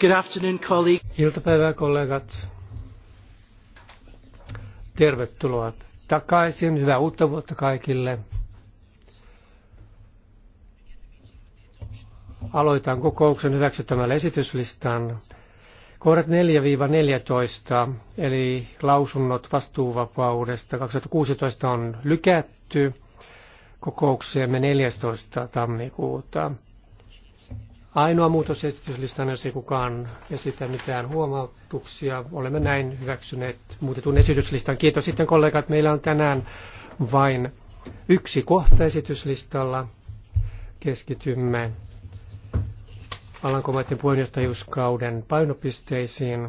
Good afternoon, colleague. Iltapäivää kollegat. Tervetuloa takaisin. Hyvää uutta vuotta kaikille. Aloitan kokouksen hyväksyttämällä esityslistan. Kohdat 4-14, eli lausunnot vastuuvapaudesta 2016 on lykätty kokoukseemme 14. tammikuuta ainoa muutosesityslistan, jos ei kukaan esitä mitään huomautuksia. Olemme näin hyväksyneet muutetun esityslistan. Kiitos sitten kollegat. Meillä on tänään vain yksi kohta esityslistalla. Keskitymme Alankomaiden puheenjohtajuuskauden painopisteisiin.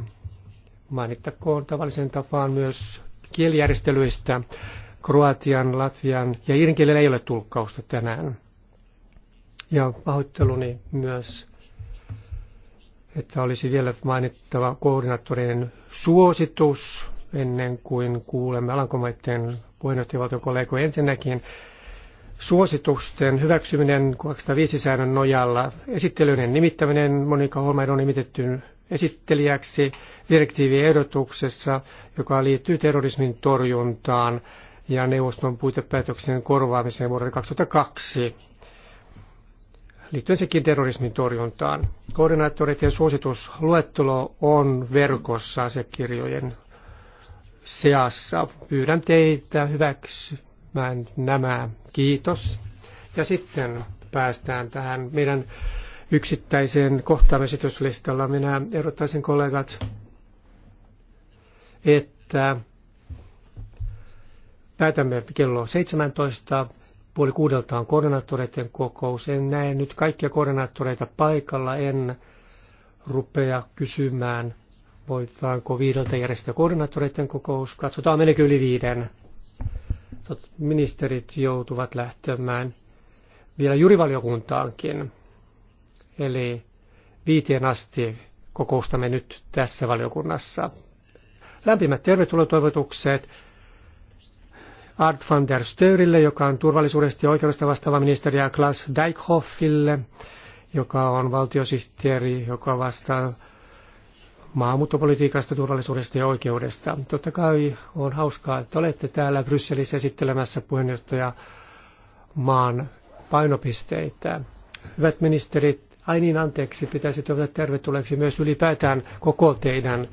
Mainittakoon tavallisen tapaan myös kielijärjestelyistä. Kroatian, Latvian ja irinkielellä ei ole tulkkausta tänään. Ja pahoitteluni myös, että olisi vielä mainittava koordinaattorien suositus ennen kuin kuulemme Alankomaiden puheenjohtajavaltion kollegoja. Ensinnäkin suositusten hyväksyminen 205 säännön nojalla, esittelyiden nimittäminen, Monika Holmaid on nimitetty esittelijäksi direktiiviehdotuksessa, joka liittyy terrorismin torjuntaan ja neuvoston puitepäätöksen korvaamiseen vuodelle 2002 liittyen sekin terrorismin torjuntaan. Koordinaattoreiden suositusluettelo on verkossa asiakirjojen seassa. Pyydän teitä hyväksymään nämä. Kiitos. Ja sitten päästään tähän meidän yksittäiseen kohtaan Minä erottaisin kollegat, että päätämme kello 17 Puoli kuudelta on koordinaattoreiden kokous. En näe nyt kaikkia koordinaattoreita paikalla. En rupea kysymään, voitaanko viideltä järjestää koordinaattoreiden kokous. Katsotaan, menekö yli viiden. Ministerit joutuvat lähtemään vielä jurivaliokuntaankin. Eli viiteen asti kokoustamme nyt tässä valiokunnassa. Lämpimät tervetuloa toivotukset. Art van der Störille, joka on turvallisuudesta ja oikeudesta vastaava ministeri, ja Klaas Dijkhoffille, joka on valtiosihteeri, joka vastaa maahanmuuttopolitiikasta, turvallisuudesta ja oikeudesta. Totta kai on hauskaa, että olette täällä Brysselissä esittelemässä puheenjohtaja maan painopisteitä. Hyvät ministerit, ai niin anteeksi, pitäisi tuoda tervetulleeksi myös ylipäätään koko teidän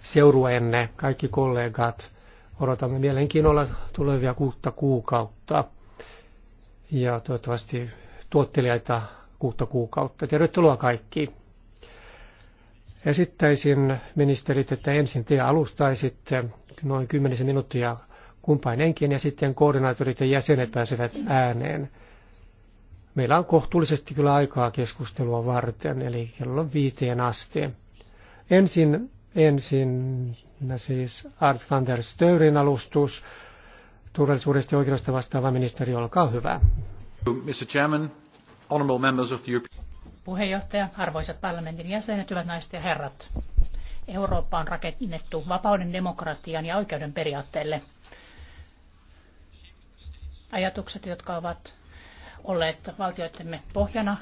seurueenne, kaikki kollegat. Odotamme mielenkiinnolla tulevia kuutta kuukautta ja toivottavasti tuottelijaita kuutta kuukautta. Tervetuloa kaikki. Esittäisin ministerit, että ensin te alustaisitte noin 10 minuuttia kumpainenkin ja sitten koordinaattorit ja jäsenet pääsevät ääneen. Meillä on kohtuullisesti kyllä aikaa keskustelua varten, eli kello on viiteen asti. Ensin, ensin siis Art van der Störin alustus turvallisuudesta ja oikeudesta vastaava ministeri, olkaa hyvä. Mr. Chairman, honorable members of the European... Puheenjohtaja, arvoisat parlamentin jäsenet, hyvät naiset ja herrat. Eurooppa on rakennettu vapauden, demokratian ja oikeuden periaatteelle. Ajatukset, jotka ovat olleet valtioittemme pohjana,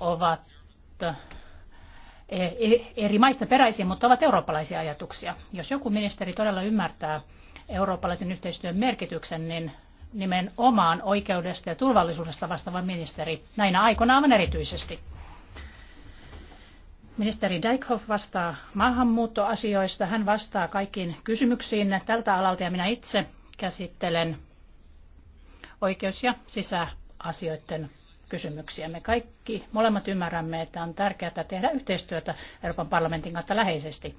ovat E, eri maista peräisin, mutta ovat eurooppalaisia ajatuksia. Jos joku ministeri todella ymmärtää eurooppalaisen yhteistyön merkityksen, niin nimenomaan oikeudesta ja turvallisuudesta vastaava ministeri näinä aikoina aivan erityisesti. Ministeri Dijkhoff vastaa maahanmuuttoasioista. Hän vastaa kaikkiin kysymyksiin tältä alalta ja minä itse käsittelen oikeus- ja sisäasioiden kysymyksiä. Me kaikki molemmat ymmärrämme, että on tärkeää tehdä yhteistyötä Euroopan parlamentin kanssa läheisesti.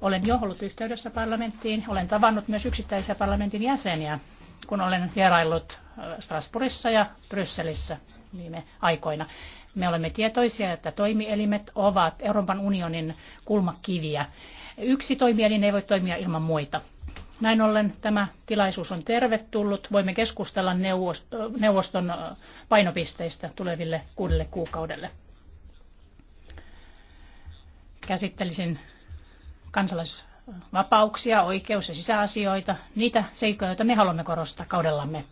Olen jo ollut yhteydessä parlamenttiin, olen tavannut myös yksittäisiä parlamentin jäseniä, kun olen vieraillut äh, Strasbourgissa ja Brysselissä viime aikoina. Me olemme tietoisia, että toimielimet ovat Euroopan unionin kulmakiviä. Yksi toimielin ei voi toimia ilman muita. Näin ollen tämä tilaisuus on tervetullut. Voimme keskustella neuvoston painopisteistä tuleville kuudelle kuukaudelle. Käsittelisin kansalaisvapauksia, oikeus- ja sisäasioita, niitä seikkoja, joita me haluamme korostaa kaudellamme.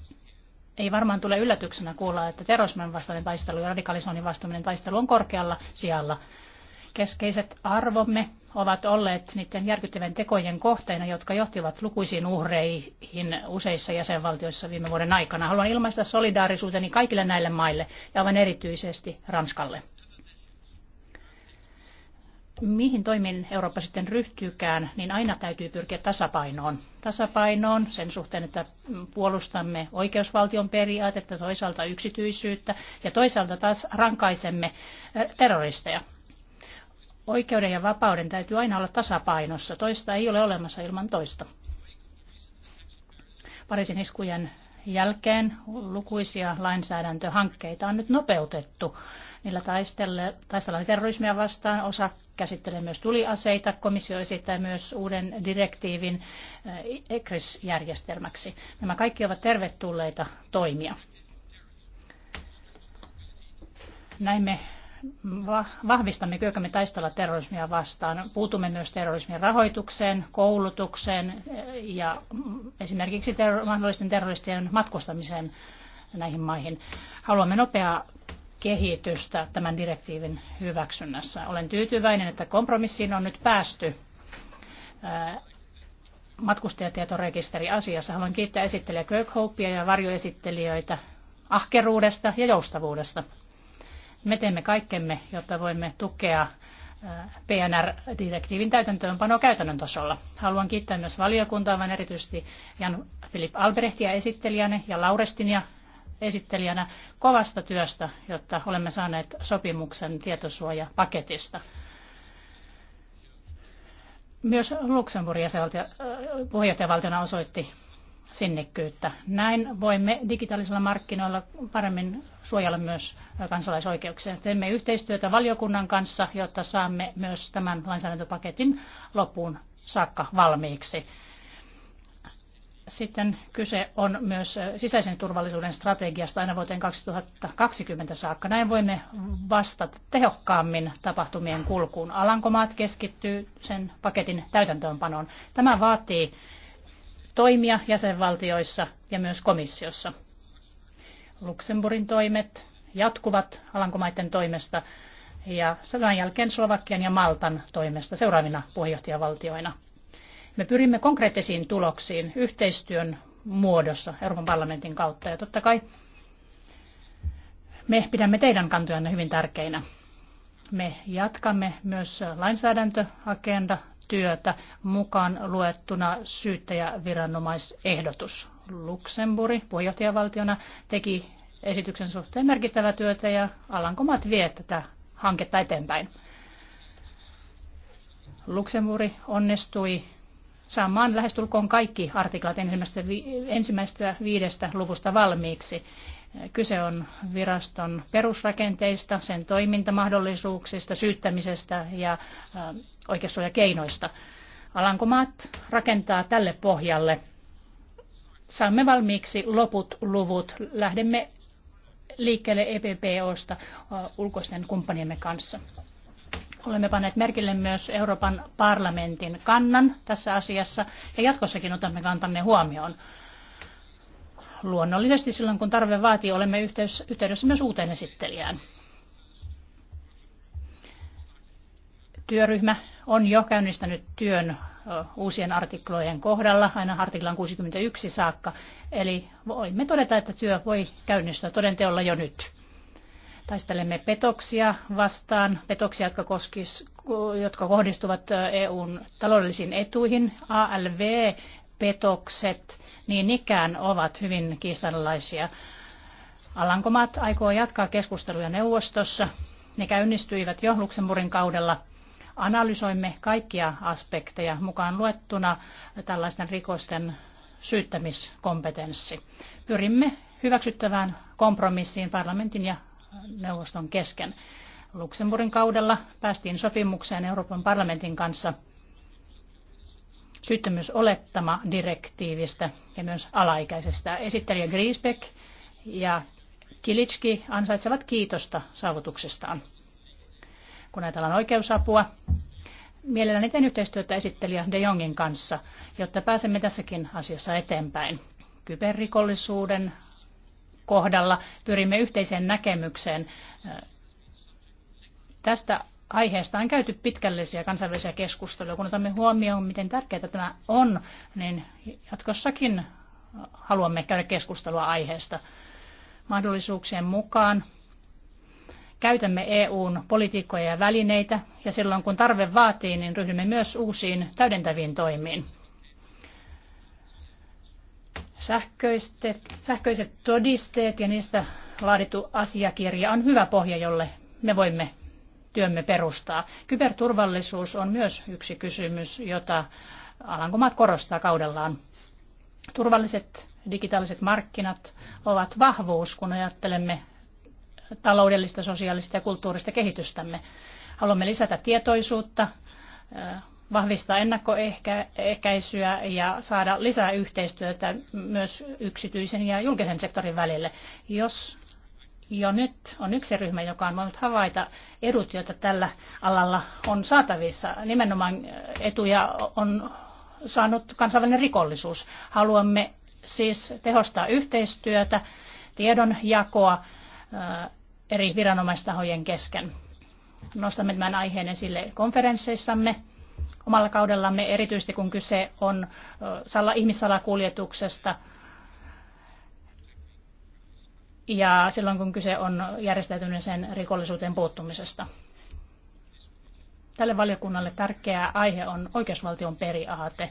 Ei varmaan tule yllätyksenä kuulla, että terrorismin vastainen taistelu ja radikalisoinnin vastainen taistelu on korkealla sijalla Keskeiset arvomme ovat olleet niiden järkyttävien tekojen kohteena, jotka johtivat lukuisiin uhreihin useissa jäsenvaltioissa viime vuoden aikana. Haluan ilmaista solidaarisuuteni kaikille näille maille ja aivan erityisesti Ranskalle. Mihin toimin Eurooppa sitten ryhtyykään, niin aina täytyy pyrkiä tasapainoon. Tasapainoon sen suhteen, että puolustamme oikeusvaltion periaatetta, toisaalta yksityisyyttä ja toisaalta taas rankaisemme terroristeja oikeuden ja vapauden täytyy aina olla tasapainossa. Toista ei ole olemassa ilman toista. Pariisin iskujen jälkeen lukuisia lainsäädäntöhankkeita on nyt nopeutettu. Niillä taistellaan terrorismia vastaan. Osa käsittelee myös tuliaseita. Komissio esittää myös uuden direktiivin eh, ECRIS-järjestelmäksi. Nämä kaikki ovat tervetulleita toimia. Näimme vahvistamme, kykyämme taistella terrorismia vastaan. Puutumme myös terrorismin rahoitukseen, koulutukseen eh, ja esimerkiksi ter- mahdollisten terroristien matkustamiseen näihin maihin. Haluamme nopeaa kehitystä tämän direktiivin hyväksynnässä. Olen tyytyväinen, että kompromissiin on nyt päästy eh, matkustajatietorekisteriasiassa. Haluan kiittää esittelijä Kirkhopea ja varjoesittelijöitä ahkeruudesta ja joustavuudesta. Me teemme kaikkemme, jotta voimme tukea PNR-direktiivin täytäntöönpanoa käytännön tasolla. Haluan kiittää myös valiokuntaa, vaan erityisesti Jan Filip Albrehtia esittelijänä ja Laurestinia esittelijänä kovasta työstä, jotta olemme saaneet sopimuksen tietosuojapaketista. Myös Luxemburgin puheenjohtajavaltiona osoitti sinnikkyyttä. Näin voimme digitaalisilla markkinoilla paremmin suojella myös kansalaisoikeuksia. Teemme yhteistyötä valiokunnan kanssa, jotta saamme myös tämän lainsäädäntöpaketin loppuun saakka valmiiksi. Sitten kyse on myös sisäisen turvallisuuden strategiasta aina vuoteen 2020 saakka. Näin voimme vastata tehokkaammin tapahtumien kulkuun. Alankomaat keskittyy sen paketin täytäntöönpanoon. Tämä vaatii toimia jäsenvaltioissa ja myös komissiossa. Luxemburgin toimet jatkuvat Alankomaiden toimesta ja sodan jälkeen Slovakian ja Maltan toimesta seuraavina puheenjohtajavaltioina. Me pyrimme konkreettisiin tuloksiin yhteistyön muodossa Euroopan parlamentin kautta ja totta kai me pidämme teidän kantojanne hyvin tärkeinä. Me jatkamme myös lainsäädäntöagenda työtä mukaan luettuna syyttäjäviranomaisehdotus. Luxemburg puheenjohtajavaltiona teki esityksen suhteen merkittävää työtä ja Alankomaat vie tätä hanketta eteenpäin. Luxemburg onnistui saamaan lähestulkoon kaikki artiklat ensimmäistä viidestä luvusta valmiiksi. Kyse on viraston perusrakenteista, sen toimintamahdollisuuksista, syyttämisestä ja oikeussuojakeinoista. Alankomaat rakentaa tälle pohjalle. Saamme valmiiksi loput luvut. Lähdemme liikkeelle EPPOsta ulkoisten kumppaniemme kanssa. Olemme panneet merkille myös Euroopan parlamentin kannan tässä asiassa ja jatkossakin otamme kantamme huomioon luonnollisesti silloin, kun tarve vaatii, olemme yhteydessä myös uuteen esittelijään. Työryhmä on jo käynnistänyt työn uusien artiklojen kohdalla, aina artiklan 61 saakka. Eli voimme todeta, että työ voi käynnistyä todenteolla jo nyt. Taistelemme petoksia vastaan, petoksia, jotka, koskis, jotka kohdistuvat EUn taloudellisiin etuihin. ALV petokset niin ikään ovat hyvin kiistanalaisia. Alankomaat aikoo jatkaa keskusteluja neuvostossa. Ne käynnistyivät jo Luxemburgin kaudella. Analysoimme kaikkia aspekteja, mukaan luettuna tällaisten rikosten syyttämiskompetenssi. Pyrimme hyväksyttävään kompromissiin parlamentin ja neuvoston kesken. Luxemburgin kaudella päästiin sopimukseen Euroopan parlamentin kanssa – syyttömyysolettama direktiivistä ja myös alaikäisestä. Esittelijä Griesbeck ja Kilitski ansaitsevat kiitosta saavutuksestaan. Kun ajatellaan oikeusapua, mielelläni teen yhteistyötä esittelijä De Jongin kanssa, jotta pääsemme tässäkin asiassa eteenpäin. Kyberrikollisuuden kohdalla pyrimme yhteiseen näkemykseen tästä aiheesta on käyty pitkällisiä kansainvälisiä keskusteluja. Kun otamme huomioon, miten tärkeää tämä on, niin jatkossakin haluamme käydä keskustelua aiheesta mahdollisuuksien mukaan. Käytämme EUn politiikkoja ja välineitä, ja silloin kun tarve vaatii, niin ryhdymme myös uusiin täydentäviin toimiin. Sähköiset, sähköiset todisteet ja niistä laadittu asiakirja on hyvä pohja, jolle me voimme työmme perustaa. Kyberturvallisuus on myös yksi kysymys, jota Alankomaat korostaa kaudellaan. Turvalliset digitaaliset markkinat ovat vahvuus, kun ajattelemme taloudellista, sosiaalista ja kulttuurista kehitystämme. Haluamme lisätä tietoisuutta, vahvistaa ennakkoehkäisyä ja saada lisää yhteistyötä myös yksityisen ja julkisen sektorin välille. Jos jo nyt on yksi ryhmä, joka on voinut havaita edut, joita tällä alalla on saatavissa. Nimenomaan äh, etuja on saanut kansainvälinen rikollisuus. Haluamme siis tehostaa yhteistyötä, tiedonjakoa äh, eri viranomaistahojen kesken. Nostamme tämän aiheen esille konferensseissamme omalla kaudellamme, erityisesti kun kyse on äh, ihmissalakuljetuksesta – ja silloin kun kyse on järjestäytyneeseen rikollisuuteen puuttumisesta. Tälle valiokunnalle tärkeä aihe on oikeusvaltion periaate.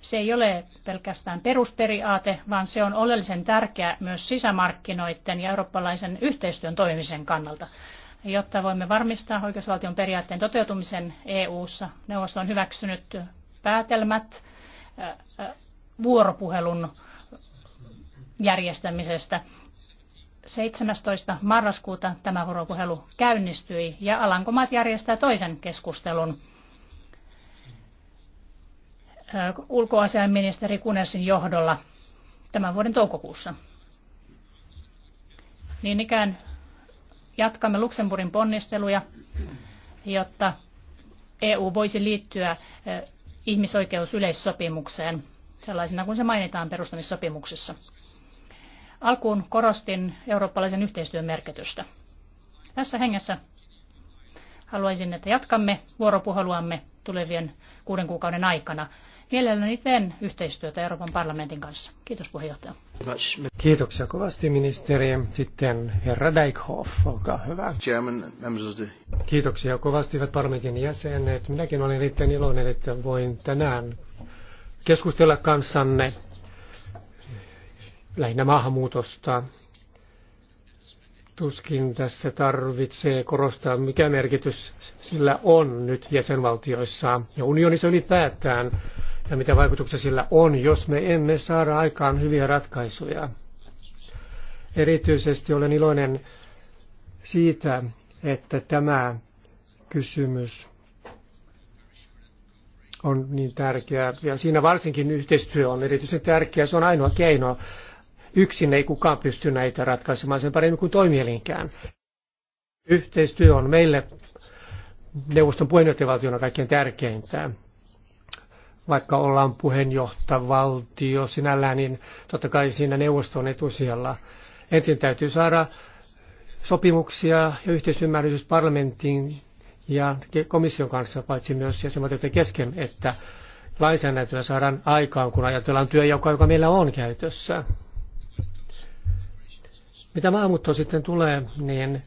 Se ei ole pelkästään perusperiaate, vaan se on oleellisen tärkeä myös sisämarkkinoiden ja eurooppalaisen yhteistyön toimimisen kannalta. Jotta voimme varmistaa oikeusvaltion periaatteen toteutumisen EU-ssa, neuvosto on hyväksynyt päätelmät äh, äh, vuoropuhelun järjestämisestä 17. marraskuuta tämä vuoropuhelu käynnistyi ja Alankomaat järjestää toisen keskustelun ulkoasiainministeri Kunesin johdolla tämän vuoden toukokuussa. Niin ikään jatkamme Luxemburgin ponnisteluja, jotta EU voisi liittyä ihmisoikeusyleissopimukseen sellaisena kuin se mainitaan perustamissopimuksessa. Alkuun korostin eurooppalaisen yhteistyön merkitystä. Tässä hengessä haluaisin, että jatkamme vuoropuheluamme tulevien kuuden kuukauden aikana. Mielelläni teen yhteistyötä Euroopan parlamentin kanssa. Kiitos puheenjohtaja. Kiitoksia kovasti ministeri. Sitten herra Dijkhoff, olkaa hyvä. Kiitoksia kovasti hyvät parlamentin jäsenet. Minäkin olen erittäin iloinen, että voin tänään keskustella kanssanne lähinnä maahanmuutosta. Tuskin tässä tarvitsee korostaa, mikä merkitys sillä on nyt jäsenvaltioissa ja unionissa ylipäätään, ja mitä vaikutuksia sillä on, jos me emme saada aikaan hyviä ratkaisuja. Erityisesti olen iloinen siitä, että tämä kysymys on niin tärkeä. Ja siinä varsinkin yhteistyö on erityisen tärkeä. Se on ainoa keino Yksin ei kukaan pysty näitä ratkaisemaan sen paremmin kuin toimielinkään. Yhteistyö on meille neuvoston puheenjohtajavaltiona kaikkein tärkeintä. Vaikka ollaan puheenjohtavaltio sinällään, niin totta kai siinä neuvosto etusijalla. Ensin täytyy saada sopimuksia ja yhteisymmärrys parlamentin ja komission kanssa, paitsi myös jäsenvaltioiden kesken, että lainsäädäntöä saadaan aikaan, kun ajatellaan työjoukkoa, joka meillä on käytössä. Mitä maahanmuuttoon sitten tulee, niin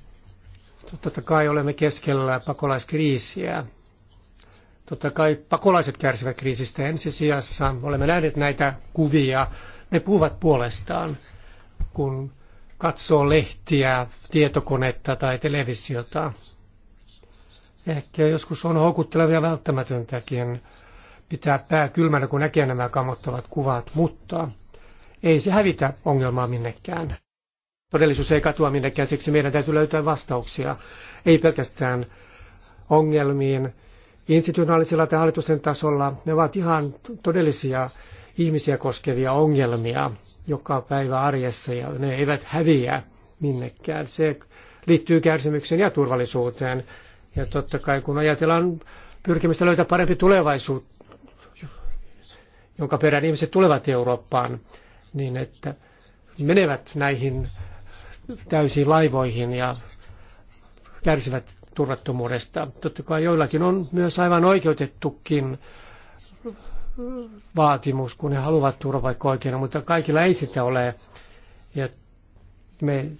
totta kai olemme keskellä pakolaiskriisiä. Totta kai pakolaiset kärsivät kriisistä ensisijassa. Olemme nähneet näitä kuvia. Ne puhuvat puolestaan, kun katsoo lehtiä, tietokonetta tai televisiota. Ehkä joskus on houkuttelevia välttämätöntäkin pitää pää kylmänä, kun näkee nämä kamottavat kuvat, mutta ei se hävitä ongelmaa minnekään todellisuus ei katua minnekään, siksi meidän täytyy löytää vastauksia, ei pelkästään ongelmiin institutionaalisella tai hallitusten tasolla. Ne ovat ihan todellisia ihmisiä koskevia ongelmia joka päivä arjessa ja ne eivät häviä minnekään. Se liittyy kärsimykseen ja turvallisuuteen. Ja totta kai kun ajatellaan pyrkimystä löytää parempi tulevaisuus, jonka perään ihmiset tulevat Eurooppaan, niin että menevät näihin täysiin laivoihin ja kärsivät turvattomuudesta. Totta kai joillakin on myös aivan oikeutettukin vaatimus, kun he haluavat turvapaikka oikeana, mutta kaikilla ei sitä ole. Ja me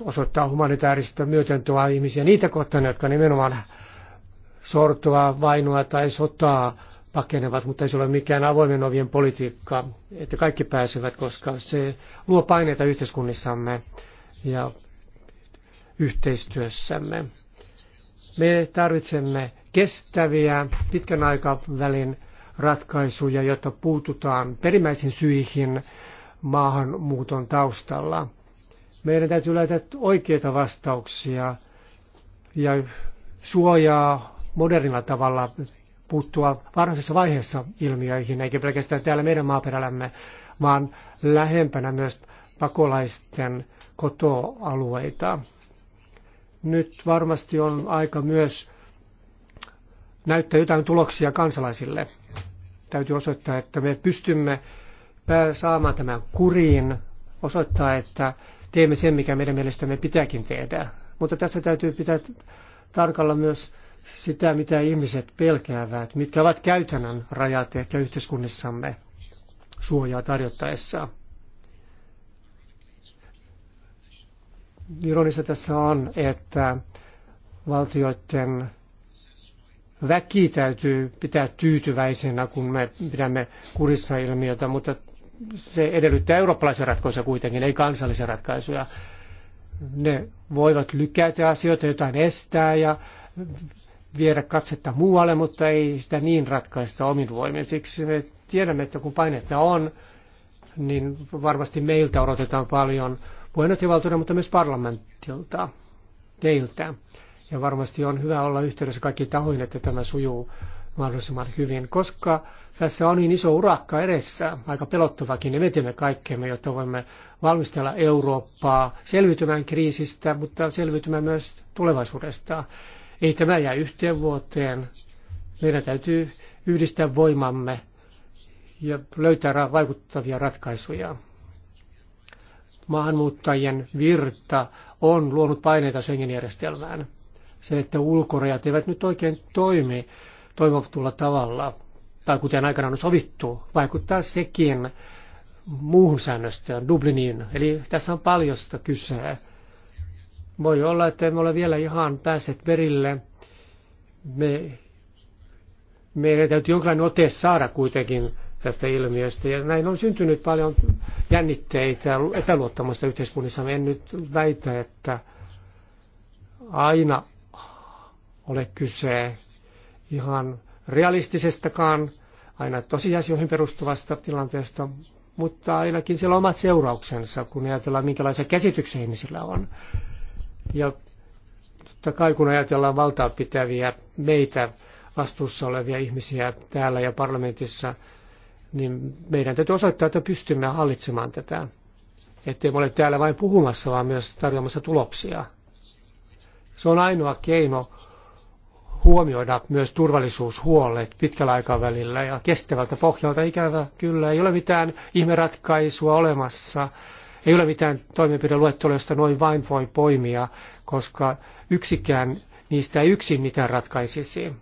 osoittaa humanitaarista myötäntöä ihmisiä niitä kohtaan, jotka nimenomaan sortoa, vainoa tai sotaa pakenevat, mutta ei se ole mikään avoimen ovien politiikka, että kaikki pääsevät, koska se luo paineita yhteiskunnissamme ja yhteistyössämme. Me tarvitsemme kestäviä pitkän aikavälin ratkaisuja, jotta puututaan perimmäisiin syihin maahanmuuton taustalla. Meidän täytyy löytää oikeita vastauksia ja suojaa modernilla tavalla puuttua varhaisessa vaiheessa ilmiöihin, eikä pelkästään täällä meidän maaperällämme, vaan lähempänä myös pakolaisten kotoalueita. Nyt varmasti on aika myös näyttää jotain tuloksia kansalaisille. Täytyy osoittaa, että me pystymme saamaan tämän kuriin, osoittaa, että teemme sen, mikä meidän mielestämme pitääkin tehdä. Mutta tässä täytyy pitää tarkalla myös sitä, mitä ihmiset pelkäävät, mitkä ovat käytännön rajat ehkä yhteiskunnissamme suojaa tarjottaessa. Ironista tässä on, että valtioiden väki täytyy pitää tyytyväisenä, kun me pidämme kurissa ilmiötä, mutta se edellyttää eurooppalaisia ratkaisuja kuitenkin, ei kansallisia ratkaisuja. Ne voivat lykätä asioita, jotain estää ja viedä katsetta muualle, mutta ei sitä niin ratkaista omin voimin. Siksi me tiedämme, että kun painetta on, niin varmasti meiltä odotetaan paljon puheenjohtajavaltuuden, mutta myös parlamentilta, teiltä. Ja varmasti on hyvä olla yhteydessä kaikki tahoihin, että tämä sujuu mahdollisimman hyvin, koska tässä on niin iso urakka edessä, aika pelottavakin, ja me teemme kaikkemme, jotta voimme valmistella Eurooppaa selviytymään kriisistä, mutta selviytymään myös tulevaisuudesta. Ei tämä jää yhteen vuoteen. Meidän täytyy yhdistää voimamme ja löytää vaikuttavia ratkaisuja. Maahanmuuttajien virta on luonut paineita Schengen-järjestelmään. Se, että ulkorajat eivät nyt oikein toimi toivotulla tavalla, tai kuten aikanaan on sovittu, vaikuttaa sekin muuhun säännöstöön, Dubliniin. Eli tässä on paljosta kyseä. Voi olla, että emme ole vielä ihan päässeet perille. Me, meidän täytyy jonkinlainen ote saada kuitenkin tästä ilmiöstä. Ja näin on syntynyt paljon jännitteitä, epäluottamusta yhteiskunnissa. En nyt väitä, että aina ole kyse ihan realistisestakaan, aina tosiasioihin perustuvasta tilanteesta, mutta ainakin siellä on omat seurauksensa, kun ajatellaan, minkälaisia käsityksiä ihmisillä on. Ja totta kai kun ajatellaan valtaa pitäviä meitä vastuussa olevia ihmisiä täällä ja parlamentissa, niin meidän täytyy osoittaa, että pystymme hallitsemaan tätä. Ettei me ole täällä vain puhumassa, vaan myös tarjoamassa tuloksia. Se on ainoa keino huomioida myös turvallisuushuolet pitkällä aikavälillä ja kestävältä pohjalta ikävä kyllä. Ei ole mitään ihmeratkaisua olemassa ei ole mitään toimenpideluettelua, josta noin vain voi poimia, koska yksikään niistä ei yksin mitään ratkaisisi.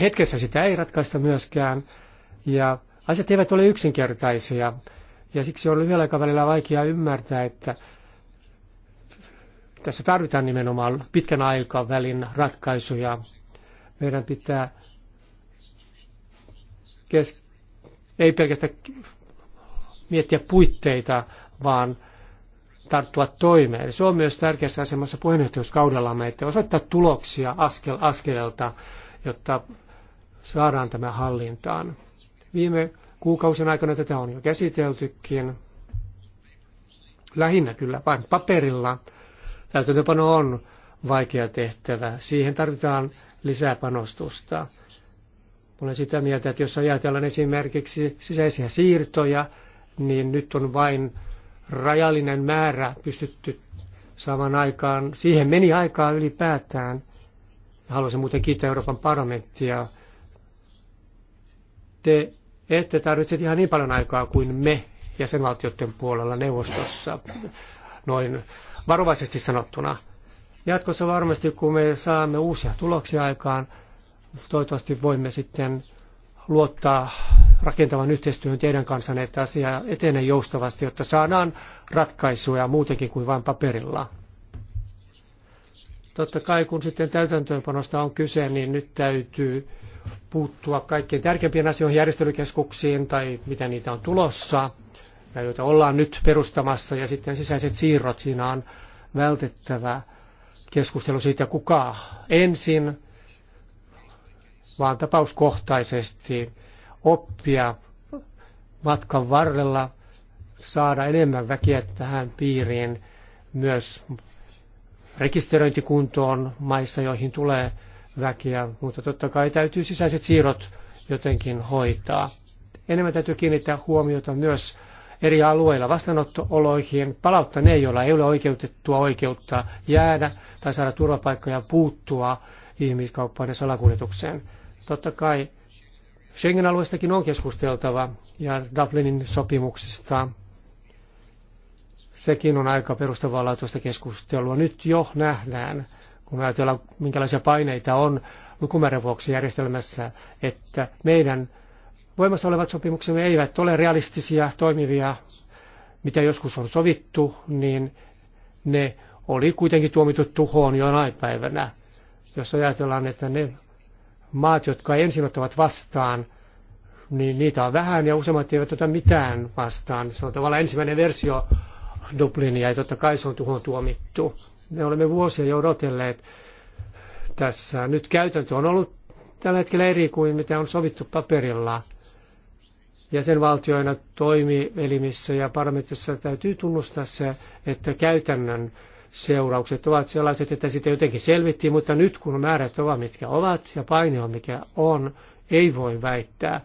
Hetkessä sitä ei ratkaista myöskään, ja asiat eivät ole yksinkertaisia, ja siksi on lyhyellä aikavälillä vaikea ymmärtää, että tässä tarvitaan nimenomaan pitkän aikavälin ratkaisuja. Meidän pitää kes- ei pelkästään miettiä puitteita, vaan tarttua toimeen. Eli se on myös tärkeässä asemassa puheenjohtajuuskaudellamme, että osoittaa tuloksia askel askeleelta, jotta saadaan tämä hallintaan. Viime kuukausien aikana tätä on jo käsiteltykin. Lähinnä kyllä vain paperilla. Täytäntöpano on vaikea tehtävä. Siihen tarvitaan lisää panostusta. Olen sitä mieltä, että jos ajatellaan esimerkiksi sisäisiä siirtoja, niin nyt on vain rajallinen määrä pystytty saamaan aikaan. Siihen meni aikaa ylipäätään. Haluaisin muuten kiittää Euroopan parlamenttia. Te ette tarvitse ihan niin paljon aikaa kuin me jäsenvaltioiden puolella neuvostossa, noin varovaisesti sanottuna. Jatkossa varmasti, kun me saamme uusia tuloksia aikaan, toivottavasti voimme sitten luottaa rakentavan yhteistyön teidän kanssanne, että asia etenee joustavasti, jotta saadaan ratkaisuja muutenkin kuin vain paperilla. Totta kai kun sitten täytäntöönpanosta on kyse, niin nyt täytyy puuttua kaikkein tärkeimpien asioihin järjestelykeskuksiin tai mitä niitä on tulossa ja joita ollaan nyt perustamassa ja sitten sisäiset siirrot. Siinä on vältettävä keskustelu siitä, kuka ensin vaan tapauskohtaisesti oppia matkan varrella, saada enemmän väkeä tähän piiriin myös rekisteröintikuntoon maissa, joihin tulee väkeä, mutta totta kai täytyy sisäiset siirrot jotenkin hoitaa. Enemmän täytyy kiinnittää huomiota myös eri alueilla vastaanottooloihin, palauttaa ne, joilla ei ole oikeutettua oikeutta jäädä tai saada turvapaikkaa puuttua ihmiskauppaan ja salakuljetukseen. Totta kai Schengen-alueestakin on keskusteltava ja Dublinin sopimuksesta. Sekin on aika perustavanlaatuista keskustelua. Nyt jo nähdään, kun ajatellaan minkälaisia paineita on lukumäärän vuoksi järjestelmässä, että meidän voimassa olevat sopimuksemme eivät ole realistisia, toimivia, mitä joskus on sovittu, niin ne oli kuitenkin tuomitut tuhoon jo päivänä. Jos ajatellaan, että ne maat, jotka ensin ottavat vastaan, niin niitä on vähän ja useimmat eivät ota mitään vastaan. Se on tavallaan ensimmäinen versio Dublinia ja totta kai se on tuhon tuomittu. Me olemme vuosia jo odotelleet tässä. Nyt käytäntö on ollut tällä hetkellä eri kuin mitä on sovittu paperilla. Jäsenvaltioina toimielimissä ja parlamentissa täytyy tunnustaa se, että käytännön seuraukset ovat sellaiset, että sitä jotenkin selvittiin, mutta nyt kun määrät ovat mitkä ovat ja paine on mikä on, ei voi väittää,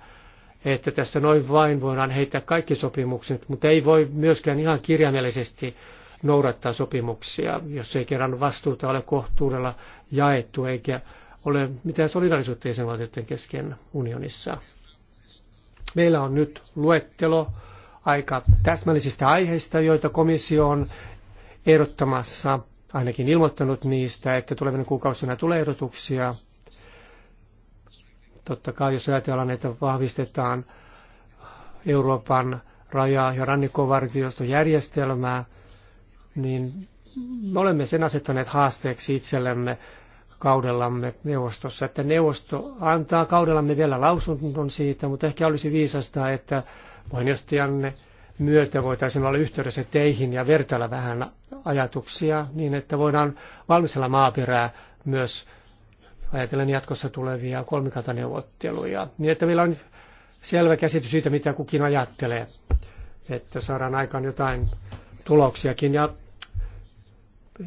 että tässä noin vain voidaan heittää kaikki sopimukset, mutta ei voi myöskään ihan kirjaimellisesti noudattaa sopimuksia, jos ei kerran vastuuta ole kohtuudella jaettu eikä ole mitään solidarisuutta jäsenvaltioiden kesken unionissa. Meillä on nyt luettelo aika täsmällisistä aiheista, joita komissio on ehdottamassa, ainakin ilmoittanut niistä, että tulevina kuukausina tulee ehdotuksia. Totta kai, jos ajatellaan, että vahvistetaan Euroopan raja- ja rannikkovartiostojärjestelmää, niin me olemme sen asettaneet haasteeksi itsellemme kaudellamme neuvostossa, että neuvosto antaa kaudellamme vielä lausunnon siitä, mutta ehkä olisi viisasta, että puheenjohtajanne myötä voitaisiin olla yhteydessä teihin ja vertailla vähän ajatuksia niin, että voidaan valmistella maaperää myös ajatellen jatkossa tulevia kolmikantaneuvotteluja, niin että meillä on selvä käsitys siitä, mitä kukin ajattelee, että saadaan aikaan jotain tuloksiakin. Ja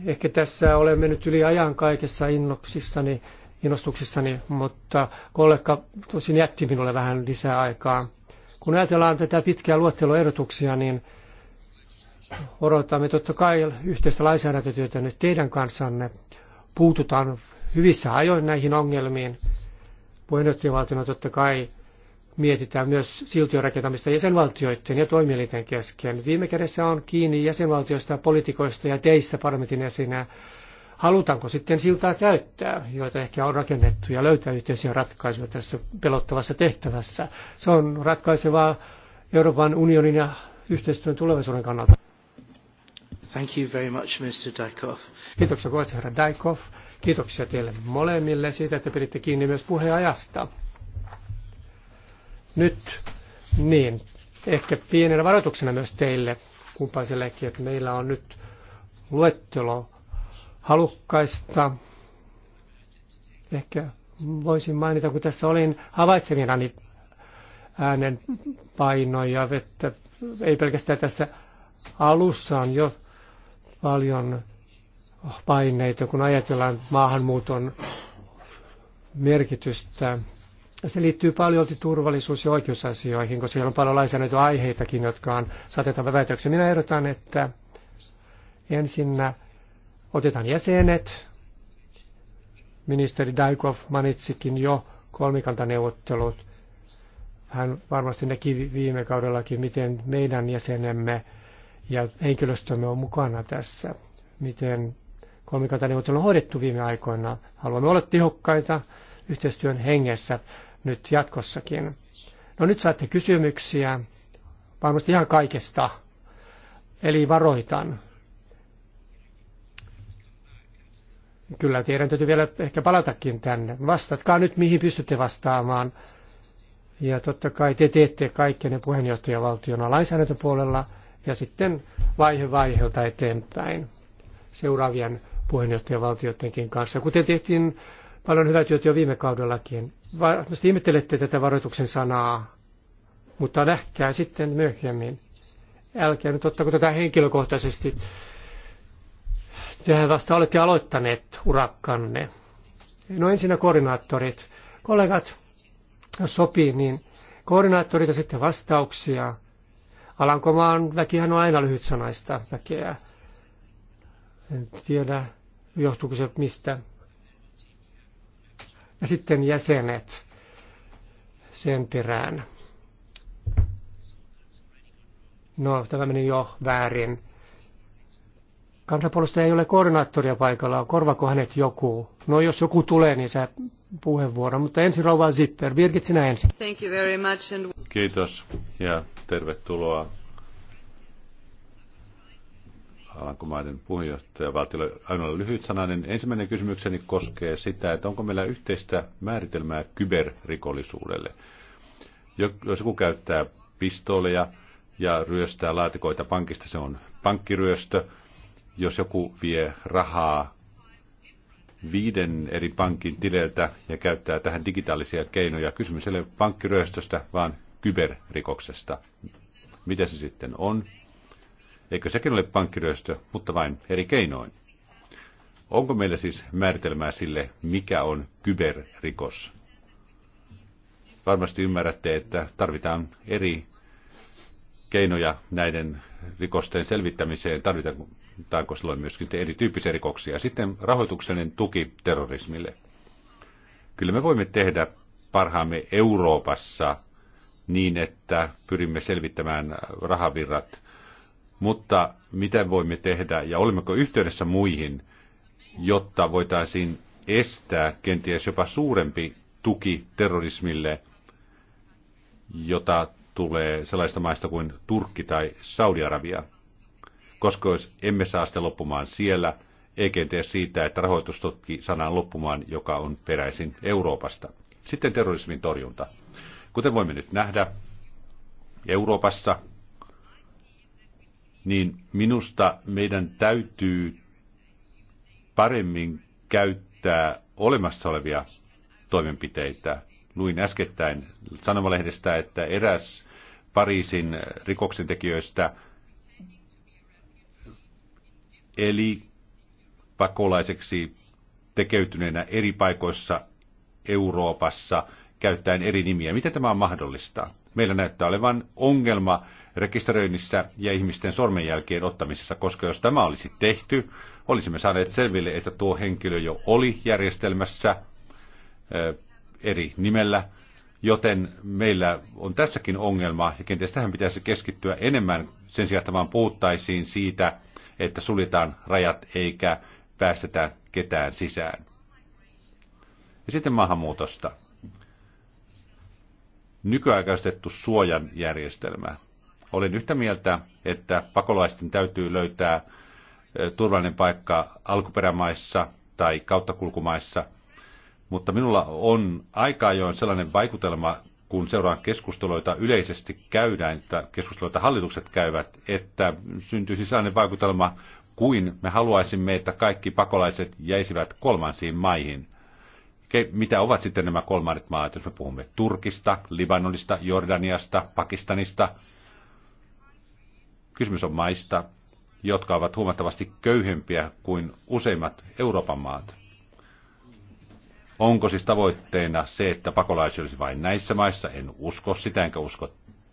ehkä tässä olen mennyt yli ajan kaikessa innoksissani, innostuksissani, mutta kollega tosin jätti minulle vähän lisää aikaa. Kun ajatellaan tätä pitkää luotteloehdotuksia, niin odotamme totta kai yhteistä lainsäädäntötyötä nyt teidän kanssanne. Puututaan hyvissä ajoin näihin ongelmiin. Puheenjohtajavaltiona totta kai mietitään myös siltion jäsenvaltioiden ja toimielinten kesken. Viime kädessä on kiinni jäsenvaltioista, politikoista ja teistä parlamentin esinä halutaanko sitten siltaa käyttää, joita ehkä on rakennettu, ja löytää yhteisiä ratkaisuja tässä pelottavassa tehtävässä. Se on ratkaisevaa Euroopan unionin ja yhteistyön tulevaisuuden kannalta. Thank you very much, Mr. Dykov. Kiitoksia kovasti, herra Dykov. Kiitoksia teille molemmille siitä, että piditte kiinni myös puheenajasta. Nyt, niin, ehkä pienenä varoituksena myös teille kumpaisellekin, että meillä on nyt luettelo halukkaista. Ehkä voisin mainita, kun tässä olin havaitsevinani äänen painoja, että ei pelkästään tässä alussa on jo paljon paineita, kun ajatellaan maahanmuuton merkitystä. Se liittyy paljon turvallisuus- ja oikeusasioihin, koska siellä on paljon lainsäädäntöaiheitakin, jotka on saatettava väitöksiä. Minä ehdotan, että ensinnä Otetaan jäsenet. Ministeri Daikov mainitsikin jo kolmikantaneuvottelut. Hän varmasti näki viime kaudellakin, miten meidän jäsenemme ja henkilöstömme on mukana tässä, miten kolmikantaneuvottelu on hoidettu viime aikoina. Haluamme olla tehokkaita yhteistyön hengessä nyt jatkossakin. No nyt saatte kysymyksiä, varmasti ihan kaikesta. Eli varoitan, Kyllä teidän täytyy vielä ehkä palatakin tänne. Vastatkaa nyt, mihin pystytte vastaamaan. Ja totta kai te teette kaikkenne puheenjohtajavaltiona lainsäädäntöpuolella ja sitten vaihe vaiheelta eteenpäin seuraavien puheenjohtajavaltioidenkin kanssa, kuten tehtiin paljon hyvää työtä jo viime kaudellakin. Varmasti ihmettelette tätä varoituksen sanaa, mutta nähkää sitten myöhemmin. Älkää nyt ottako tätä henkilökohtaisesti Tehän vasta olette aloittaneet urakkanne. No ensinnä koordinaattorit. Kollegat, jos sopii, niin koordinaattorit ja sitten vastauksia. Alankomaan väkihän on aina lyhytsanaista väkeä. En tiedä, johtuuko se mistä. Ja sitten jäsenet sen perään. No, tämä meni jo väärin. Kansanpuolesta ei ole koordinaattoria paikalla, korvako hänet joku? No jos joku tulee, niin sä puheenvuoro. Mutta ensin rouva Zipper. Birgit, sinä ensin. Thank you very much and... Kiitos ja tervetuloa Alankomaiden puheenjohtaja Valtiolle ainoa lyhyt sananen. Ensimmäinen kysymykseni koskee sitä, että onko meillä yhteistä määritelmää kyberrikollisuudelle. Jos joku käyttää pistoleja ja ryöstää laatikoita pankista, se on pankkiryöstö – jos joku vie rahaa viiden eri pankin tileiltä ja käyttää tähän digitaalisia keinoja. Kysymys ei ole pankkiryöstöstä, vaan kyberrikoksesta. Mitä se sitten on? Eikö sekin ole pankkiryöstö, mutta vain eri keinoin? Onko meillä siis määritelmää sille, mikä on kyberrikos? Varmasti ymmärrätte, että tarvitaan eri keinoja näiden rikosten selvittämiseen. Tarvitaan tarkoitetaanko silloin myöskin erityyppisiä rikoksia. Sitten rahoituksellinen tuki terrorismille. Kyllä me voimme tehdä parhaamme Euroopassa niin, että pyrimme selvittämään rahavirrat, mutta mitä voimme tehdä ja olemmeko yhteydessä muihin, jotta voitaisiin estää kenties jopa suurempi tuki terrorismille, jota tulee sellaista maista kuin Turkki tai Saudi-Arabia koska jos emme saa sitä loppumaan siellä, eikä kenties siitä, että rahoitus tutki sanan loppumaan, joka on peräisin Euroopasta. Sitten terrorismin torjunta. Kuten voimme nyt nähdä, Euroopassa, niin minusta meidän täytyy paremmin käyttää olemassa olevia toimenpiteitä. Luin äskettäin sanomalehdestä, että eräs Pariisin rikoksentekijöistä – eli pakolaiseksi tekeytyneenä eri paikoissa Euroopassa käyttäen eri nimiä. Miten tämä on mahdollista? Meillä näyttää olevan ongelma rekisteröinnissä ja ihmisten sormenjälkien ottamisessa, koska jos tämä olisi tehty, olisimme saaneet selville, että tuo henkilö jo oli järjestelmässä eri nimellä, joten meillä on tässäkin ongelma, ja kenties tähän pitäisi keskittyä enemmän sen sijaan, että vaan puhuttaisiin siitä, että suljetaan rajat eikä päästetä ketään sisään. Ja sitten maahanmuutosta. Nykyaikaistettu suojan järjestelmä. Olin yhtä mieltä, että pakolaisten täytyy löytää turvallinen paikka alkuperämaissa tai kauttakulkumaissa, mutta minulla on aika ajoin sellainen vaikutelma, kun seuraa keskusteluita yleisesti käydään, että keskusteluita hallitukset käyvät, että syntyisi siis sellainen vaikutelma kuin me haluaisimme, että kaikki pakolaiset jäisivät kolmansiin maihin. Mitä ovat sitten nämä kolmannet maat, jos me puhumme Turkista, Libanonista, Jordaniasta, Pakistanista? Kysymys on maista, jotka ovat huomattavasti köyhempiä kuin useimmat Euroopan maat. Onko siis tavoitteena se, että pakolaisia olisi vain näissä maissa? En usko sitä, enkä usko,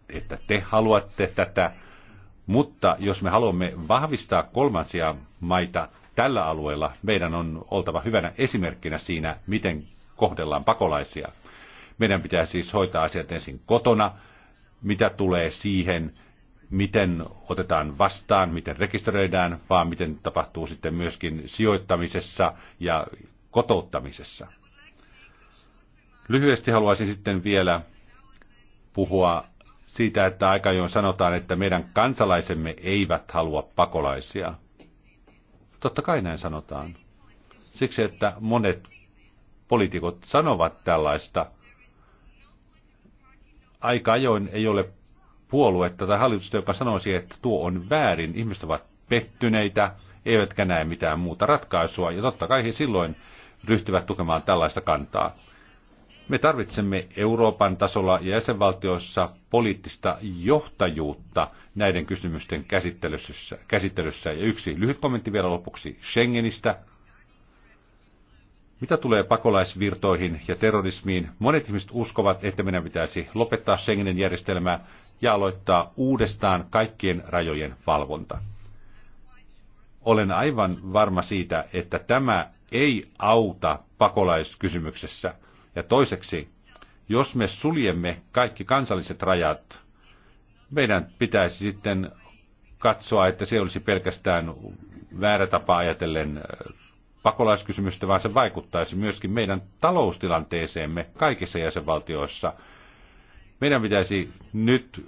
että te haluatte tätä. Mutta jos me haluamme vahvistaa kolmansia maita tällä alueella, meidän on oltava hyvänä esimerkkinä siinä, miten kohdellaan pakolaisia. Meidän pitää siis hoitaa asiat ensin kotona, mitä tulee siihen, miten otetaan vastaan, miten rekisteröidään, vaan miten tapahtuu sitten myöskin sijoittamisessa ja kotouttamisessa. Lyhyesti haluaisin sitten vielä puhua siitä, että aika ajoin sanotaan, että meidän kansalaisemme eivät halua pakolaisia. Totta kai näin sanotaan. Siksi, että monet poliitikot sanovat tällaista. Aika ajoin ei ole puoluetta tai hallitusta, joka sanoisi, että tuo on väärin. Ihmiset ovat pettyneitä, eivätkä näe mitään muuta ratkaisua, ja totta kai he silloin ryhtyvät tukemaan tällaista kantaa. Me tarvitsemme Euroopan tasolla ja jäsenvaltioissa poliittista johtajuutta näiden kysymysten käsittelyssä. käsittelyssä. Ja yksi lyhyt kommentti vielä lopuksi Schengenistä. Mitä tulee pakolaisvirtoihin ja terrorismiin, monet ihmiset uskovat, että meidän pitäisi lopettaa Schengenin järjestelmää ja aloittaa uudestaan kaikkien rajojen valvonta. Olen aivan varma siitä, että tämä ei auta pakolaiskysymyksessä – ja toiseksi, jos me suljemme kaikki kansalliset rajat, meidän pitäisi sitten katsoa, että se olisi pelkästään väärä tapa ajatellen äh, pakolaiskysymystä, vaan se vaikuttaisi myöskin meidän taloustilanteeseemme kaikissa jäsenvaltioissa. Meidän pitäisi nyt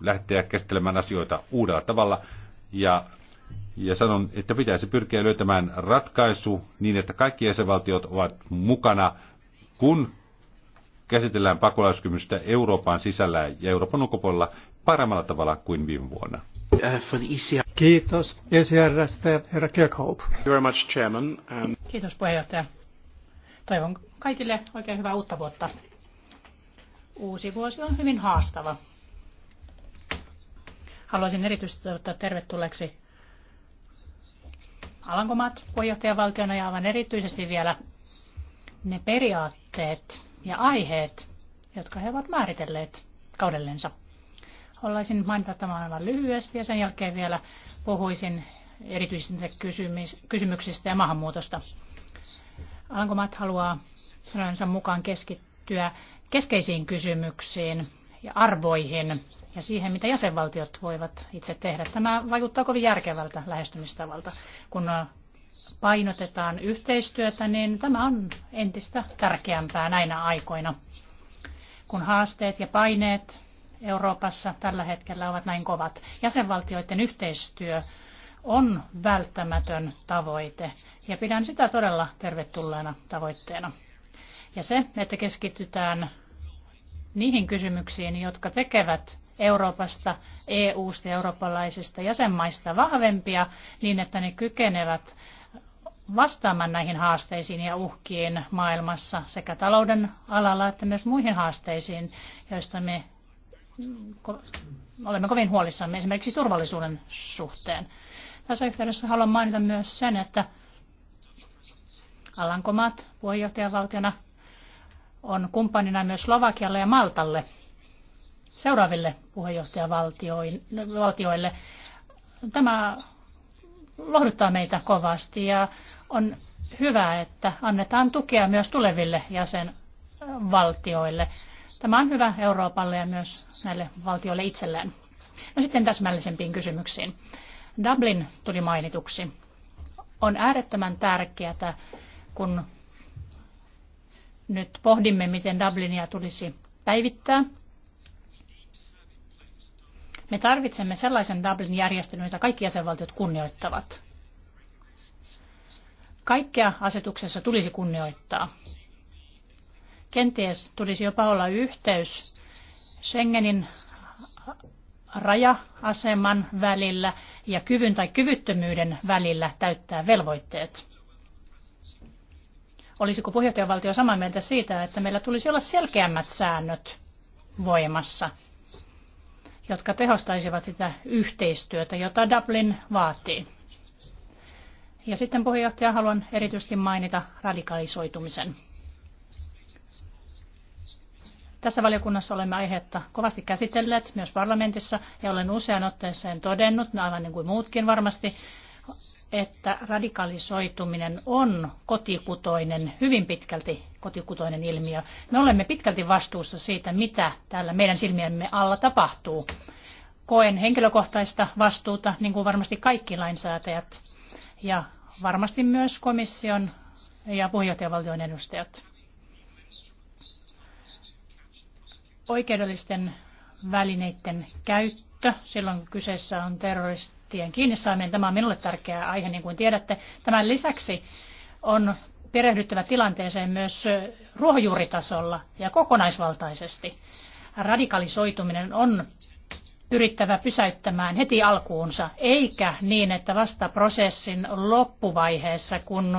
lähteä käsittelemään asioita uudella tavalla ja, ja sanon, että pitäisi pyrkiä löytämään ratkaisu niin, että kaikki jäsenvaltiot ovat mukana – kun käsitellään pakolaiskymystä Euroopan sisällä ja Euroopan ulkopuolella paremmalla tavalla kuin viime vuonna. Kiitos ECRstä, herra Kirkhope. Very much, chairman. And... Kiitos puheenjohtaja. Toivon kaikille oikein hyvää uutta vuotta. Uusi vuosi on hyvin haastava. Haluaisin erityisesti toivottaa tervetulleeksi Alankomaat puheenjohtajavaltiona ja aivan erityisesti vielä ne periaatteet ja aiheet, jotka he ovat määritelleet kaudellensa. Haluaisin mainita tämän aivan lyhyesti ja sen jälkeen vielä puhuisin erityisistä kysymyksistä ja maahanmuutosta. Alankomaat haluaa sanansa mukaan keskittyä keskeisiin kysymyksiin ja arvoihin ja siihen, mitä jäsenvaltiot voivat itse tehdä. Tämä vaikuttaa kovin järkevältä lähestymistavalta, kun painotetaan yhteistyötä, niin tämä on entistä tärkeämpää näinä aikoina, kun haasteet ja paineet Euroopassa tällä hetkellä ovat näin kovat. Jäsenvaltioiden yhteistyö on välttämätön tavoite ja pidän sitä todella tervetulleena tavoitteena. Ja se, että keskitytään niihin kysymyksiin, jotka tekevät Euroopasta, EU-sta ja eurooppalaisista jäsenmaista vahvempia niin, että ne kykenevät vastaamaan näihin haasteisiin ja uhkiin maailmassa sekä talouden alalla että myös muihin haasteisiin, joista me olemme kovin huolissamme esimerkiksi turvallisuuden suhteen. Tässä yhteydessä haluan mainita myös sen, että Alankomaat puheenjohtajavaltiona on kumppanina myös Slovakialle ja Maltalle seuraaville puheenjohtajavaltioille. Tämä lohduttaa meitä kovasti ja on hyvä, että annetaan tukea myös tuleville jäsenvaltioille. Tämä on hyvä Euroopalle ja myös näille valtioille itselleen. No sitten täsmällisempiin kysymyksiin. Dublin tuli mainituksi. On äärettömän tärkeää, kun nyt pohdimme, miten Dublinia tulisi päivittää – me tarvitsemme sellaisen Dublin-järjestelyn, jota kaikki jäsenvaltiot kunnioittavat. Kaikkea asetuksessa tulisi kunnioittaa. Kenties tulisi jopa olla yhteys Schengenin raja-aseman välillä ja kyvyn tai kyvyttömyyden välillä täyttää velvoitteet. Olisiko puheenjohtajavaltio samaa mieltä siitä, että meillä tulisi olla selkeämmät säännöt voimassa – jotka tehostaisivat sitä yhteistyötä, jota Dublin vaatii. Ja sitten puheenjohtaja haluan erityisesti mainita radikalisoitumisen. Tässä valiokunnassa olemme aihetta kovasti käsitelleet myös parlamentissa ja olen usean otteeseen todennut, no aivan niin kuin muutkin varmasti, että radikalisoituminen on kotikutoinen, hyvin pitkälti kotikutoinen ilmiö. Me olemme pitkälti vastuussa siitä, mitä täällä meidän silmiemme alla tapahtuu. Koen henkilökohtaista vastuuta, niin kuin varmasti kaikki lainsäätäjät ja varmasti myös komission ja puheenjohtajavaltion edustajat. Oikeudellisten välineiden käyttö silloin kyseessä on terrorist tien kiinni saaminen. Tämä on minulle tärkeä aihe, niin kuin tiedätte. Tämän lisäksi on perehdyttävä tilanteeseen myös ruohonjuuritasolla ja kokonaisvaltaisesti. Radikalisoituminen on pyrittävä pysäyttämään heti alkuunsa, eikä niin, että vasta prosessin loppuvaiheessa, kun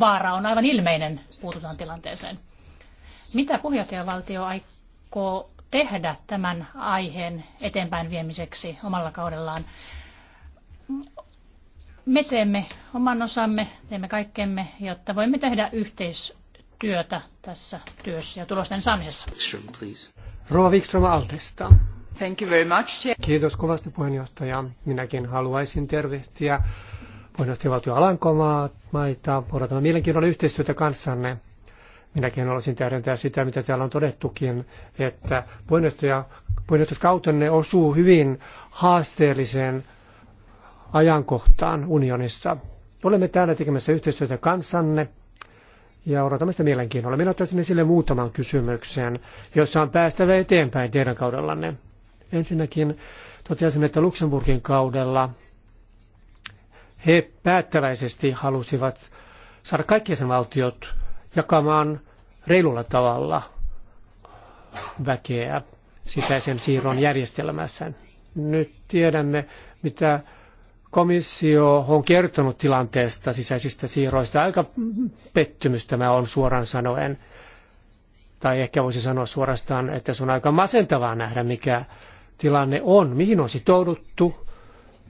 vaara on aivan ilmeinen, puututaan tilanteeseen. Mitä puheenjohtajavaltio aikoo tehdä tämän aiheen eteenpäin viemiseksi omalla kaudellaan. Me teemme oman osamme, teemme kaikkemme, jotta voimme tehdä yhteistyötä tässä työssä ja tulosten saamisessa. Rova Wikström Aldesta. Thank you very much. Kiitos kovasti puheenjohtaja. Minäkin haluaisin tervehtiä Alankomaa maita. Odotamme mielenkiinnolla yhteistyötä kanssanne. Minäkin haluaisin täydentää sitä, mitä täällä on todettukin, että puheenjohtajuuskautenne osuu hyvin haasteelliseen ajankohtaan unionissa. Olemme täällä tekemässä yhteistyötä kansanne ja odotamme sitä mielenkiinnolla. Minä ottaisin esille muutaman kysymyksen, jossa on päästävä eteenpäin teidän kaudellanne. Ensinnäkin toteaisin, että Luxemburgin kaudella he päättäväisesti halusivat saada kaikki sen valtiot jakamaan reilulla tavalla väkeä sisäisen siirron järjestelmässä. Nyt tiedämme, mitä komissio on kertonut tilanteesta sisäisistä siirroista. Aika pettymys tämä on suoraan sanoen. Tai ehkä voisi sanoa suorastaan, että se on aika masentavaa nähdä, mikä tilanne on, mihin on sitouduttu,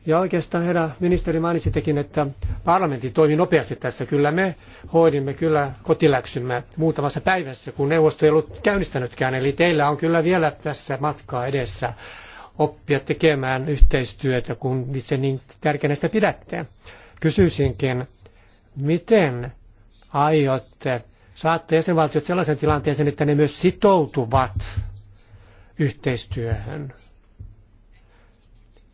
ja oikeastaan herra ministeri mainitsitekin, että parlamentti toimi nopeasti tässä. Kyllä me hoidimme kyllä kotiläksymme muutamassa päivässä, kun neuvosto ei ollut käynnistänytkään. Eli teillä on kyllä vielä tässä matkaa edessä oppia tekemään yhteistyötä, kun itse niin tärkeänä sitä pidätte. Kysyisinkin, miten aiotte saatte jäsenvaltiot sellaisen tilanteeseen, että ne myös sitoutuvat yhteistyöhön?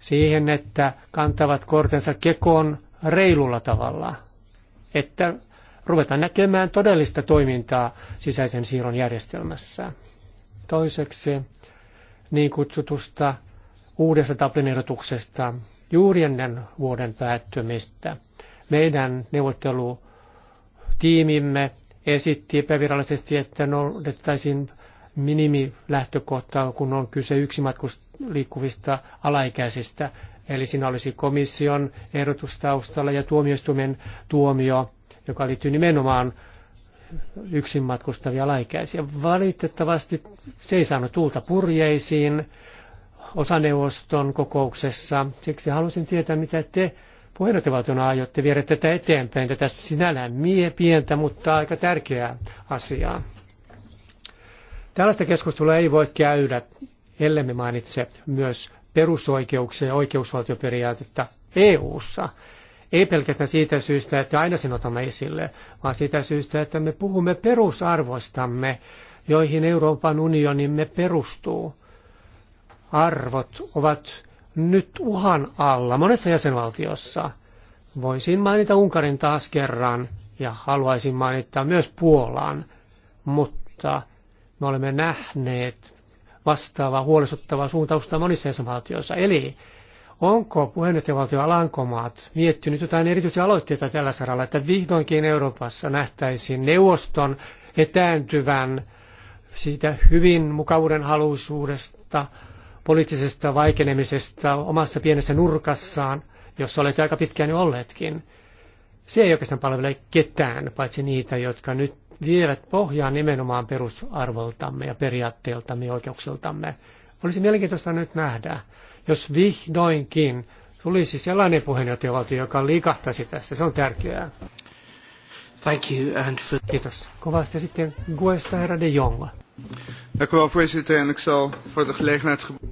siihen, että kantavat kortensa kekoon reilulla tavalla, että ruvetaan näkemään todellista toimintaa sisäisen siirron järjestelmässä. Toiseksi niin kutsutusta uudesta Dublin-ehdotuksesta juuri ennen vuoden päättymistä. Meidän neuvottelutiimimme esitti epävirallisesti, että noudettaisiin minimilähtökohta, kun on kyse yksimatkust liikkuvista alaikäisistä. Eli siinä olisi komission ehdotus taustalla ja tuomioistuimen tuomio, joka liittyy nimenomaan yksin matkustavia alaikäisiä. Valitettavasti se ei saanut tuulta purjeisiin osaneuvoston kokouksessa. Siksi halusin tietää, mitä te puheenjohtajavaltiona aiotte viedä tätä eteenpäin, tätä sinällään mie pientä, mutta aika tärkeää asiaa. Tällaista keskustelua ei voi käydä, me mainitse myös perusoikeuksia ja oikeusvaltioperiaatetta EU-ssa. Ei pelkästään siitä syystä, että aina sen otamme esille, vaan siitä syystä, että me puhumme perusarvoistamme, joihin Euroopan unionimme perustuu. Arvot ovat nyt uhan alla monessa jäsenvaltiossa. Voisin mainita Unkarin taas kerran ja haluaisin mainita myös Puolan, mutta me olemme nähneet vastaavaa huolestuttavaa suuntausta monissa jäsenvaltioissa. Eli onko puheenjohtajavaltio Alankomaat miettinyt jotain erityisiä aloitteita tällä saralla, että vihdoinkin Euroopassa nähtäisiin neuvoston etääntyvän siitä hyvin mukavuuden haluisuudesta, poliittisesta vaikenemisesta omassa pienessä nurkassaan, jossa olette aika pitkään jo olleetkin. Se ei oikeastaan palvele ketään, paitsi niitä, jotka nyt vievät pohjaa nimenomaan perusarvoltamme ja periaatteeltamme ja oikeuksiltamme. Olisi mielenkiintoista nyt nähdä, jos vihdoinkin tulisi sellainen puheenjohtajavaltio, joka liikahtaisi tässä. Se on tärkeää. Thank you and for... Kiitos. Kovasti sitten Guesta herra de Jong.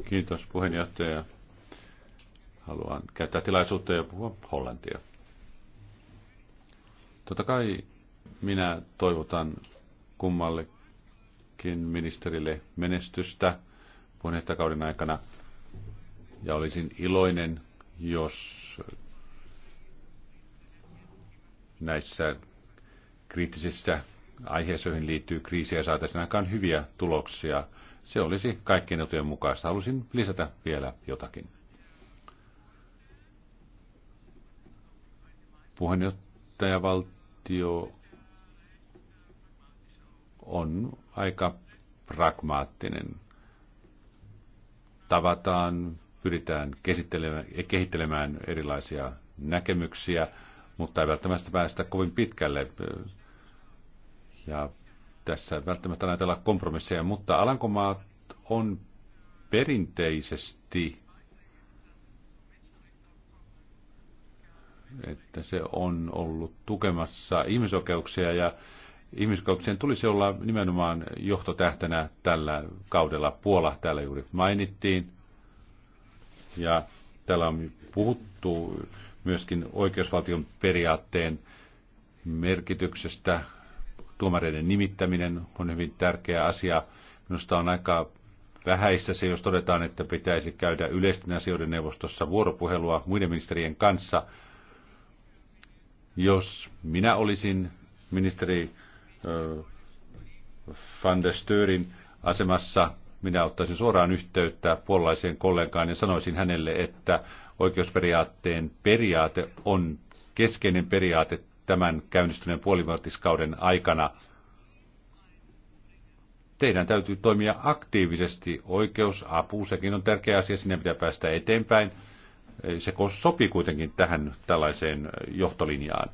Kiitos puheenjohtaja. Haluan käyttää tilaisuutta ja puhua hollantia. Totta kai minä toivotan kummallekin ministerille menestystä puheenjohtajakauden aikana ja olisin iloinen, jos näissä kriittisissä aiheissa, joihin liittyy kriisiä, saataisiin aikaan hyviä tuloksia. Se olisi kaikkien etujen mukaista. Halusin lisätä vielä jotakin. Puheenjohtajavaltio on aika pragmaattinen. Tavataan, pyritään kehittelemään erilaisia näkemyksiä, mutta ei välttämättä päästä kovin pitkälle. Ja tässä välttämättä ajatella kompromisseja, mutta Alankomaat on perinteisesti, että se on ollut tukemassa ihmisoikeuksia ja ihmiskauppien tulisi olla nimenomaan johtotähtänä tällä kaudella. Puola täällä juuri mainittiin. Ja täällä on puhuttu myöskin oikeusvaltion periaatteen merkityksestä. Tuomareiden nimittäminen on hyvin tärkeä asia. Minusta on aika vähäistä se, jos todetaan, että pitäisi käydä yleisten asioiden neuvostossa vuoropuhelua muiden ministerien kanssa. Jos minä olisin ministeri van der Störin asemassa minä ottaisin suoraan yhteyttä puolalaiseen kollegaan ja sanoisin hänelle, että oikeusperiaatteen periaate on keskeinen periaate tämän käynnistyneen puolivuotiskauden aikana. Teidän täytyy toimia aktiivisesti. Oikeusapu, sekin on tärkeä asia, sinne pitää päästä eteenpäin. Se sopii kuitenkin tähän tällaiseen johtolinjaan.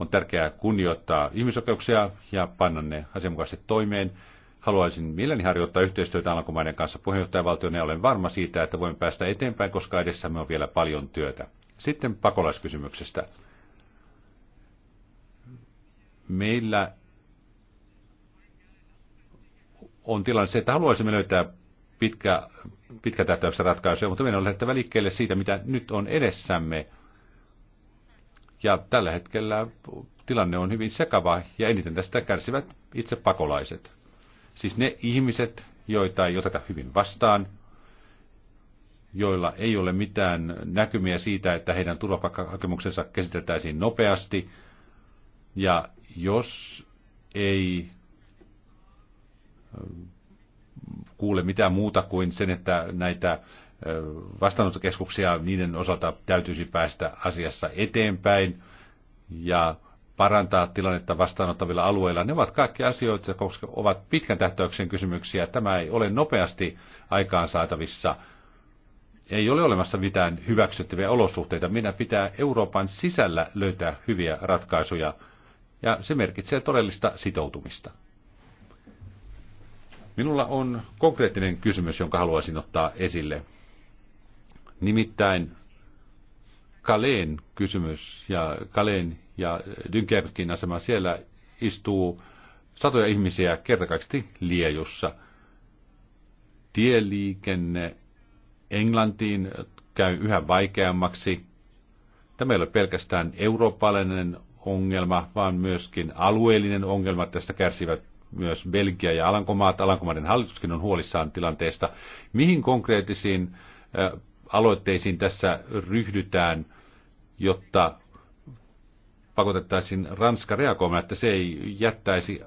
On tärkeää kunnioittaa ihmisoikeuksia ja panna ne asianmukaisesti toimeen. Haluaisin mielelläni harjoittaa yhteistyötä Alankomaiden kanssa puheenjohtajavaltion ja olen varma siitä, että voimme päästä eteenpäin, koska edessämme on vielä paljon työtä. Sitten pakolaiskysymyksestä. Meillä on tilanne se, että haluaisimme löytää pitkä, pitkä tähtäyksen ratkaisuja, mutta meidän on lähdettävä liikkeelle siitä, mitä nyt on edessämme – ja tällä hetkellä tilanne on hyvin sekava ja eniten tästä kärsivät itse pakolaiset. Siis ne ihmiset, joita ei oteta hyvin vastaan, joilla ei ole mitään näkymiä siitä, että heidän turvapaikkahakemuksensa käsiteltäisiin nopeasti. Ja jos ei kuule mitään muuta kuin sen, että näitä vastaanottokeskuksia, niiden osalta täytyisi päästä asiassa eteenpäin ja parantaa tilannetta vastaanottavilla alueilla. Ne ovat kaikki asioita, koska ovat pitkän tähtäyksen kysymyksiä. Tämä ei ole nopeasti aikaansaatavissa. Ei ole olemassa mitään hyväksyttäviä olosuhteita. Minä pitää Euroopan sisällä löytää hyviä ratkaisuja. Ja se merkitsee todellista sitoutumista. Minulla on konkreettinen kysymys, jonka haluaisin ottaa esille. Nimittäin Kaleen kysymys ja Kaleen ja Dynkerkin asema siellä istuu satoja ihmisiä kertakaisesti liejussa. Tieliikenne Englantiin käy yhä vaikeammaksi. Tämä ei ole pelkästään eurooppalainen ongelma, vaan myöskin alueellinen ongelma. Tästä kärsivät myös Belgia ja Alankomaat. Alankomaiden hallituskin on huolissaan tilanteesta. Mihin konkreettisiin aloitteisiin tässä ryhdytään, jotta pakotettaisiin Ranska reagoimaan, että se ei jättäisi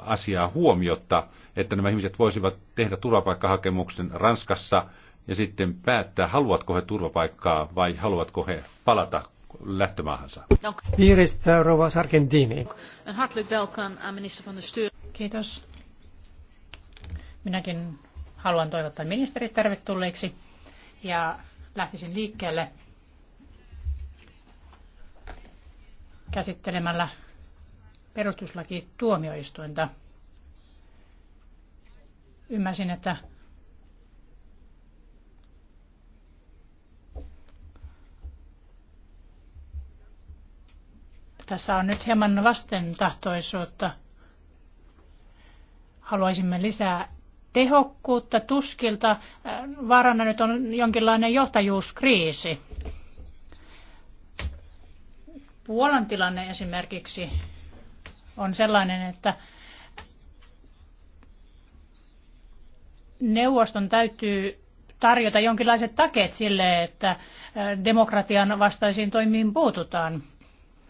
asiaa huomiotta, että nämä ihmiset voisivat tehdä turvapaikkahakemuksen Ranskassa ja sitten päättää, haluatko he turvapaikkaa vai haluatko he palata lähtömaahansa. Rovas Kiitos. Minäkin haluan toivottaa ministerit tervetulleeksi ja lähtisin liikkeelle käsittelemällä perustuslaki tuomioistuinta. Ymmärsin, että tässä on nyt hieman vastentahtoisuutta. Haluaisimme lisää tehokkuutta tuskilta. Äh, vaarana nyt on jonkinlainen johtajuuskriisi. Puolan tilanne esimerkiksi on sellainen, että neuvoston täytyy tarjota jonkinlaiset takeet sille, että äh, demokratian vastaisiin toimiin puututaan.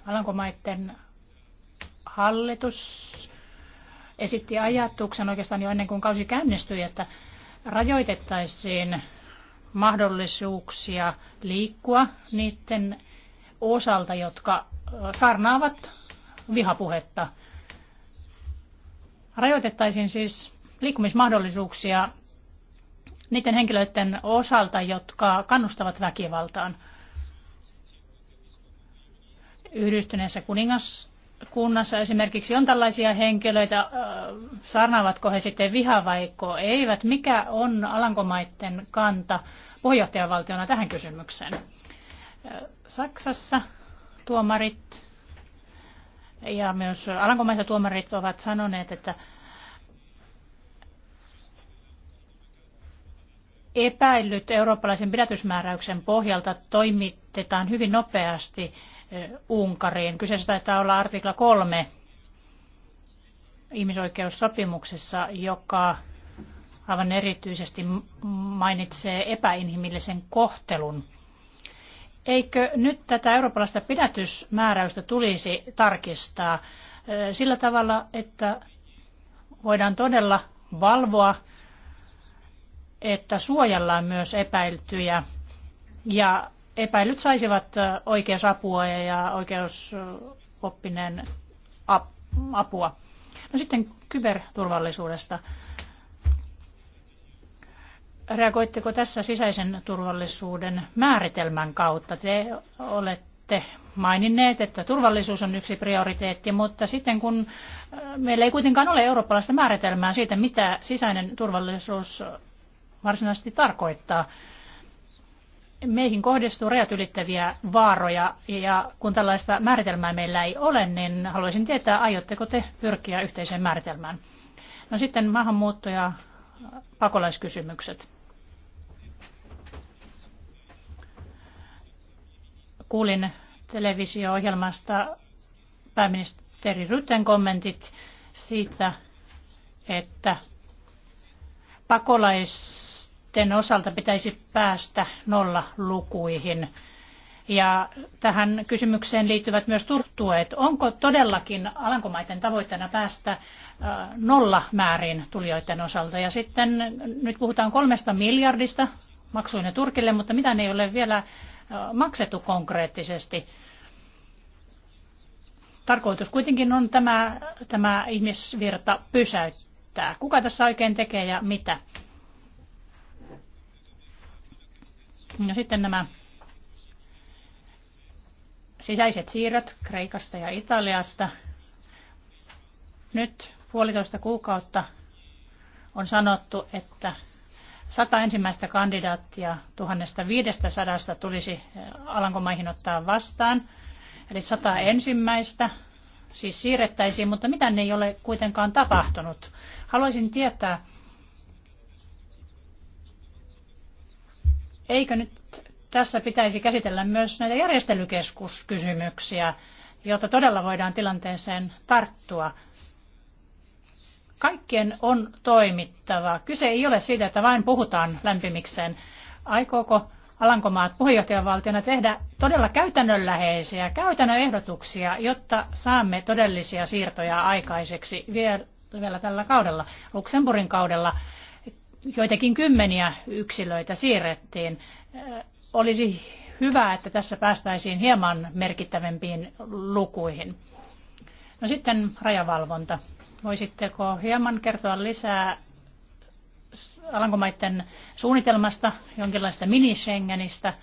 Alankomaiden hallitus esitti ajatuksen oikeastaan jo ennen kuin kausi käynnistyi, että rajoitettaisiin mahdollisuuksia liikkua niiden osalta, jotka sarnaavat vihapuhetta. Rajoitettaisiin siis liikkumismahdollisuuksia niiden henkilöiden osalta, jotka kannustavat väkivaltaan. Yhdistyneessä kuningas kunnassa esimerkiksi on tällaisia henkilöitä, sarnaavatko he sitten viha vai eivät? Mikä on Alankomaiden kanta puheenjohtajavaltiona tähän kysymykseen? Saksassa tuomarit ja myös Alankomaiden tuomarit ovat sanoneet, että epäillyt eurooppalaisen pidätysmääräyksen pohjalta toimitetaan hyvin nopeasti Unkariin. Kyseessä taitaa olla artikla 3 ihmisoikeussopimuksessa, joka aivan erityisesti mainitsee epäinhimillisen kohtelun. Eikö nyt tätä eurooppalaista pidätysmääräystä tulisi tarkistaa sillä tavalla, että voidaan todella valvoa, että suojellaan myös epäiltyjä ja epäilyt saisivat oikeusapua ja oikeusoppinen apua. No sitten kyberturvallisuudesta. Reagoitteko tässä sisäisen turvallisuuden määritelmän kautta? Te olette maininneet, että turvallisuus on yksi prioriteetti, mutta sitten kun meillä ei kuitenkaan ole eurooppalaista määritelmää siitä, mitä sisäinen turvallisuus varsinaisesti tarkoittaa, meihin kohdistuu rajat ylittäviä vaaroja ja kun tällaista määritelmää meillä ei ole, niin haluaisin tietää, aiotteko te pyrkiä yhteiseen määritelmään. No sitten maahanmuutto ja pakolaiskysymykset. Kuulin televisio-ohjelmasta pääministeri Rytten kommentit siitä, että pakolais niiden osalta pitäisi päästä nolla lukuihin. Ja tähän kysymykseen liittyvät myös turttueet. Onko todellakin Alankomaiden tavoitteena päästä äh, nolla määrin tulijoiden osalta? Ja sitten nyt puhutaan kolmesta miljardista maksuina Turkille, mutta mitä ne ei ole vielä äh, maksettu konkreettisesti. Tarkoitus kuitenkin on tämä, tämä ihmisvirta pysäyttää. Kuka tässä oikein tekee ja mitä? No sitten nämä sisäiset siirrot Kreikasta ja Italiasta. Nyt puolitoista kuukautta on sanottu, että sata ensimmäistä kandidaattia 1500 tulisi Alankomaihin ottaa vastaan. Eli sata ensimmäistä siis siirrettäisiin, mutta mitä ne ei ole kuitenkaan tapahtunut. Haluaisin tietää, Eikö nyt tässä pitäisi käsitellä myös näitä järjestelykeskuskysymyksiä, jotta todella voidaan tilanteeseen tarttua? Kaikkien on toimittava. Kyse ei ole siitä, että vain puhutaan lämpimikseen. Aikooko Alankomaat puheenjohtajavaltiona tehdä todella käytännönläheisiä käytännön ehdotuksia, jotta saamme todellisia siirtoja aikaiseksi vielä tällä kaudella. Luxemburgin kaudella joitakin kymmeniä yksilöitä siirrettiin. Olisi hyvä, että tässä päästäisiin hieman merkittävämpiin lukuihin. No sitten rajavalvonta. Voisitteko hieman kertoa lisää Alankomaiden suunnitelmasta, jonkinlaista mini-Schengenistä?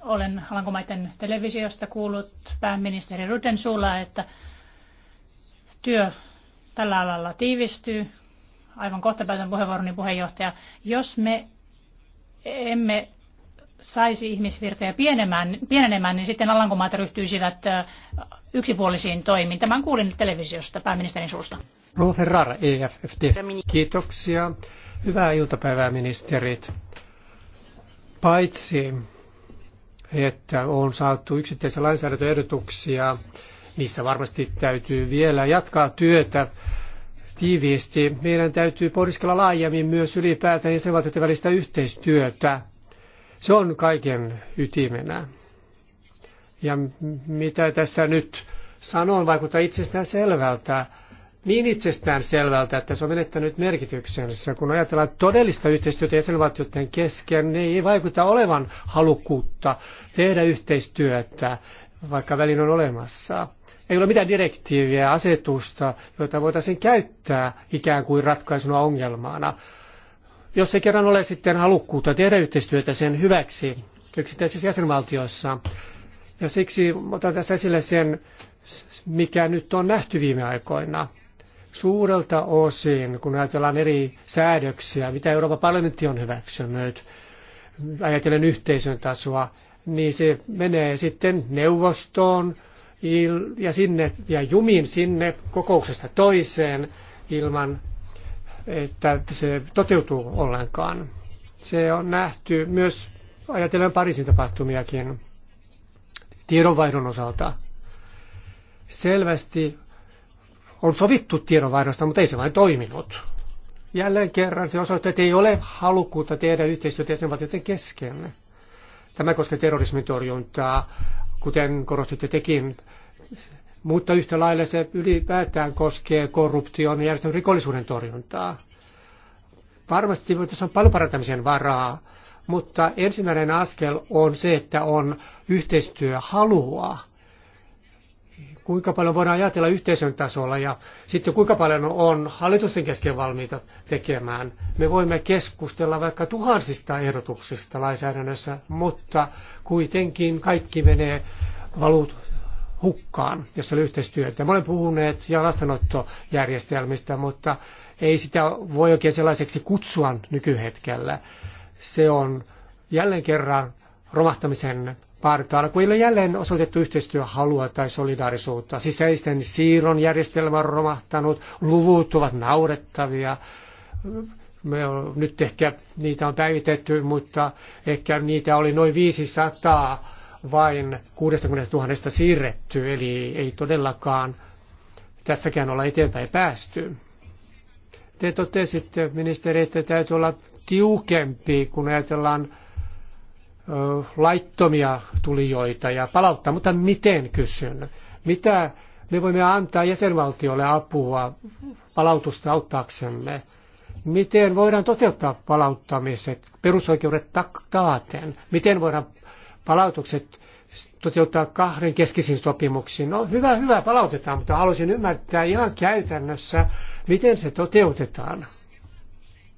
Olen Alankomaiden televisiosta kuullut pääministeri Ruden suulla, että työ tällä alalla tiivistyy aivan kohta päätän puheenvuoroni puheenjohtaja, jos me emme saisi ihmisvirtoja pienemään, pienenemään, niin sitten Alankomaat ryhtyisivät yksipuolisiin toimiin. Tämän kuulin televisiosta pääministerin suusta. Rova Ferrara, EFFT. Kiitoksia. Hyvää iltapäivää, ministerit. Paitsi, että on saatu yksittäisiä lainsäädäntöehdotuksia, niissä varmasti täytyy vielä jatkaa työtä tiiviisti. Meidän täytyy pohdiskella laajemmin myös ylipäätään jäsenvaltioiden välistä yhteistyötä. Se on kaiken ytimenä. Ja mitä tässä nyt sanon, vaikuttaa itsestään selvältä. Niin itsestään selvältä, että se on menettänyt merkityksensä. Kun ajatellaan todellista yhteistyötä jäsenvaltioiden kesken, niin ei vaikuta olevan halukkuutta tehdä yhteistyötä, vaikka välin on olemassa. Ei ole mitään direktiiviä ja asetusta, joita voitaisiin käyttää ikään kuin ratkaisuna ongelmana. Jos ei kerran ole sitten halukkuutta tehdä yhteistyötä sen hyväksi yksittäisissä jäsenvaltioissa. Ja siksi otan tässä esille sen, mikä nyt on nähty viime aikoina suurelta osin, kun ajatellaan eri säädöksiä, mitä Euroopan parlamentti on hyväksynyt, ajatellen yhteisön tasoa, niin se menee sitten neuvostoon ja sinne ja jumiin sinne kokouksesta toiseen ilman, että se toteutuu ollenkaan. Se on nähty myös, ajatellen Pariisin tapahtumiakin, tiedonvaihdon osalta. Selvästi on sovittu tiedonvaihdosta, mutta ei se vain toiminut. Jälleen kerran se osoittaa, että ei ole halukkuutta tehdä yhteistyötä jäsenvaltioiden kesken. Tämä koskee terrorismin torjuntaa, kuten korostitte tekin, mutta yhtä lailla se ylipäätään koskee korruption ja rikollisuuden torjuntaa. Varmasti tässä on paljon parantamisen varaa, mutta ensimmäinen askel on se, että on yhteistyö halua. Kuinka paljon voidaan ajatella yhteisön tasolla ja sitten kuinka paljon on hallitusten kesken valmiita tekemään. Me voimme keskustella vaikka tuhansista ehdotuksista lainsäädännössä, mutta kuitenkin kaikki menee valuut hukkaan, jos oli yhteistyötä. Me olemme puhuneet ja vastaanottojärjestelmistä, mutta ei sitä voi oikein sellaiseksi kutsua nykyhetkellä. Se on jälleen kerran romahtamisen partaalla, kun ei ole jälleen osoitettu yhteistyöhalua tai solidaarisuutta. Sisäisten siirron järjestelmä on romahtanut, luvut ovat naurettavia. Me on, nyt ehkä niitä on päivitetty, mutta ehkä niitä oli noin 500 vain 60 000 siirretty, eli ei todellakaan tässäkään olla eteenpäin päästy. Te totesitte, ministeri, että täytyy olla tiukempi, kun ajatellaan laittomia tulijoita ja palauttaa, mutta miten kysyn? Mitä me voimme antaa jäsenvaltiolle apua palautusta auttaaksemme? Miten voidaan toteuttaa palauttamiset, perusoikeudet taaten? Miten voidaan palautukset toteuttaa kahden keskisiin sopimuksiin. No hyvä, hyvä, palautetaan, mutta haluaisin ymmärtää ihan käytännössä, miten se toteutetaan.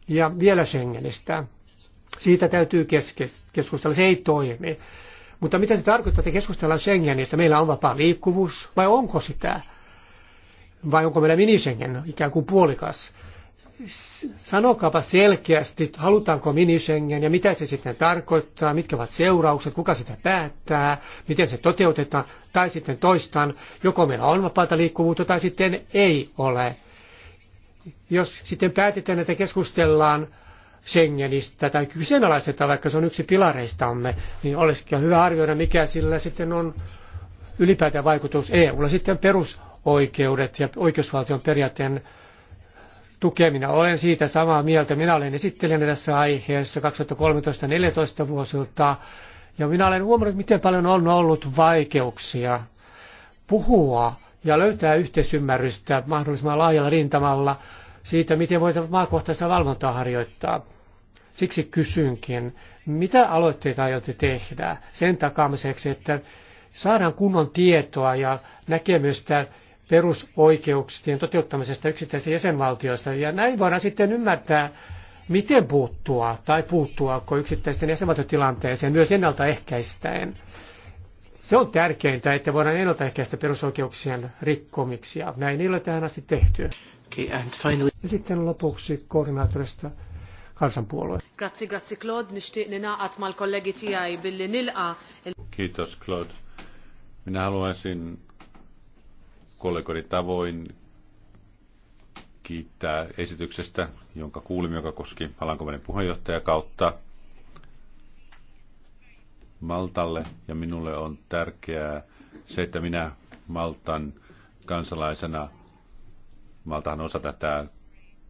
Ja vielä Schengenistä. Siitä täytyy keskustella, se ei toimi. Mutta mitä se tarkoittaa, että keskustellaan Schengenistä? Meillä on vapaa liikkuvuus, vai onko sitä? Vai onko meillä mini-Schengen ikään kuin puolikas? sanokaapa selkeästi, halutaanko mini ja mitä se sitten tarkoittaa, mitkä ovat seuraukset, kuka sitä päättää, miten se toteutetaan, tai sitten toistan joko meillä on vapaata liikkuvuutta tai sitten ei ole. Jos sitten päätetään, että keskustellaan Schengenistä tai kyseenalaistetaan, vaikka se on yksi pilareistamme, niin olisikin hyvä arvioida, mikä sillä sitten on ylipäätään vaikutus EUlla. Sitten perusoikeudet ja oikeusvaltion periaatteen Tukemina olen siitä samaa mieltä. Minä olen esittelijänä tässä aiheessa 2013-2014 vuosilta. Ja minä olen huomannut, miten paljon on ollut vaikeuksia puhua ja löytää yhteisymmärrystä mahdollisimman laajalla rintamalla siitä, miten voidaan maakohtaista valvontaa harjoittaa. Siksi kysynkin, mitä aloitteita aiotte tehdä sen takaamiseksi, että saadaan kunnon tietoa ja näkemystä perusoikeuksien toteuttamisesta yksittäisistä jäsenvaltioista. Ja näin voidaan sitten ymmärtää, miten puuttua tai puuttuako yksittäisten jäsenvaltiotilanteeseen myös ennaltaehkäistäen. Se on tärkeintä, että voidaan ennaltaehkäistä perusoikeuksien rikkomiksia. Näin ei ole tähän asti tehty. Okay, and finally... Ja sitten lopuksi koordinaattorista kansanpuolue. Grazie, grazie Claude. kollegi billi Kiitos Claude. Minä haluaisin kollegoni tavoin kiittää esityksestä, jonka kuulimme, joka koski Alankomainen puheenjohtaja kautta Maltalle. Ja minulle on tärkeää se, että minä Maltan kansalaisena, Maltahan osa tätä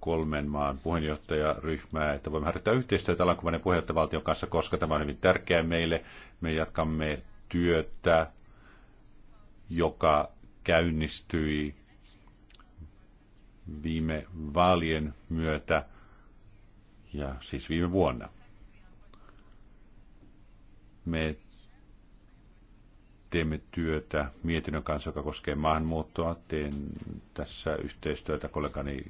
kolmen maan puheenjohtajaryhmää, että voimme harjoittaa yhteistyötä Alankomainen puheenjohtajavaltion kanssa, koska tämä on hyvin tärkeää meille. Me jatkamme työtä, joka käynnistyi viime vaalien myötä, ja siis viime vuonna. Me teemme työtä mietinnön kanssa, joka koskee maahanmuuttoa. Teen tässä yhteistyötä kollegani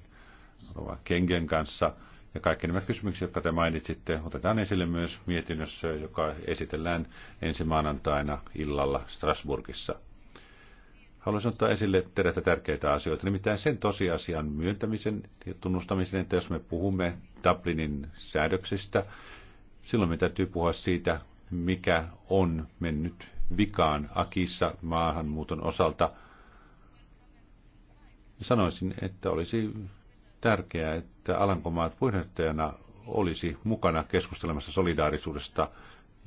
Rova Kengen kanssa. Ja kaikki nämä kysymykset, jotka te mainitsitte, otetaan esille myös mietinnössä, joka esitellään ensi maanantaina illalla Strasburgissa. Haluaisin ottaa esille terätä tärkeitä asioita, nimittäin sen tosiasian myöntämisen ja tunnustamisen, että jos me puhumme Dublinin säädöksistä, silloin me täytyy puhua siitä, mikä on mennyt vikaan Akissa maahanmuuton osalta. Sanoisin, että olisi tärkeää, että Alankomaat puheenjohtajana olisi mukana keskustelemassa solidaarisuudesta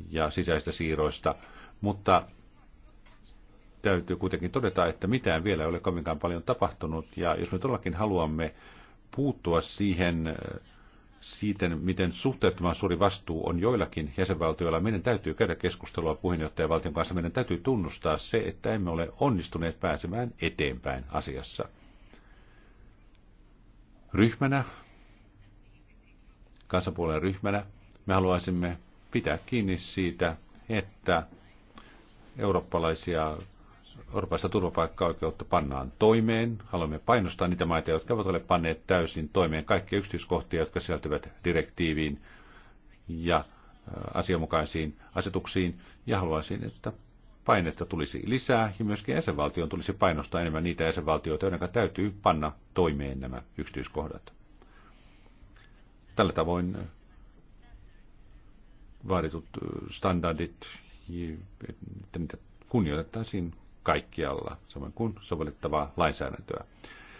ja sisäistä siirroista, mutta täytyy kuitenkin todeta, että mitään vielä ei ole kovinkaan paljon tapahtunut. Ja jos me todellakin haluamme puuttua siihen, äh, siitä, miten suhteettoman suuri vastuu on joillakin jäsenvaltioilla, meidän täytyy käydä keskustelua puheenjohtajavaltion kanssa. Meidän täytyy tunnustaa se, että emme ole onnistuneet pääsemään eteenpäin asiassa. Ryhmänä, kansanpuolen ryhmänä, me haluaisimme pitää kiinni siitä, että eurooppalaisia Euroopassa turvapaikkaoikeutta pannaan toimeen. Haluamme painostaa niitä maita, jotka ovat ole panneet täysin toimeen kaikkia yksityiskohtia, jotka sisältyvät direktiiviin ja äh, asianmukaisiin asetuksiin. Ja haluaisin, että painetta tulisi lisää ja myöskin jäsenvaltion tulisi painostaa enemmän niitä jäsenvaltioita, joiden täytyy panna toimeen nämä yksityiskohdat. Tällä tavoin äh, vaaditut äh, standardit, että niitä kunnioitettaisiin kaikkialla, samoin kuin sovellettavaa lainsäädäntöä.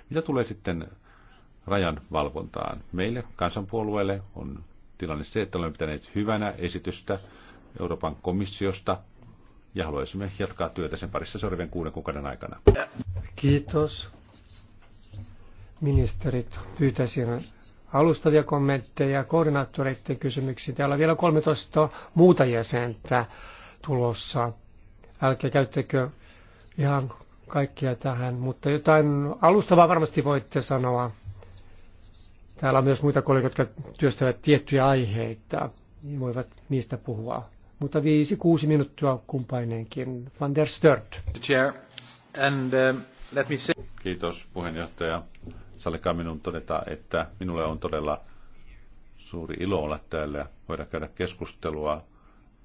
Mitä tulee sitten rajan valvontaan? Meille kansanpuolueelle on tilanne se, että olemme pitäneet hyvänä esitystä Euroopan komissiosta ja haluaisimme jatkaa työtä sen parissa seuraavien kuuden kuukauden aikana. Kiitos. Ministerit, pyytäisivät alustavia kommentteja koordinaattoreiden kysymyksiä. Täällä on vielä 13 muuta jäsentä tulossa. Älkää käyttäkö ihan kaikkia tähän, mutta jotain alustavaa varmasti voitte sanoa. Täällä on myös muita kollegoja, jotka työstävät tiettyjä aiheita, niin voivat niistä puhua. Mutta viisi, kuusi minuuttia kumpainenkin. Van der Stört. Chair. And, uh, let me say... Kiitos puheenjohtaja. Sallikaa minun todeta, että minulle on todella suuri ilo olla täällä, voida käydä keskustelua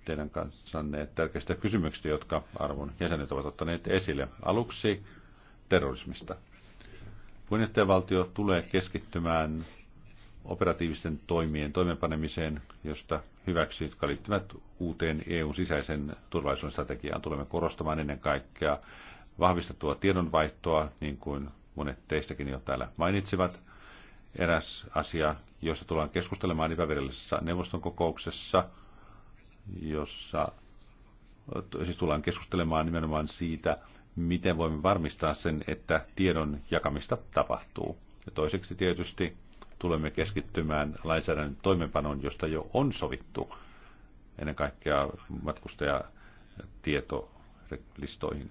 teidän kanssanne tärkeistä kysymyksistä, jotka arvon jäsenet ovat ottaneet esille. Aluksi terrorismista. Puheenjohtajavaltio tulee keskittymään operatiivisten toimien toimeenpanemiseen, josta hyväksi, jotka liittyvät uuteen EUn sisäisen turvallisuuden strategiaan. Tulemme korostamaan ennen kaikkea vahvistettua tiedonvaihtoa, niin kuin monet teistäkin jo täällä mainitsivat. Eräs asia, josta tullaan keskustelemaan epävirallisessa neuvoston kokouksessa, jossa siis tullaan keskustelemaan nimenomaan siitä, miten voimme varmistaa sen, että tiedon jakamista tapahtuu. Ja toiseksi tietysti tulemme keskittymään lainsäädännön toimenpanoon, josta jo on sovittu ennen kaikkea matkustajatietolistoihin.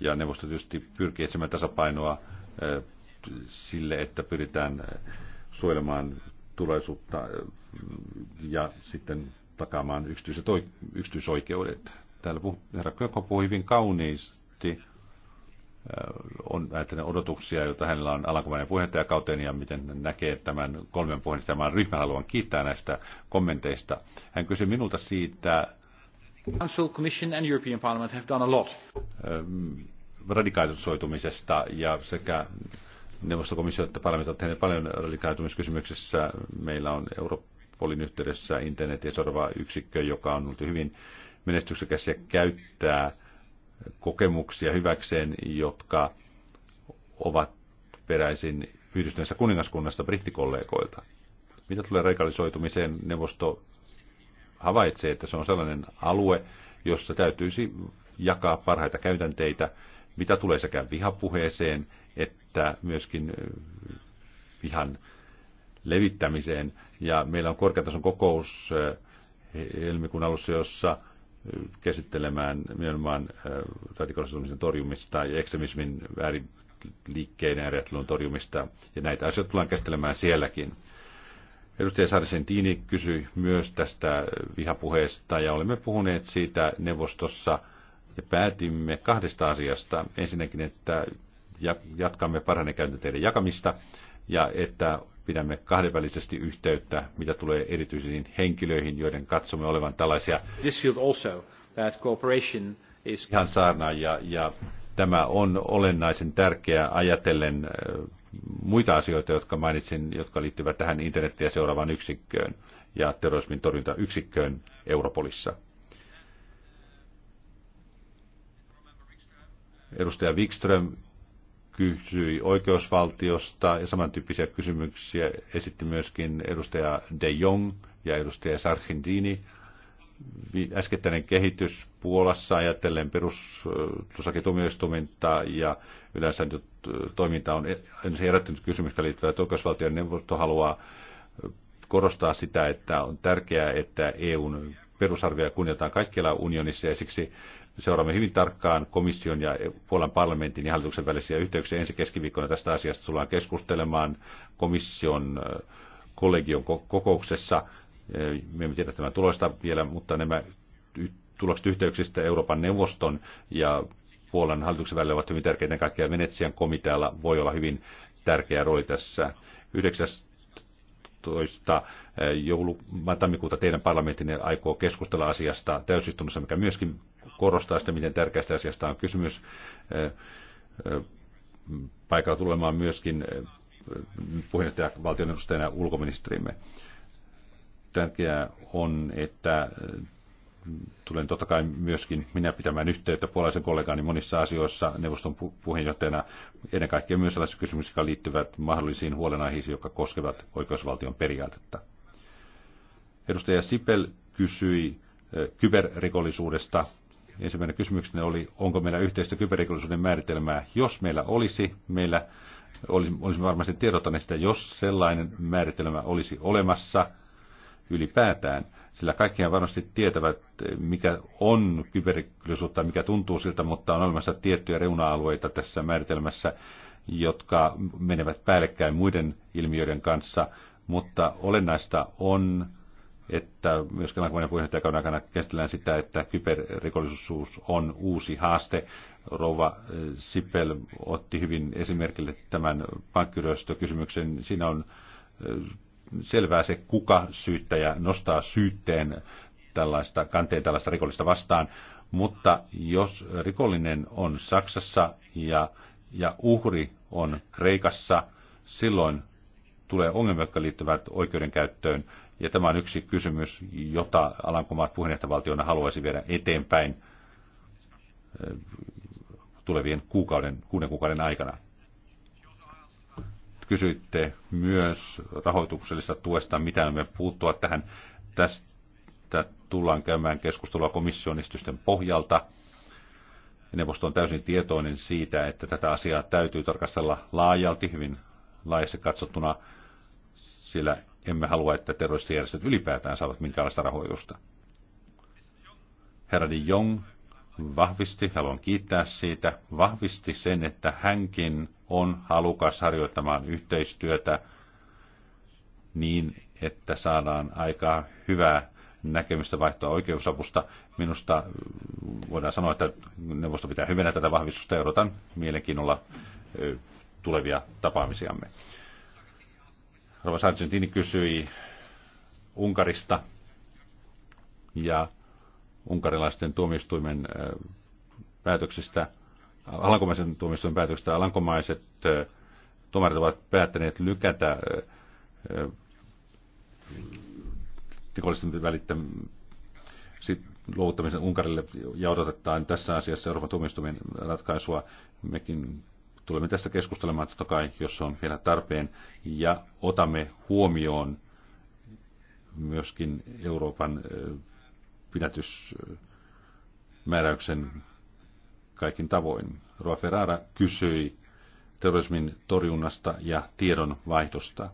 Ja neuvosto tietysti pyrkii etsimään tasapainoa eh, sille, että pyritään suojelemaan tulaisuutta eh, ja sitten takaamaan yksityiset, yksityisoikeudet. Täällä puh, herra Kökko puhui hyvin kauniisti äh, on ajattelen odotuksia, joita hänellä on alankomainen puheenjohtajakauteen ja miten hän näkee tämän kolmen puheenjohtajan ryhmän. Haluan kiittää näistä kommenteista. Hän kysyi minulta siitä, Council, Commission and European Parliament have done a lot. Äh, radikalisoitumisesta ja sekä neuvostokomissio että parlamentti ovat tehneet paljon radikalisoitumiskysymyksissä. Meillä on Euroopan Interpolin yhteydessä internetin sorva yksikkö, joka on ollut hyvin menestyksekäs ja käyttää kokemuksia hyväkseen, jotka ovat peräisin yhdistyneessä kuningaskunnasta brittikollegoilta. Mitä tulee radikalisoitumiseen, neuvosto havaitsee, että se on sellainen alue, jossa täytyisi jakaa parhaita käytänteitä, mitä tulee sekä vihapuheeseen että myöskin vihan levittämiseen. Ja meillä on korkeatason kokous eh, helmikuun alussa, jossa eh, käsittelemään nimenomaan eh, radikalisoitumisen torjumista ja ekstremismin ja ajattelun torjumista. Ja näitä asioita tullaan käsittelemään sielläkin. Edustaja Tiini kysyi myös tästä vihapuheesta ja olemme puhuneet siitä neuvostossa ja päätimme kahdesta asiasta. Ensinnäkin, että jatkamme parhainen käytänteiden jakamista ja että pidämme kahdenvälisesti yhteyttä, mitä tulee erityisiin henkilöihin, joiden katsomme olevan tällaisia is... ihan saarnaajia. Ja tämä on olennaisen tärkeää ajatellen äh, muita asioita, jotka mainitsin, jotka liittyvät tähän internettiä seuraavaan yksikköön ja terrorismin torjuntayksikköön Europolissa. Edustaja Wikström kysyi oikeusvaltiosta ja samantyyppisiä kysymyksiä esitti myöskin edustaja De Jong ja edustaja Sargentini. Äskettäinen kehitys Puolassa ajatellen perustuslakituomioistuimintaa ja yleensä nyt toiminta on e- herättänyt kysymyksiä liittyvää, että oikeusvaltion neuvosto haluaa korostaa sitä, että on tärkeää, että EUn perusarvoja kunnioitetaan kaikkialla unionissa ja siksi seuraamme hyvin tarkkaan komission ja Puolan parlamentin ja hallituksen välisiä yhteyksiä. Ensi keskiviikkona tästä asiasta tullaan keskustelemaan komission kollegion kokouksessa. Me emme tiedä tämän tulosta vielä, mutta nämä tulokset yhteyksistä Euroopan neuvoston ja Puolan hallituksen välillä ovat hyvin tärkeitä. Kaikkia Venetsian komitealla voi olla hyvin tärkeä rooli tässä. 19 joulu, tammikuuta teidän parlamenttinne aikoo keskustella asiasta täysistunnossa, mikä myöskin korostaa sitä, miten tärkeästä asiasta on kysymys. Paikalla tulemaan myöskin puheenjohtaja valtion edustajana ulkoministerimme. Tärkeää on, että tulen totta kai myöskin minä pitämään yhteyttä puolaisen kollegaani monissa asioissa neuvoston puheenjohtajana, ennen kaikkea myös sellaisissa kysymyksissä, jotka liittyvät mahdollisiin huolenaiheisiin, jotka koskevat oikeusvaltion periaatetta. Edustaja Sipel kysyi kyberrikollisuudesta. Ensimmäinen kysymyksenne oli, onko meillä yhteistä kyberrikollisuuden määritelmää. Jos meillä olisi, meillä olisimme varmasti tiedottaneet sitä, jos sellainen määritelmä olisi olemassa ylipäätään. Sillä kaikkihan varmasti tietävät, mikä on kyberrikollisuutta, mikä tuntuu siltä, mutta on olemassa tiettyjä reuna-alueita tässä määritelmässä, jotka menevät päällekkäin muiden ilmiöiden kanssa. Mutta olennaista on että myös Kelankuvainen puheenjohtajakauden aikana käsitellään sitä, että kyberrikollisuus on uusi haaste. Rouva eh, Sipel otti hyvin esimerkille tämän pankkiryöstökysymyksen. Siinä on eh, selvää se, kuka syyttäjä nostaa syytteen tällaista, kanteen tällaista rikollista vastaan. Mutta jos rikollinen on Saksassa ja, ja uhri on Kreikassa, silloin tulee ongelmia, jotka liittyvät oikeudenkäyttöön ja tämä on yksi kysymys, jota Alankomaat puheenjohtajavaltiona haluaisi viedä eteenpäin eh, tulevien kuukauden, kuuden kuukauden aikana. Kysyitte myös rahoituksellista tuesta, mitä me puuttua tähän. Tästä tullaan käymään keskustelua komissionistysten pohjalta. Neuvosto on täysin tietoinen siitä, että tätä asiaa täytyy tarkastella laajalti, hyvin laajasti katsottuna, sillä emme halua, että terroristijärjestöt ylipäätään saavat minkäänlaista rahoitusta. Herra de Jong vahvisti, haluan kiittää siitä, vahvisti sen, että hänkin on halukas harjoittamaan yhteistyötä niin, että saadaan aika hyvää näkemystä vaihtoa oikeusapusta. Minusta voidaan sanoa, että neuvosto pitää hyvänä tätä vahvistusta ja odotan mielenkiinnolla tulevia tapaamisiamme. Rova Sargentini kysyi Unkarista ja unkarilaisten tuomioistuimen äh, päätöksistä, alankomaisen tuomioistuimen päätöksistä. Alankomaiset äh, tuomarit ovat päättäneet lykätä äh, rikollisten välittämistä luovuttamisen Unkarille ja odotetaan tässä asiassa Euroopan tuomioistuimen ratkaisua. Mekin Tulemme tästä keskustelemaan totta kai, jos on vielä tarpeen, ja otamme huomioon myöskin Euroopan pidätysmääräyksen kaikin tavoin. Roa Ferrara kysyi terrorismin torjunnasta ja tiedon vaihdosta.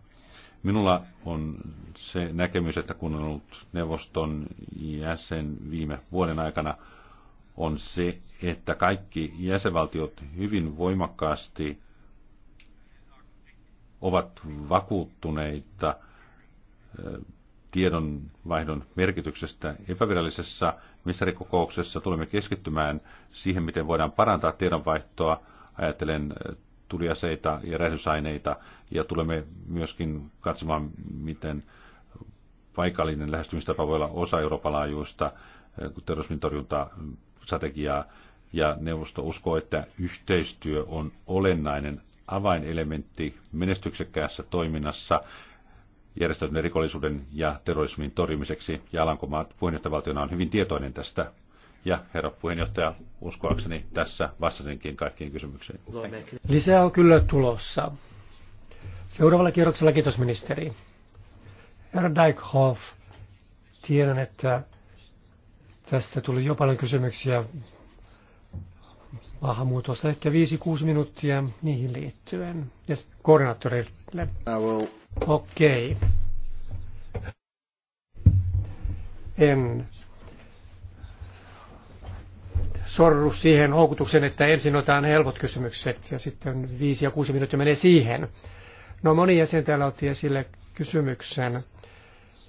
Minulla on se näkemys, että kun on ollut neuvoston jäsen viime vuoden aikana – on se, että kaikki jäsenvaltiot hyvin voimakkaasti ovat vakuuttuneita tiedonvaihdon merkityksestä epävirallisessa ministerikokouksessa. Tulemme keskittymään siihen, miten voidaan parantaa tiedonvaihtoa. ajatellen tuliaseita ja räjähdysaineita ja tulemme myöskin katsomaan, miten paikallinen lähestymistapa voi olla osa Euroopan laajuista terrorismin torjuntaa strategiaa ja neuvosto uskoo, että yhteistyö on olennainen avainelementti menestyksekkäässä toiminnassa järjestäytyneen rikollisuuden ja terrorismin torjumiseksi, ja Alankomaat puheenjohtajavaltiona on hyvin tietoinen tästä. Ja herra puheenjohtaja, uskoakseni tässä vastasinkin kaikkiin kysymyksiin. Lisää on kyllä tulossa. Seuraavalla kierroksella kiitos ministeri. Herra Dijkhoff, tiedän, että tässä tuli jo paljon kysymyksiä maahanmuutosta, ehkä 5-6 minuuttia niihin liittyen. Ja koordinaattorille. Okei. Okay. En sorru siihen houkutuksen, että ensin otetaan helpot kysymykset ja sitten 5 ja 6 minuuttia menee siihen. No moni jäsen täällä otti esille kysymyksen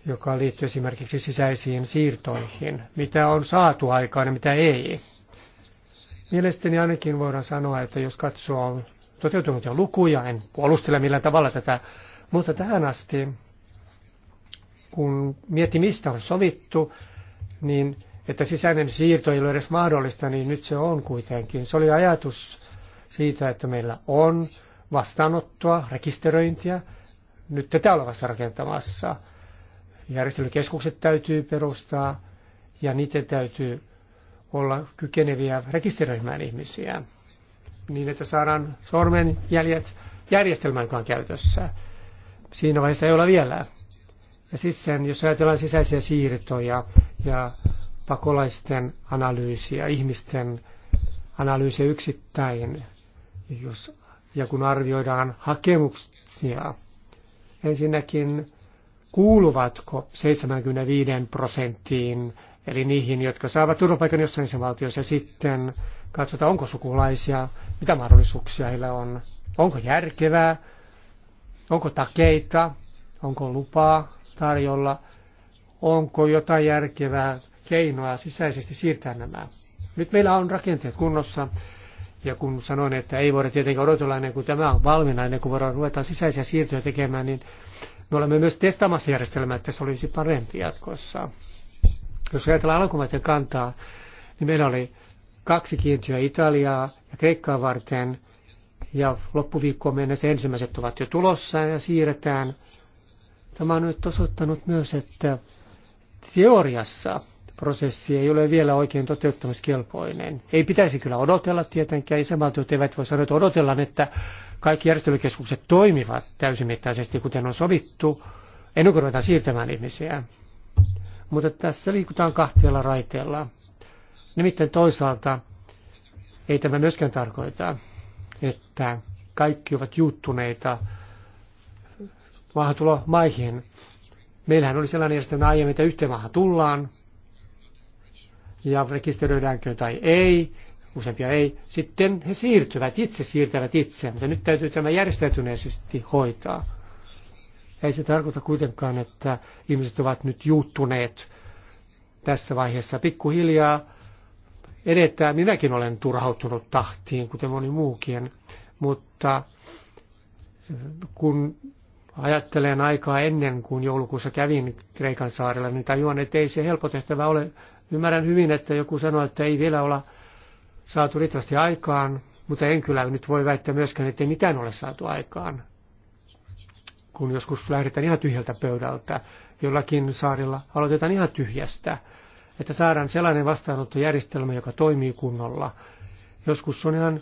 joka liittyy esimerkiksi sisäisiin siirtoihin, mitä on saatu aikaan ja mitä ei. Mielestäni ainakin voidaan sanoa, että jos katsoo toteutunut jo lukuja, en puolustele millään tavalla tätä, mutta tähän asti, kun mietti mistä on sovittu, niin että sisäinen siirto ei ole edes mahdollista, niin nyt se on kuitenkin. Se oli ajatus siitä, että meillä on vastaanottoa, rekisteröintiä, nyt tätä ollaan vasta rakentamassa – järjestelykeskukset täytyy perustaa ja niiden täytyy olla kykeneviä rekisteröimään ihmisiä niin, että saadaan sormenjäljet järjestelmänkaan käytössä. Siinä vaiheessa ei ole vielä. Ja sitten siis jos ajatellaan sisäisiä siirtoja ja pakolaisten analyysiä, ihmisten analyysiä yksittäin, jos, ja kun arvioidaan hakemuksia, ensinnäkin kuuluvatko 75 prosenttiin, eli niihin, jotka saavat turvapaikan jossain jäsenvaltiossa, ja sitten katsotaan, onko sukulaisia, mitä mahdollisuuksia heillä on, onko järkevää, onko takeita, onko lupaa tarjolla, onko jotain järkevää keinoa sisäisesti siirtää nämä. Nyt meillä on rakenteet kunnossa, ja kun sanoin, että ei voida tietenkään odotella ennen kuin tämä on valmiina, ennen kuin voidaan ruveta sisäisiä siirtoja tekemään, niin me olemme myös testaamassa järjestelmää, että se olisi parempi jatkossa. Jos ajatellaan alkumaiden kantaa, niin meillä oli kaksi kiintiöä Italiaa ja Kreikkaa varten, ja loppuviikkoon mennessä ensimmäiset ovat jo tulossa ja siirretään. Tämä on nyt osoittanut myös, että teoriassa prosessi ei ole vielä oikein toteuttamiskelpoinen. Ei pitäisi kyllä odotella tietenkään. Isävaltiot eivät voi sanoa, että odotellaan, että kaikki järjestelykeskukset toimivat täysimittaisesti, kuten on sovittu, ennen kuin ruvetaan siirtämään ihmisiä. Mutta tässä liikutaan kahteella raiteella. Nimittäin toisaalta ei tämä myöskään tarkoita, että kaikki ovat juuttuneita maahantulomaihin. Meillähän oli sellainen järjestelmä aiemmin, että yhteen maahan tullaan, ja rekisteröidäänkö tai ei, useampia ei, sitten he siirtyvät, itse siirtävät itseänsä. Nyt täytyy tämä järjestäytyneisesti hoitaa. Ei se tarkoita kuitenkaan, että ihmiset ovat nyt juuttuneet tässä vaiheessa. Pikkuhiljaa edetään. Minäkin olen turhautunut tahtiin, kuten moni muukin, mutta eh, kun ajattelen aikaa ennen kuin joulukuussa kävin Kreikan saarella, niin tajuan, että ei se helppo tehtävä ole Ymmärrän hyvin, että joku sanoo, että ei vielä olla saatu riittävästi aikaan, mutta en kyllä nyt voi väittää myöskään, että ei mitään ole saatu aikaan. Kun joskus lähdetään ihan tyhjältä pöydältä, jollakin saarilla aloitetaan ihan tyhjästä, että saadaan sellainen vastaanottojärjestelmä, joka toimii kunnolla. Joskus on ihan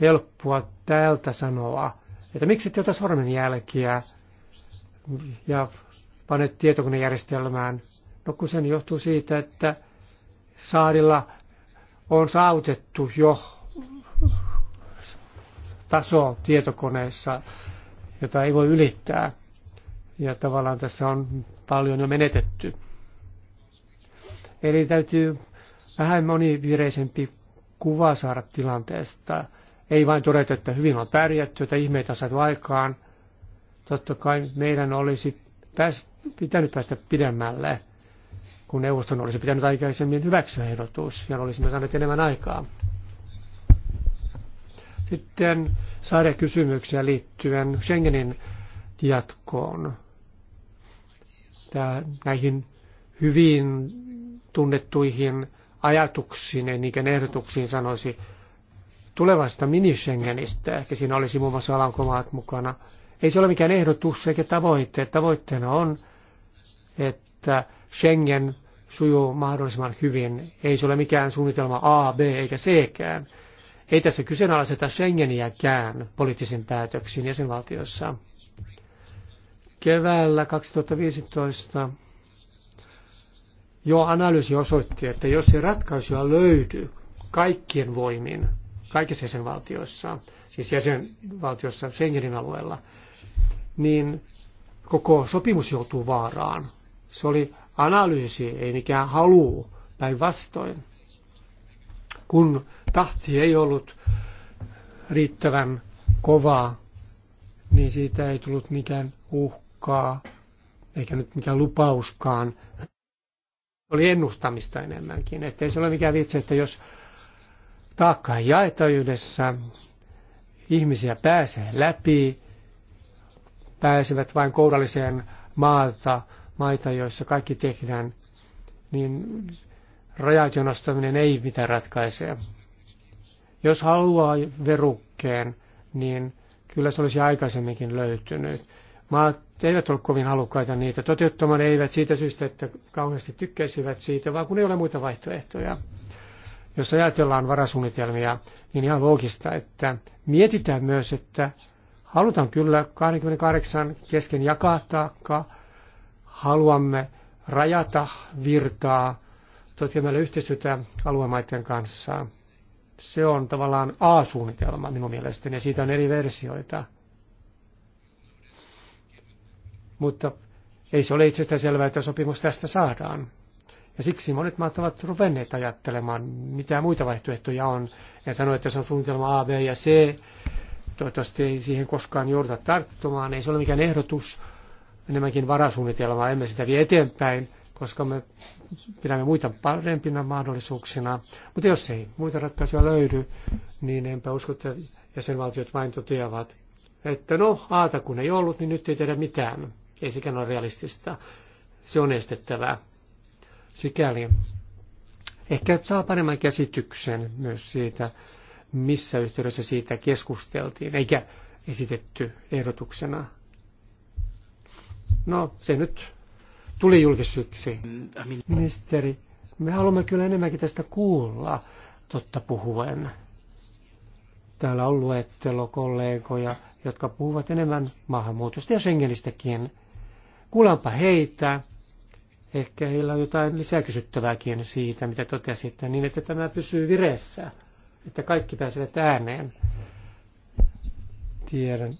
helppoa täältä sanoa, että miksi ette ota sormenjälkiä ja pane tietokonejärjestelmään. No kun sen johtuu siitä, että saarilla on saavutettu jo taso tietokoneessa, jota ei voi ylittää. Ja tavallaan tässä on paljon jo menetetty. Eli täytyy vähän monivireisempi kuva saada tilanteesta. Ei vain todeta, että hyvin on pärjätty, että ihmeitä on saatu aikaan. Totta kai meidän olisi pääs, pitänyt päästä pidemmälle kun neuvoston olisi pitänyt aikaisemmin hyväksyä ehdotus ja olisimme saaneet enemmän aikaa. Sitten sarjakysymyksiä liittyen Schengenin jatkoon. Tää, näihin hyvin tunnettuihin ajatuksiin, en niin niinkään ehdotuksiin sanoisi, tulevasta mini-Schengenistä, ehkä siinä olisi muun muassa alankomaat mukana. Ei se ole mikään ehdotus eikä tavoite. Tavoitteena on, että Schengen sujuu mahdollisimman hyvin. Ei se ole mikään suunnitelma A, B eikä Ckään. Ei tässä kyseenalaiseta Schengeniäkään poliittisin päätöksiin jäsenvaltioissa. Keväällä 2015 jo analyysi osoitti, että jos ei ratkaisuja löydy kaikkien voimin, kaikissa jäsenvaltioissa, siis jäsenvaltiossa Schengenin alueella, niin koko sopimus joutuu vaaraan. Se oli analyysi, ei mikään haluu päinvastoin. Kun tahti ei ollut riittävän kovaa, niin siitä ei tullut mikään uhkaa, eikä nyt mikään lupauskaan. Oli ennustamista enemmänkin, ettei se ole mikään vitsi, että jos taakka ei jaeta yhdessä, ihmisiä pääsee läpi, pääsevät vain kouralliseen maata maita, joissa kaikki tehdään, niin rajajon nostaminen ei mitään ratkaise. Jos haluaa verukkeen, niin kyllä se olisi aikaisemminkin löytynyt. Maat eivät ole kovin halukkaita niitä toteuttamaan, eivät siitä syystä, että kauheasti tykkäisivät siitä, vaan kun ei ole muita vaihtoehtoja. Jos ajatellaan varasuunnitelmia, niin ihan loogista, että mietitään myös, että halutaan kyllä 28 kesken jakaa taakkaa, haluamme rajata virtaa tekemällä yhteistyötä aluemaiden kanssa. Se on tavallaan A-suunnitelma minun mielestäni ja siitä on eri versioita. Mutta ei se ole itsestään selvää, että sopimus tästä saadaan. Ja siksi monet maat ovat ruvenneet ajattelemaan, mitä muita vaihtoehtoja on. ja sano, että se on suunnitelma A, B ja C. Toivottavasti ei siihen koskaan jouduta tarttumaan. Ei se ole mikään ehdotus, enemmänkin varasuunnitelmaa, emme sitä vie eteenpäin, koska me pidämme muita parempina mahdollisuuksina. Mutta jos ei muita ratkaisuja löydy, niin enpä usko, että jäsenvaltiot vain toteavat, että no, aata kun ei ollut, niin nyt ei tehdä mitään. Ei sekään ole realistista. Se on estettävää. Sikäli ehkä saa paremman käsityksen myös siitä, missä yhteydessä siitä keskusteltiin, eikä esitetty ehdotuksena No, se nyt tuli julkisyksi. Ministeri, me haluamme kyllä enemmänkin tästä kuulla, totta puhuen. Täällä on luettelo kollegoja, jotka puhuvat enemmän maahanmuutosta ja Schengenistäkin. Kuulempa heitä. Ehkä heillä on jotain kysyttävääkin siitä, mitä totesitte, niin että tämä pysyy vireessä, että kaikki pääsevät ääneen. Tiedän,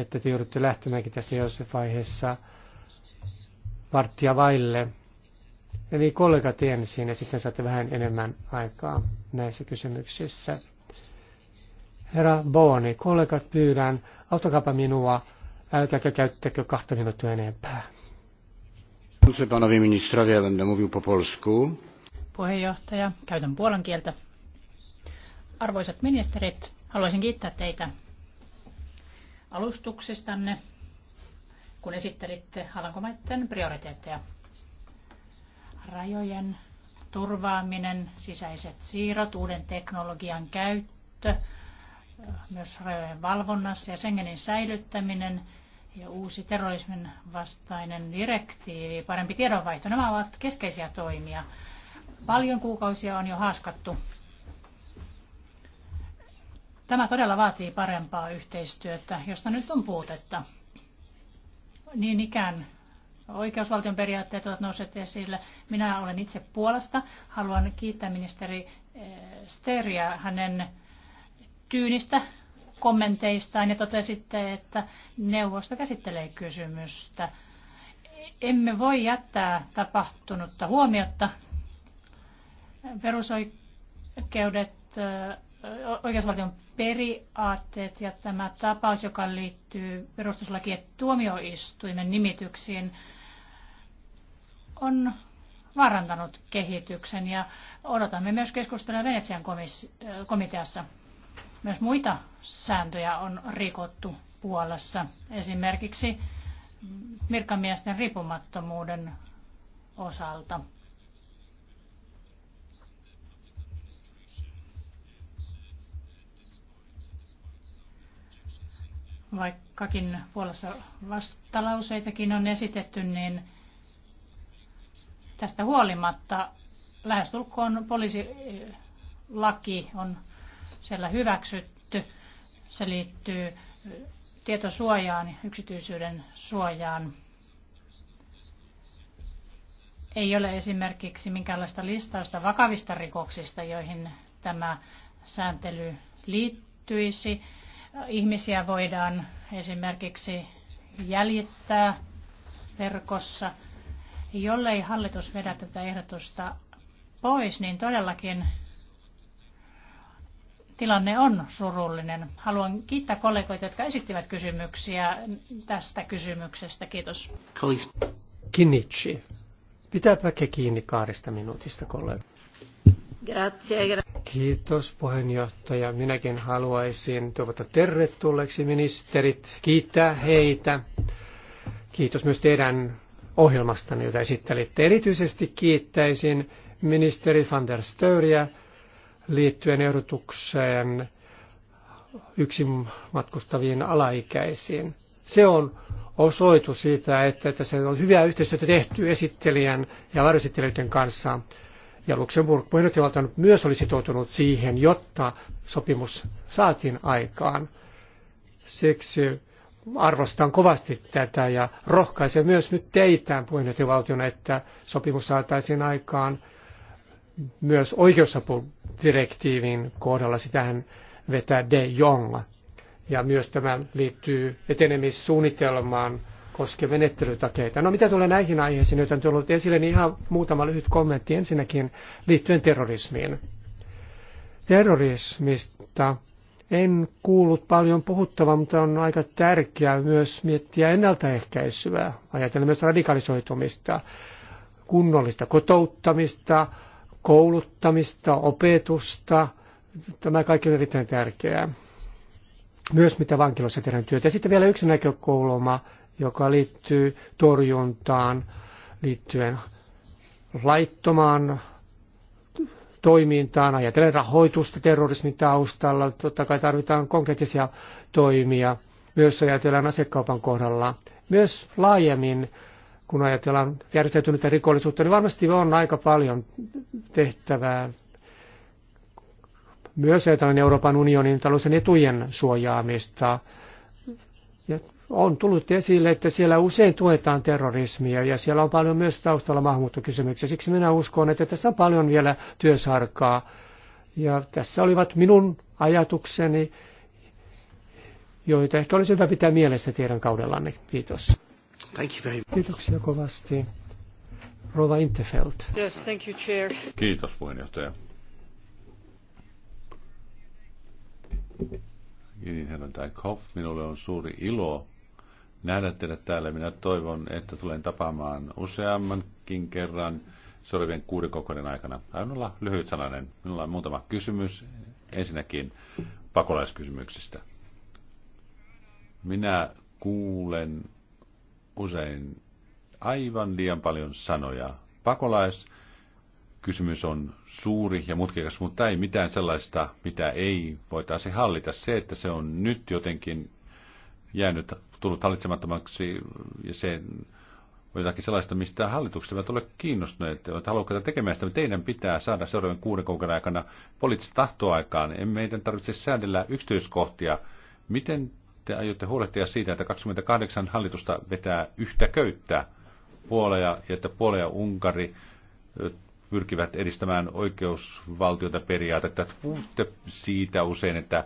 että te joudutte lähtemäänkin tässä jossain vaiheessa varttia vaille. Eli kollegat ensin ja sitten saatte vähän enemmän aikaa näissä kysymyksissä. Herra Booni, kollegat pyydän, auttakaapa minua, älkääkä käyttäkö kahta minuuttia enempää. Puheenjohtaja, käytän puolan kieltä. Arvoisat ministerit, haluaisin kiittää teitä alustuksistanne, kun esittelitte Alankomaiden prioriteetteja. Rajojen turvaaminen, sisäiset siirrot, uuden teknologian käyttö, myös rajojen valvonnassa ja Schengenin säilyttäminen ja uusi terrorismin vastainen direktiivi, parempi tiedonvaihto, nämä ovat keskeisiä toimia. Paljon kuukausia on jo haaskattu Tämä todella vaatii parempaa yhteistyötä, josta nyt on puutetta. Niin ikään oikeusvaltion periaatteet ovat nousseet esille. Minä olen itse Puolasta. Haluan kiittää ministeri eh, Steria hänen tyynistä kommenteistaan ja totesitte, että neuvosto käsittelee kysymystä. Emme voi jättää tapahtunutta huomiota. Perusoikeudet eh, oikeusvaltion periaatteet ja tämä tapaus, joka liittyy perustuslaki- ja tuomioistuimen nimityksiin, on vaarantanut kehityksen ja odotamme myös keskustelua Venetsian komiteassa. Myös muita sääntöjä on rikottu Puolassa, esimerkiksi virkamiesten riippumattomuuden osalta. Vaikkakin Puolassa vastalauseitakin on esitetty, niin tästä huolimatta lähestulkoon poliisilaki on siellä hyväksytty. Se liittyy tietosuojaan, yksityisyyden suojaan. Ei ole esimerkiksi minkäänlaista listausta vakavista rikoksista, joihin tämä sääntely liittyisi ihmisiä voidaan esimerkiksi jäljittää verkossa. Jollei hallitus vedä tätä ehdotusta pois, niin todellakin tilanne on surullinen. Haluan kiittää kollegoita, jotka esittivät kysymyksiä tästä kysymyksestä. Kiitos. Kinnitsi. Pitääpä kiinni kahdesta minuutista, kollega. Grazie, Kiitos puheenjohtaja. Minäkin haluaisin tuota tervetulleeksi ministerit, kiittää heitä. Kiitos myös teidän ohjelmastanne, jota esittelitte. Erityisesti kiittäisin ministeri van der Störiä liittyen ehdotukseen yksin matkustaviin alaikäisiin. Se on osoitu siitä, että se on hyvää yhteistyötä tehty esittelijän ja varjoesittelijöiden kanssa ja Luxemburg puheenjohtajavaltio myös oli sitoutunut siihen, jotta sopimus saatiin aikaan. Siksi arvostan kovasti tätä ja rohkaisen myös nyt teitä puheenjohtajavaltiona, että sopimus saataisiin aikaan myös oikeusapudirektiivin kohdalla. Sitähän vetää De Jong. Ja myös tämä liittyy etenemissuunnitelmaan koske menettelytakeita. No mitä tulee näihin aiheisiin, joita on tullut esille, niin ihan muutama lyhyt kommentti ensinnäkin liittyen terrorismiin. Terrorismista en kuullut paljon puhuttavan, mutta on aika tärkeää myös miettiä ennaltaehkäisyä, ajatellen myös radikalisoitumista, kunnollista kotouttamista, kouluttamista, opetusta. Tämä kaikki on erittäin tärkeää. Myös mitä vankilossa tehdään työtä. Ja sitten vielä yksi näkökulma, joka liittyy torjuntaan liittyen laittomaan toimintaan, ajatellen rahoitusta terrorismin taustalla. Totta kai tarvitaan konkreettisia toimia, myös ajatellaan asekaupan kohdalla. Myös laajemmin, kun ajatellaan järjestäytynyttä rikollisuutta, niin varmasti on aika paljon tehtävää. Myös ajatellaan Euroopan unionin talousen etujen suojaamista, on tullut esille, että siellä usein tuetaan terrorismia ja siellä on paljon myös taustalla maahanmuuttokysymyksiä. Siksi minä uskon, että tässä on paljon vielä työsarkaa. Ja tässä olivat minun ajatukseni, joita ehkä olisi hyvä pitää mielessä teidän kaudellanne. Kiitos. Thank you very much. Kiitoksia kovasti. Rova Interfeld. Yes, thank you, chair. Kiitos puheenjohtaja. Niin, herra Dijkhoff, minulle on suuri ilo nähdä teidät täällä. Minä toivon, että tulen tapaamaan useammankin kerran sorvien kuuden aikana. Aion olla lyhyt sananen. Minulla on muutama kysymys. Ensinnäkin pakolaiskysymyksistä. Minä kuulen usein aivan liian paljon sanoja. Pakolais, kysymys on suuri ja mutkikas, mutta ei mitään sellaista, mitä ei voitaisi hallita. Se, että se on nyt jotenkin jäänyt, tullut hallitsemattomaksi ja se on jotakin sellaista, mistä hallitukset eivät ole kiinnostuneet, että haluavat tätä tekemään sitä, teidän pitää saada seuraavan kuuden kuukauden aikana poliittista tahtoa aikaan. En meidän tarvitse säädellä yksityiskohtia. Miten te aiotte huolehtia siitä, että 28 hallitusta vetää yhtä köyttä puoleja ja että Puola ja Unkari pyrkivät edistämään oikeusvaltiota periaatetta. Puhutte siitä usein, että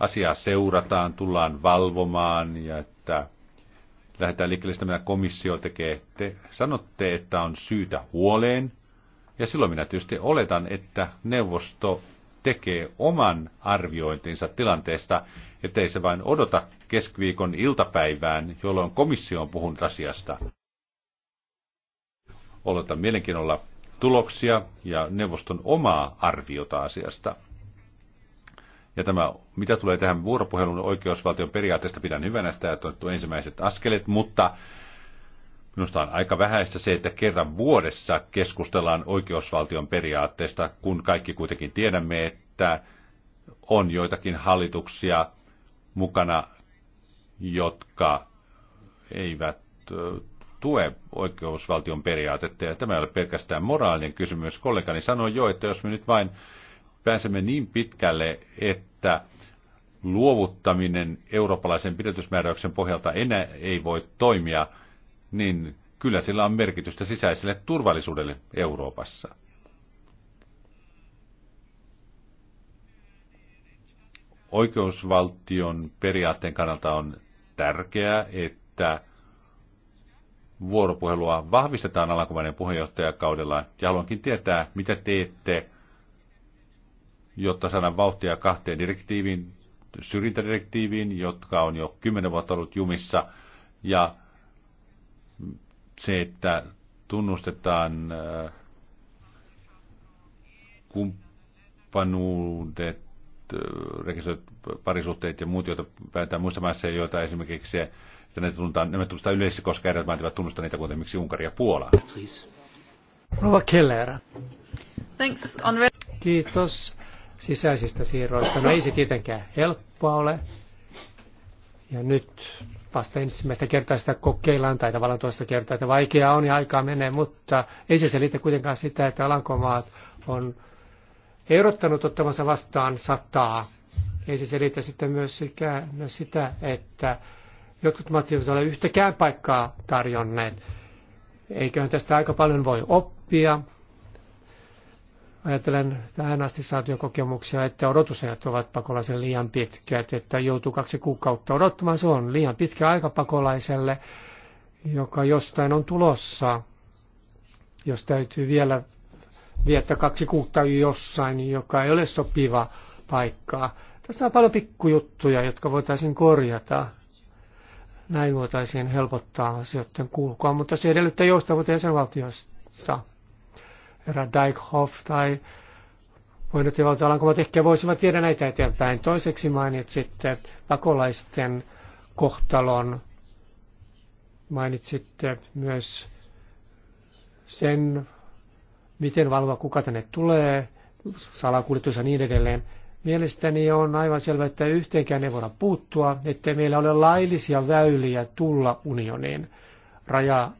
asiaa seurataan, tullaan valvomaan ja että lähdetään liikkeelle sitä, mitä komissio tekee. Te sanotte, että on syytä huoleen, ja silloin minä tietysti oletan, että neuvosto tekee oman arviointinsa tilanteesta, ettei se vain odota keskiviikon iltapäivään, jolloin komissio on puhunut asiasta. Oletan mielenkiinnolla tuloksia ja neuvoston omaa arviota asiasta. Ja tämä, mitä tulee tähän vuoropuhelun oikeusvaltion periaatteesta, pidän hyvänä sitä, että on otettu ensimmäiset askelet, mutta minusta on aika vähäistä se, että kerran vuodessa keskustellaan oikeusvaltion periaatteesta, kun kaikki kuitenkin tiedämme, että on joitakin hallituksia mukana, jotka eivät tue oikeusvaltion periaatetta. Ja tämä ei ole pelkästään moraalinen kysymys. Kollegani sanoi jo, että jos me nyt vain pääsemme niin pitkälle, että luovuttaminen eurooppalaisen pidätysmääräyksen pohjalta enää ei voi toimia, niin kyllä sillä on merkitystä sisäiselle turvallisuudelle Euroopassa. Oikeusvaltion periaatteen kannalta on tärkeää, että vuoropuhelua vahvistetaan alankomainen puheenjohtajakaudella, ja haluankin tietää, mitä teette jotta saadaan vauhtia kahteen direktiiviin, syrjintädirektiiviin, jotka on jo kymmenen vuotta ollut jumissa, ja se, että tunnustetaan äh, kumppanuudet, äh, rekisteröidyt parisuhteet ja muut, joita päätetään muissa maissa, joita esimerkiksi että ne tunnustetaan, ne tunnustetaan yleisesti, koska eräät maat eivät tunnusta niitä, kuten esimerkiksi Unkari ja Puola. Rova Keller. Thanks, Kiitos sisäisistä siirroista. No ei se tietenkään helppoa ole. Ja nyt vasta ensimmäistä kertaa sitä kokeillaan tai tavallaan toista kertaa, että vaikeaa on ja aikaa menee, mutta ei se selitä kuitenkaan sitä, että Alankomaat on erottanut ottamansa vastaan sataa. Ei se selitä sitten myös, sitä, että jotkut maat eivät ole yhtäkään paikkaa tarjonneet. Eiköhän tästä aika paljon voi oppia. Ajattelen tähän asti saatuja kokemuksia, että odotusajat ovat pakolaisen liian pitkät, että joutuu kaksi kuukautta odottamaan. Se on liian pitkä aika pakolaiselle, joka jostain on tulossa. Jos täytyy vielä viettää kaksi kuukautta jossain, joka ei ole sopiva paikkaa. Tässä on paljon pikkujuttuja, jotka voitaisiin korjata. Näin voitaisiin helpottaa asioiden kulkua, mutta se edellyttää joustavuutta jäsenvaltiosta herra Dijkhoff tai ja Alankomat ehkä voisivat viedä näitä eteenpäin. Toiseksi mainitsitte pakolaisten kohtalon. Mainitsitte myös sen, miten valvoa, kuka tänne tulee, salakuljetus ja niin edelleen. Mielestäni on aivan selvää, että yhteenkään ei voida puuttua, ettei meillä ole laillisia väyliä tulla unioniin. Raja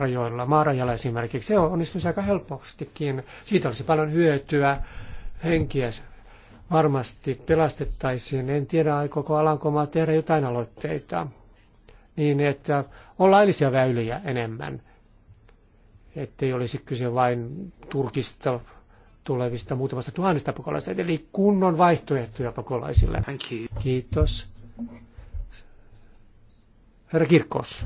rajoilla, maarajalla esimerkiksi. Se onnistuisi aika helpostikin. Siitä olisi paljon hyötyä. Henkiä varmasti pelastettaisiin. En tiedä, aikooko Alankomaa tehdä jotain aloitteita. Niin, että on laillisia väyliä enemmän. Ettei olisi kyse vain Turkista tulevista muutamasta tuhannesta pakolaisista. Eli kunnon vaihtoehtoja pakolaisille. Thank you. Kiitos. Herra Kirkkos.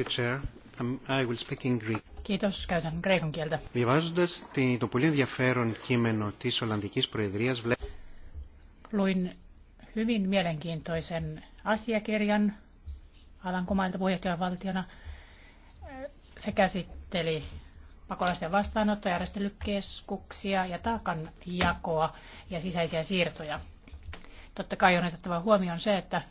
Um, I will speak in Greek. Kiitos, käytän kreikan kieltä. Διαβάζοντας το πολύ ενδιαφέρον κείμενο της Ολλανδικής Προεδρίας, Luin hyvin mielenkiintoisen asiakirjan Alankomailta puheenjohtajavaltiona. Se käsitteli pakolaisten vastaanottojärjestelykeskuksia ja taakan jakoa ja sisäisiä siirtoja. Totta kai on otettava huomioon se, että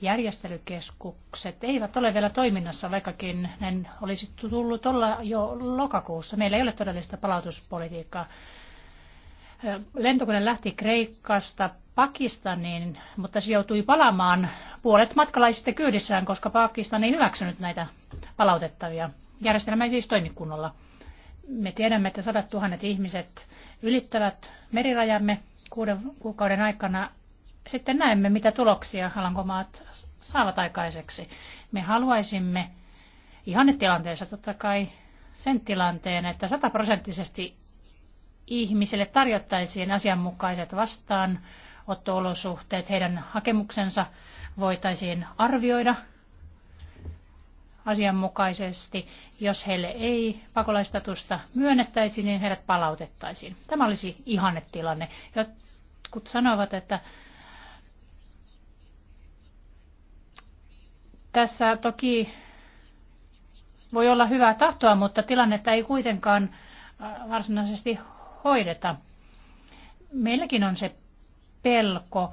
järjestelykeskukset eivät ole vielä toiminnassa, vaikkakin ne olisi tullut olla jo lokakuussa. Meillä ei ole todellista palautuspolitiikkaa. Lentokone lähti Kreikasta Pakistaniin, mutta se joutui palaamaan puolet matkalaisista kyydissään, koska Pakistan ei hyväksynyt näitä palautettavia. Järjestelmä ei siis toimi kunnolla. Me tiedämme, että sadat tuhannet ihmiset ylittävät merirajamme kuuden kuukauden aikana sitten näemme, mitä tuloksia Alankomaat saavat aikaiseksi. Me haluaisimme ihannetilanteessa totta kai sen tilanteen, että sataprosenttisesti ihmisille tarjottaisiin asianmukaiset vastaan ottoolosuhteet, heidän hakemuksensa voitaisiin arvioida asianmukaisesti. Jos heille ei pakolaistatusta myönnettäisi, niin heidät palautettaisiin. Tämä olisi ihannetilanne. Jotkut sanovat, että Tässä toki voi olla hyvää tahtoa, mutta tilannetta ei kuitenkaan äh, varsinaisesti hoideta. Meilläkin on se pelko,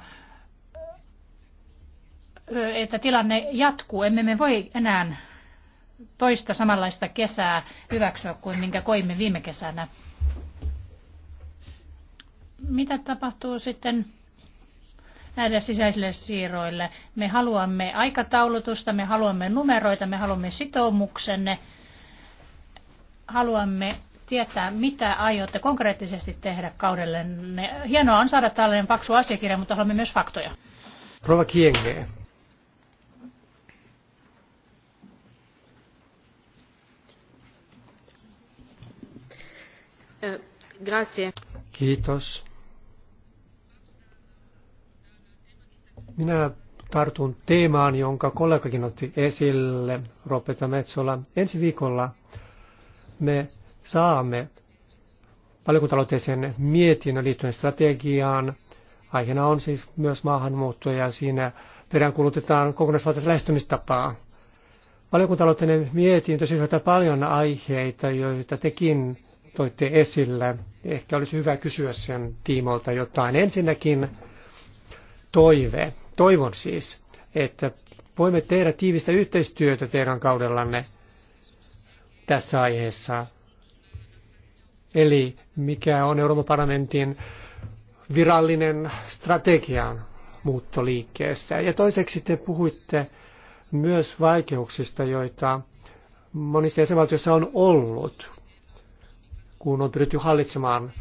että tilanne jatkuu. Emme me voi enää toista samanlaista kesää hyväksyä kuin minkä koimme viime kesänä. Mitä tapahtuu sitten näille sisäisille siirroille. Me haluamme aikataulutusta, me haluamme numeroita, me haluamme sitoumuksenne. Haluamme tietää, mitä aiotte konkreettisesti tehdä kaudelle. Hienoa on saada tällainen paksu asiakirja, mutta haluamme myös faktoja. Rova Kienge. Grazie. Kiitos. Minä tartun teemaan, jonka kollegakin otti esille, Ropeta Metsola. Ensi viikolla me saamme valiokuntaloitteeseen mietinnön liittyen strategiaan. Aiheena on siis myös maahanmuutto ja siinä peräänkulutetaan kokonaisvaltaista lähestymistapaa. Valiokuntaloitteinen mietintö sisältää paljon aiheita, joita tekin toitte esille. Ehkä olisi hyvä kysyä sen tiimolta jotain. Ensinnäkin toive Toivon siis, että voimme tehdä tiivistä yhteistyötä teidän kaudellanne tässä aiheessa. Eli mikä on Euroopan parlamentin virallinen strategia muuttoliikkeessä. Ja toiseksi te puhuitte myös vaikeuksista, joita monissa jäsenvaltioissa on ollut, kun on pyritty hallitsemaan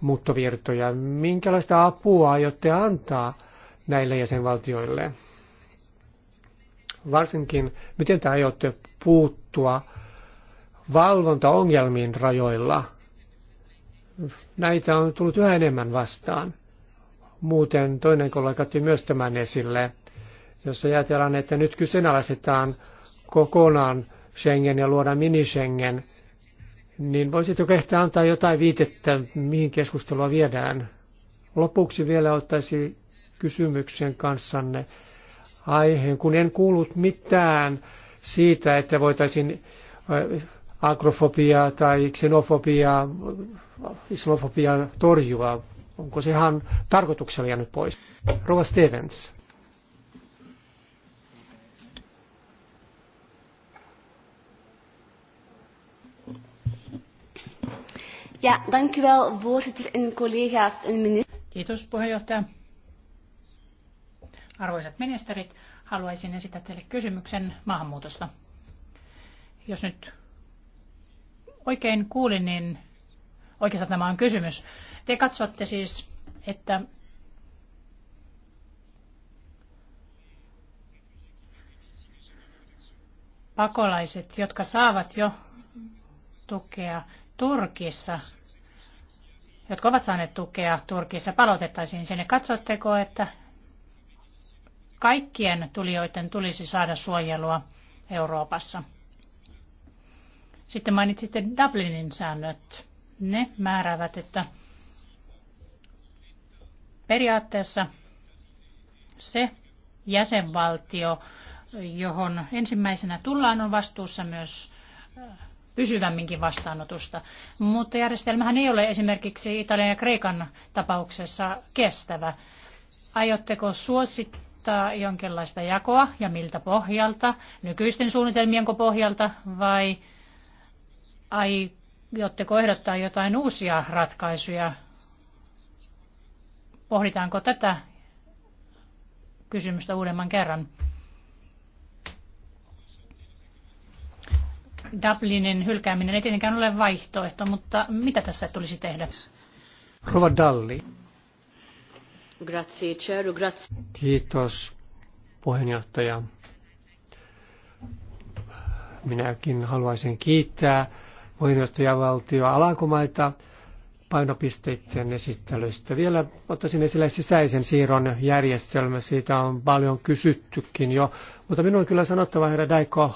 muuttovirtoja. Minkälaista apua aiotte antaa näille jäsenvaltioille. Varsinkin, miten te aiotte puuttua valvontaongelmiin rajoilla. Näitä on tullut yhä enemmän vastaan. Muuten toinen kollega otti myös tämän esille, jossa ajatellaan, että nyt kyseenalaistetaan kokonaan Schengen ja luodaan mini-Schengen, niin voisitko ehkä antaa jotain viitettä, mihin keskustelua viedään? Lopuksi vielä ottaisi kysymyksen kanssanne aiheen, kun en kuullut mitään siitä, että voitaisiin äh, agrofobiaa tai xenofobiaa, islofobiaa torjua. Onko se ihan tarkoituksella jäänyt pois? Rova Stevens. Ja, dank u wel, voorzitter en collega's en minister. Kiitos puheenjohtaja. Arvoisat ministerit, haluaisin esittää teille kysymyksen maahanmuutosta. Jos nyt oikein kuulin, niin oikeastaan tämä on kysymys. Te katsotte siis, että pakolaiset, jotka saavat jo tukea Turkissa, jotka ovat saaneet tukea Turkissa, palautettaisiin sinne. Katsotteko, että Kaikkien tulijoiden tulisi saada suojelua Euroopassa. Sitten mainitsitte Dublinin säännöt. Ne määräävät, että periaatteessa se jäsenvaltio, johon ensimmäisenä tullaan, on vastuussa myös äh, pysyvämminkin vastaanotusta. Mutta järjestelmähän ei ole esimerkiksi Italian ja Kreikan tapauksessa kestävä. Aiotteko suosittaa? ehdottaa jonkinlaista jakoa ja miltä pohjalta? Nykyisten suunnitelmienko pohjalta vai aiotteko ehdottaa jotain uusia ratkaisuja? Pohditaanko tätä kysymystä uudemman kerran? Dublinin hylkääminen ei tietenkään ole vaihtoehto, mutta mitä tässä tulisi tehdä? Rova Dalli. Kiitos, puheenjohtaja. Minäkin haluaisin kiittää puheenjohtajavaltio Alankomaita painopisteiden esittelystä. Vielä ottaisin esille sisäisen siirron järjestelmä. Siitä on paljon kysyttykin jo. Mutta minun on kyllä sanottava, herra Daiko,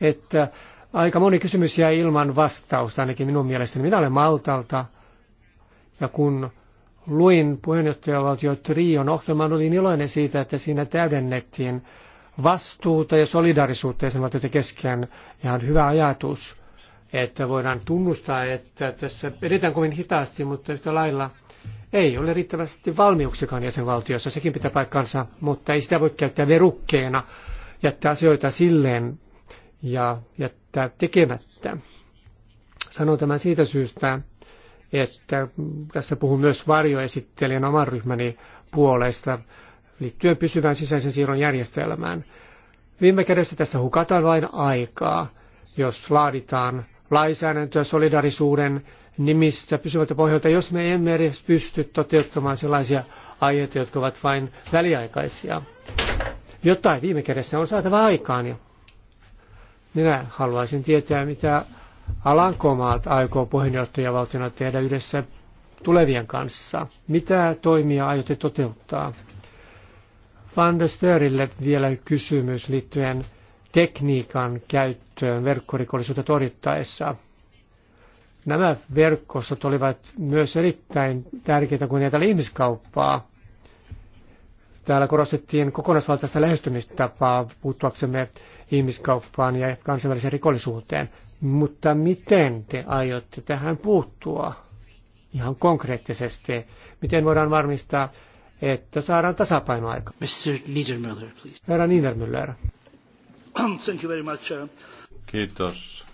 että aika moni kysymys jäi ilman vastausta, ainakin minun mielestäni. Minä olen Maltalta, ja kun luin puheenjohtajavaltio Trion ohjelman, olin iloinen siitä, että siinä täydennettiin vastuuta ja solidarisuutta jäsenvaltioiden kesken. Ihan hyvä ajatus, että voidaan tunnustaa, että tässä edetään kovin hitaasti, mutta yhtä lailla ei ole riittävästi valmiuksikaan jäsenvaltiossa. Sekin pitää paikkansa, mutta ei sitä voi käyttää verukkeena, jättää asioita silleen ja jättää tekemättä. Sanon tämän siitä syystä, että tässä puhun myös varjoesittelijän oman ryhmäni puolesta liittyen pysyvään sisäisen siirron järjestelmään. Viime kädessä tässä hukataan vain aikaa, jos laaditaan lainsäädäntöä solidarisuuden nimissä pysyvältä pohjalta, jos me emme edes pysty toteuttamaan sellaisia aiheita, jotka ovat vain väliaikaisia. Jotain viime kädessä on saatava aikaan. Ja minä haluaisin tietää, mitä Alankomaat aikoo puheenjohtajavaltiona tehdä yhdessä tulevien kanssa? Mitä toimia aiotte toteuttaa? Van der Störille vielä kysymys liittyen tekniikan käyttöön verkkorikollisuutta torjuttaessa. Nämä verkkosot olivat myös erittäin tärkeitä, kun näitä ihmiskauppaa. Täällä korostettiin kokonaisvaltaista lähestymistapaa puuttuaksemme ihmiskauppaan ja kansainväliseen rikollisuuteen. Mutta miten te aiotte tähän puuttua ihan konkreettisesti? Miten voidaan varmistaa, että saadaan tasapainoaika? aika? Mr. Niedermüller, please. Herra Niedermüller. Thank you very much. Uh, Kiitos.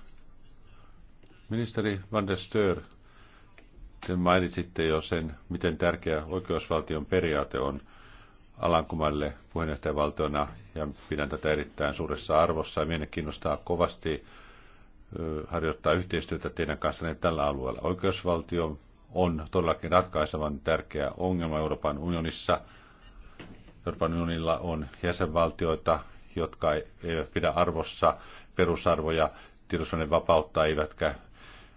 Ministeri Van der Stör, te mainitsitte jo sen, miten tärkeä oikeusvaltion periaate on Alankomaille puheenjohtajavaltiona ja pidän tätä erittäin suuressa arvossa ja minä kiinnostaa kovasti harjoittaa yhteistyötä teidän kanssanne tällä alueella. Oikeusvaltio on todellakin ratkaisevan tärkeä ongelma Euroopan unionissa. Euroopan unionilla on jäsenvaltioita, jotka eivät pidä arvossa perusarvoja, tiedosvainen vapautta, eivätkä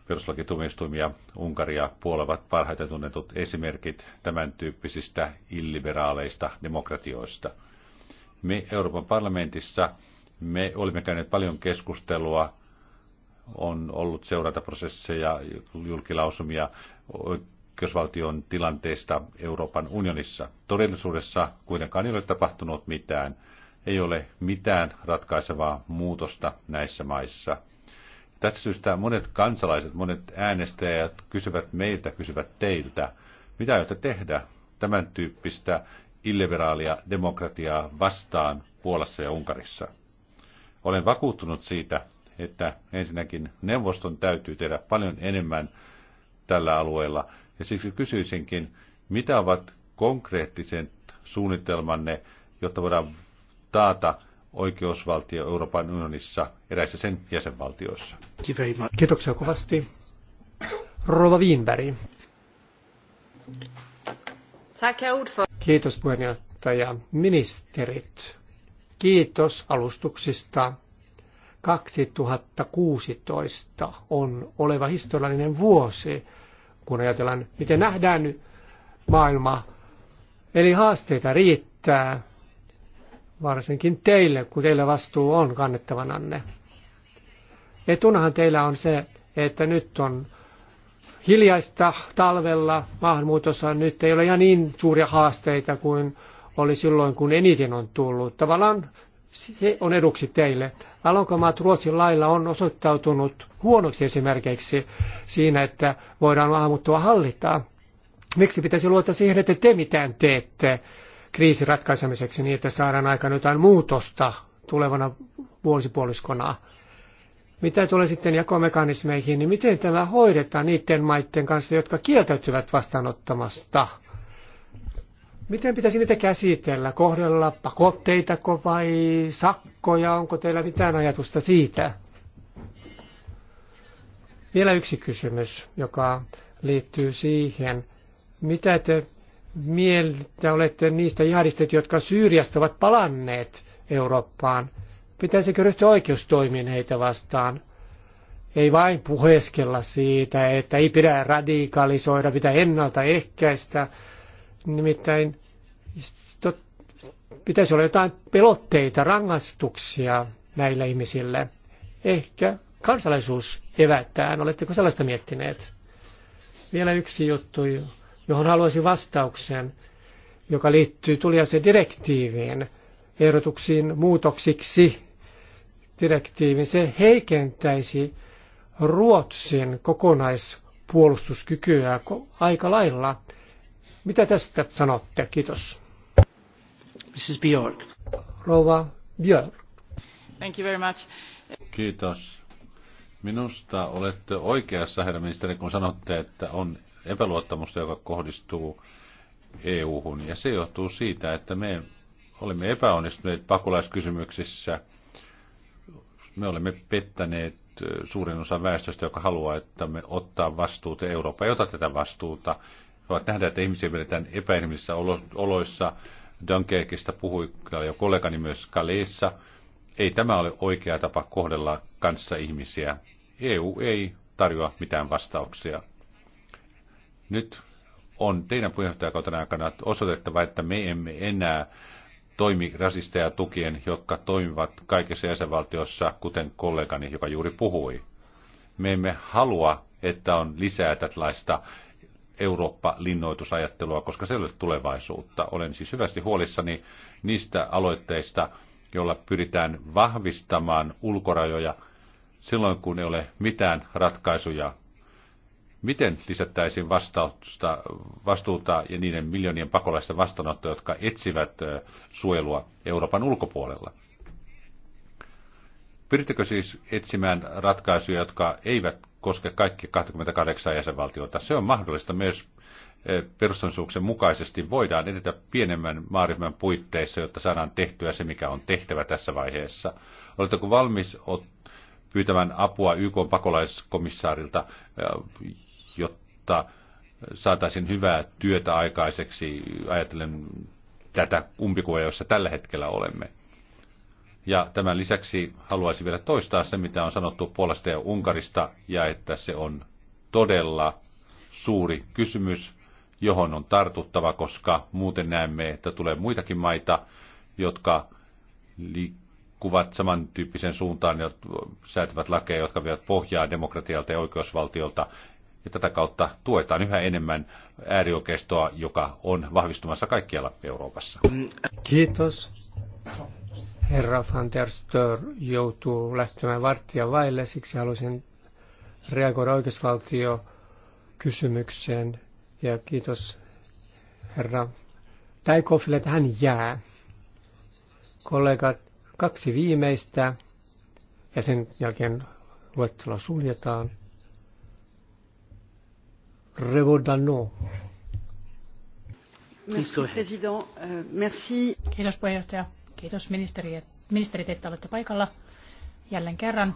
perustuslakituomioistuimia Unkaria puolevat parhaiten tunnetut esimerkit tämän tyyppisistä illiberaaleista demokratioista. Me Euroopan parlamentissa me olimme käyneet paljon keskustelua on ollut seurata prosesseja, julkilausumia oikeusvaltion tilanteesta Euroopan unionissa. Todellisuudessa kuitenkaan ei ole tapahtunut mitään. Ei ole mitään ratkaisevaa muutosta näissä maissa. Tästä syystä monet kansalaiset, monet äänestäjät kysyvät meiltä, kysyvät teiltä, mitä aiotte tehdä tämän tyyppistä illiberaalia demokratiaa vastaan Puolassa ja Unkarissa. Olen vakuuttunut siitä, että ensinnäkin neuvoston täytyy tehdä paljon enemmän tällä alueella. Ja siksi kysyisinkin, mitä ovat konkreettiset suunnitelmanne, jotta voidaan taata oikeusvaltio Euroopan unionissa eräissä sen jäsenvaltioissa. Kiitoksia kovasti. Rova Wienberg. Kiitos puheenjohtaja. Ministerit, kiitos alustuksista 2016 on oleva historiallinen vuosi, kun ajatellaan, miten nähdään nyt maailma. Eli haasteita riittää, varsinkin teille, kun teillä vastuu on kannettavananne. Etunahan teillä on se, että nyt on hiljaista talvella maahanmuutossa nyt ei ole ihan niin suuria haasteita kuin oli silloin, kun eniten on tullut. Tavallaan se on eduksi teille. Alankomaat Ruotsin lailla on osoittautunut huonoksi esimerkiksi siinä, että voidaan maahanmuuttoa hallita. Miksi pitäisi luottaa siihen, että te mitään teette kriisin ratkaisemiseksi niin, että saadaan aikaan jotain muutosta tulevana vuosipuoliskona? Mitä tulee sitten jakomekanismeihin, niin miten tämä hoidetaan niiden maiden kanssa, jotka kieltäytyvät vastaanottamasta – Miten pitäisi niitä käsitellä? Kohdella pakotteitako vai sakkoja? Onko teillä mitään ajatusta siitä? Vielä yksi kysymys, joka liittyy siihen, mitä te mieltä olette niistä jihadisteista, jotka Syyriasta ovat palanneet Eurooppaan? Pitäisikö ryhtyä oikeustoimiin heitä vastaan? Ei vain puheskella siitä, että ei pidä radikalisoida, pitää ennaltaehkäistä, Nimittäin tot, pitäisi olla jotain pelotteita, rangaistuksia näillä ihmisille. Ehkä kansalaisuus evätään. Oletteko sellaista miettineet? Vielä yksi juttu, johon haluaisin vastauksen, joka liittyy tuliaseen direktiiviin, ehdotuksiin muutoksiksi direktiivin. Se heikentäisi Ruotsin kokonaispuolustuskykyä aika lailla. Mitä tästä sanotte? Kiitos. Mrs. Björk. Rouva Björk. Thank you very much. Kiitos. Minusta olette oikeassa, herra ministeri, kun sanotte, että on epäluottamusta, joka kohdistuu EU-hun. Ja se johtuu siitä, että me olemme epäonnistuneet pakolaiskysymyksissä. Me olemme pettäneet suurin osa väestöstä, joka haluaa, että me ottaa vastuuta Eurooppa, ota tätä vastuuta ovat nähdä, että ihmisiä vedetään epäinhimillisissä oloissa. Dunkerkista puhui jo kollegani myös Kaleissa. Ei tämä ole oikea tapa kohdella kanssa ihmisiä. EU ei tarjoa mitään vastauksia. Nyt on teidän puheenjohtajakauden aikana osoitettava, että me emme enää toimi rasisteja tukien, jotka toimivat kaikissa jäsenvaltiossa, kuten kollegani, joka juuri puhui. Me emme halua, että on lisää tällaista Eurooppa-linnoitusajattelua, koska se ei ole tulevaisuutta. Olen siis hyvästi huolissani niistä aloitteista, joilla pyritään vahvistamaan ulkorajoja silloin, kun ei ole mitään ratkaisuja. Miten lisättäisiin vastausta, vastuuta ja niiden miljoonien pakolaisten vastaanottoa, jotka etsivät suojelua Euroopan ulkopuolella? Pyrittekö siis etsimään ratkaisuja, jotka eivät koske kaikki 28 jäsenvaltiota. Se on mahdollista myös eh, perustamisuuksien mukaisesti voidaan edetä pienemmän maaryhmän puitteissa, jotta saadaan tehtyä se, mikä on tehtävä tässä vaiheessa. Oletteko valmis pyytämään apua YK pakolaiskomissaarilta, eh, jotta saataisiin hyvää työtä aikaiseksi, ajatellen tätä umpikuvaa, jossa tällä hetkellä olemme? Ja tämän lisäksi haluaisin vielä toistaa se, mitä on sanottu Puolasta ja Unkarista, ja että se on todella suuri kysymys, johon on tartuttava, koska muuten näemme, että tulee muitakin maita, jotka liikkuvat samantyyppisen suuntaan ja säätävät lakeja, jotka vievät pohjaa demokratialta ja oikeusvaltiolta. Ja tätä kautta tuetaan yhä enemmän äärioikeistoa, joka on vahvistumassa kaikkialla Euroopassa. Kiitos herra van der Stör joutuu lähtemään varttia vaille, siksi haluaisin reagoida oikeusvaltio kysymykseen. Ja kiitos herra Taikoffille, että hän jää. Kollegat, kaksi viimeistä ja sen jälkeen luettelo suljetaan. Revaudano. Euh, merci, Kiitos puheenjohtaja. Kiitos ministeri, ministerit, että olette paikalla. Jälleen kerran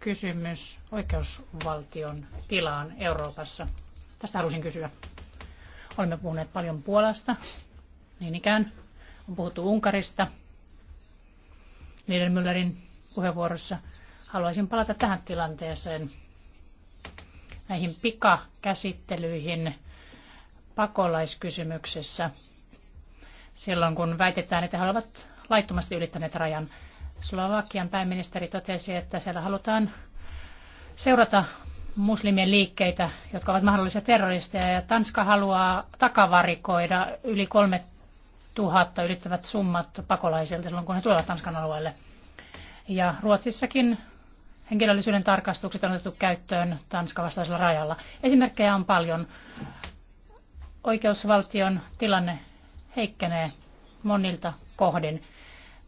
kysymys oikeusvaltion tilaan Euroopassa. Tästä halusin kysyä. Olemme puhuneet paljon Puolasta, niin ikään. On puhuttu Unkarista, Niedermüllerin puheenvuorossa. Haluaisin palata tähän tilanteeseen, näihin pikakäsittelyihin pakolaiskysymyksessä silloin, kun väitetään, että he ovat laittomasti ylittäneet rajan. Slovakian pääministeri totesi, että siellä halutaan seurata muslimien liikkeitä, jotka ovat mahdollisia terroristeja, ja Tanska haluaa takavarikoida yli kolme tuhatta ylittävät summat pakolaisilta silloin, kun he tulevat Tanskan alueelle. Ja Ruotsissakin henkilöllisyyden tarkastukset on otettu käyttöön Tanskan vastaisella rajalla. Esimerkkejä on paljon. Oikeusvaltion tilanne heikkenee monilta kohdin.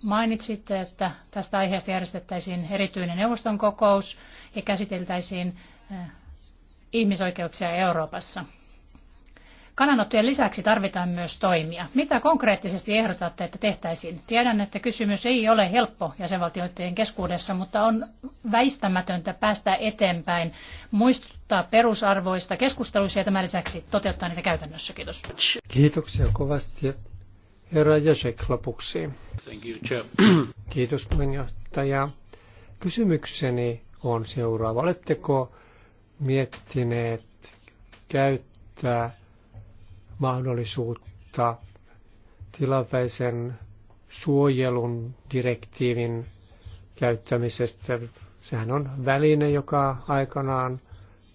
Mainitsitte, että tästä aiheesta järjestettäisiin erityinen neuvoston kokous ja käsiteltäisiin eh, ihmisoikeuksia Euroopassa. Kannanottojen lisäksi tarvitaan myös toimia. Mitä konkreettisesti ehdotatte, että tehtäisiin? Tiedän, että kysymys ei ole helppo jäsenvaltioiden keskuudessa, mutta on väistämätöntä päästä eteenpäin, muistuttaa perusarvoista keskusteluissa ja tämän lisäksi toteuttaa niitä käytännössä. Kiitos. Kiitoksia kovasti. Herra Jasek lopuksi. Thank you, Chair. Kiitos puheenjohtaja. Kysymykseni on seuraava. Oletteko miettineet käyttää mahdollisuutta tilapäisen suojelun direktiivin käyttämisestä. Sehän on väline, joka aikanaan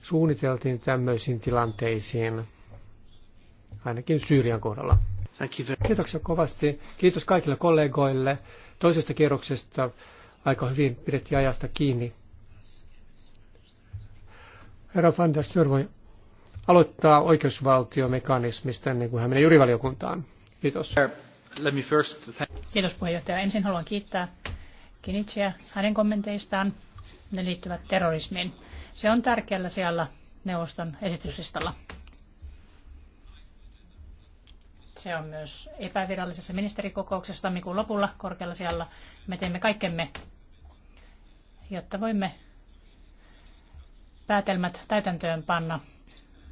suunniteltiin tämmöisiin tilanteisiin, ainakin Syyrian kohdalla. Kiitoksia kovasti. Kiitos kaikille kollegoille toisesta kierroksesta. Aika hyvin pidettiin ajasta kiinni. Herra van der Stör voi aloittaa oikeusvaltiomekanismista ennen kuin hän menee jurivaliokuntaan. Kiitos. Kiitos puheenjohtaja. Ensin haluan kiittää Kinitsiä hänen kommenteistaan. Ne liittyvät terrorismiin. Se on tärkeällä siellä neuvoston esityslistalla. Se on myös epävirallisessa ministerikokouksessa tammikuun lopulla korkealla siellä. Me teemme kaikkemme, jotta voimme päätelmät täytäntöön panna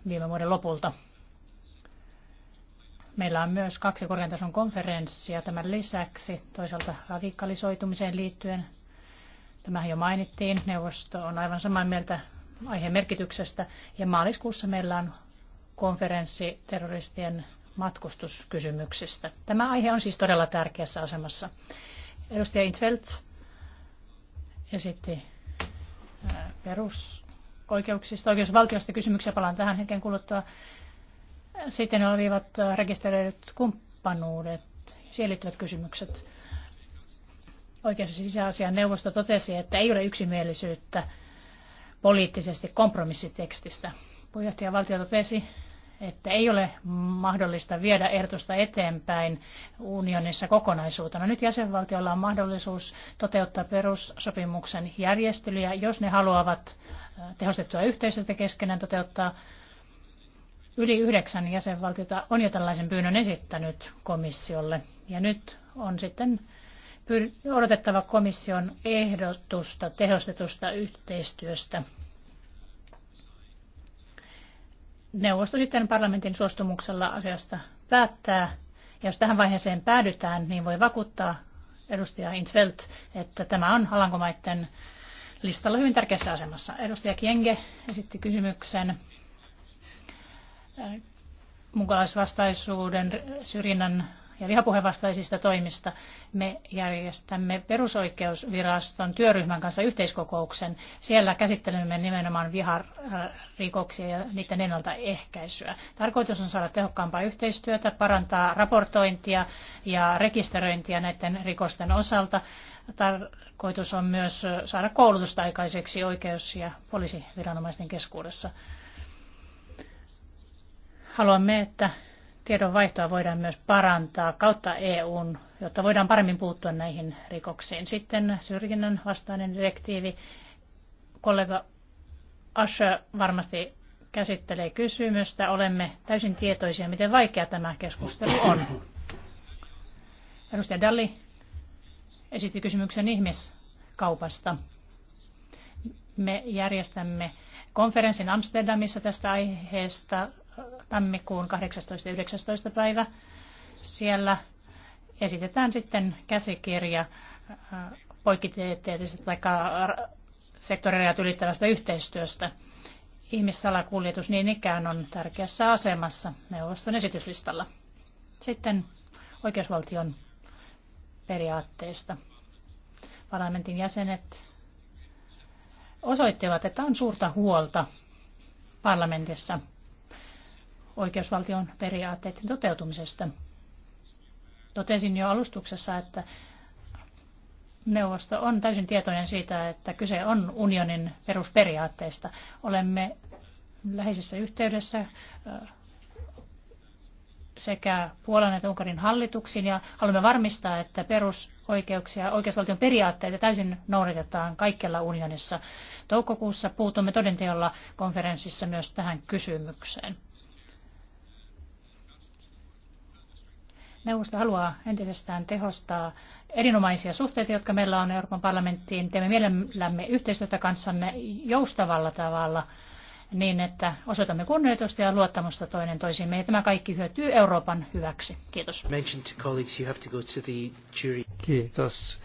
viime vuoden lopulta. Meillä on myös kaksi korkean tason konferenssia tämän lisäksi, toisaalta radikalisoitumiseen liittyen. Tämähän jo mainittiin, neuvosto on aivan samaa mieltä aiheen merkityksestä. Ja maaliskuussa meillä on konferenssi terroristien matkustuskysymyksistä. Tämä aihe on siis todella tärkeässä asemassa. Edustaja Intveld esitti äh, perusoikeuksista, oikeusvaltiosta kysymyksiä. Palaan tähän hetken kuluttua. Sitten olivat rekisteröidyt kumppanuudet, siihen liittyvät kysymykset. Oikeus- ja sisäasian neuvosto totesi, että ei ole yksimielisyyttä poliittisesti kompromissitekstistä. Puheenjohtaja valtio totesi, että ei ole mahdollista viedä ehdotusta eteenpäin unionissa kokonaisuutena. Nyt jäsenvaltiolla on mahdollisuus toteuttaa perussopimuksen järjestelyjä, jos ne haluavat äh, tehostettua yhteistyötä keskenään toteuttaa. Yli yhdeksän jäsenvaltiota on jo tällaisen pyynnön esittänyt komissiolle. Ja nyt on sitten odotettava komission ehdotusta tehostetusta yhteistyöstä neuvosto sitten parlamentin suostumuksella asiasta päättää. Ja jos tähän vaiheeseen päädytään, niin voi vakuuttaa edustaja Intveld, että tämä on Alankomaiden listalla hyvin tärkeässä asemassa. Edustaja Kienge esitti kysymyksen äh, mukalaisvastaisuuden syrjinnän ja vihapuhevastaisista toimista me järjestämme perusoikeusviraston työryhmän kanssa yhteiskokouksen. Siellä käsittelemme nimenomaan viharikoksia ja niiden ennaltaehkäisyä. Tarkoitus on saada tehokkaampaa yhteistyötä, parantaa raportointia ja rekisteröintiä näiden rikosten osalta. Tarkoitus on myös saada koulutusta aikaiseksi oikeus- ja poliisiviranomaisten keskuudessa. Haluamme, että tiedonvaihtoa voidaan myös parantaa kautta EUn, jotta voidaan paremmin puuttua näihin rikoksiin. Sitten syrjinnän vastainen direktiivi. Kollega Asher varmasti käsittelee kysymystä. Olemme täysin tietoisia, miten vaikea tämä keskustelu on. Edustaja Dalli esitti kysymyksen ihmiskaupasta. Me järjestämme konferenssin Amsterdamissa tästä aiheesta tammikuun 18. ja 19. päivä. Siellä esitetään sitten käsikirja äh, poikkitieteellisestä tai sektorirajat ylittävästä yhteistyöstä. Ihmissalakuljetus niin ikään on tärkeässä asemassa neuvoston esityslistalla. Sitten oikeusvaltion periaatteista. Parlamentin jäsenet osoittivat, että on suurta huolta parlamentissa oikeusvaltion periaatteiden toteutumisesta. Totesin jo alustuksessa, että neuvosto on täysin tietoinen siitä, että kyse on unionin perusperiaatteista. Olemme läheisessä yhteydessä äh, sekä Puolan että Unkarin hallituksiin ja haluamme varmistaa, että perusoikeuksia ja oikeusvaltion periaatteita täysin noudatetaan kaikkialla unionissa. Toukokuussa puutumme todenteolla konferenssissa myös tähän kysymykseen. Neuvosto haluaa entisestään tehostaa erinomaisia suhteita, jotka meillä on Euroopan parlamenttiin. Teemme mielellämme yhteistyötä kanssanne joustavalla tavalla niin, että osoitamme kunnioitusta ja luottamusta toinen toisiimme. Ja tämä kaikki hyötyy Euroopan hyväksi. Kiitos. Kiitos.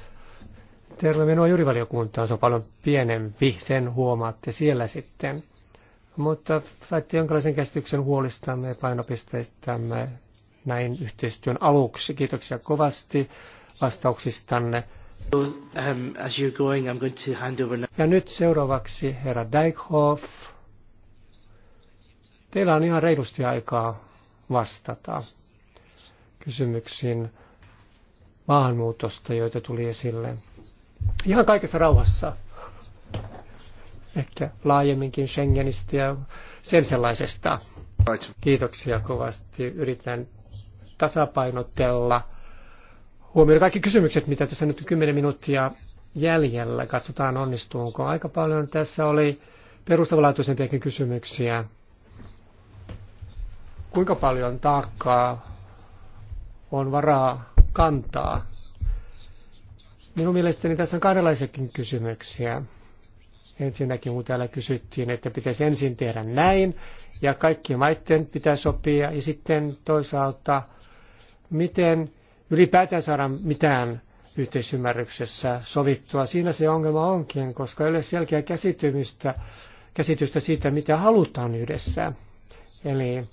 Terve minua juurivaliokuntaan. Se on paljon pienempi, sen huomaatte siellä sitten. Mutta saitte jonkinlaisen käsityksen huolistamme ja painopisteistämme näin yhteistyön aluksi. Kiitoksia kovasti vastauksistanne. Ja nyt seuraavaksi herra Dijkhoff. Teillä on ihan reilusti aikaa vastata kysymyksiin maahanmuutosta, joita tuli esille. Ihan kaikessa rauhassa. Ehkä laajemminkin Schengenistä ja sen sellaisesta. Kiitoksia kovasti. Yritän tasapainotella, huomioida kaikki kysymykset, mitä tässä nyt 10 minuuttia jäljellä. Katsotaan onnistuuko Aika paljon tässä oli perustavanlaatuisempiakin kysymyksiä. Kuinka paljon taakkaa on varaa kantaa? Minun mielestäni tässä on kahdenlaisiakin kysymyksiä. Ensinnäkin, kun täällä kysyttiin, että pitäisi ensin tehdä näin, ja kaikkien maiden pitää sopia, ja sitten toisaalta miten ylipäätään saada mitään yhteisymmärryksessä sovittua. Siinä se ongelma onkin, koska ei ole selkeää käsitymistä, käsitystä siitä, mitä halutaan yhdessä. Eli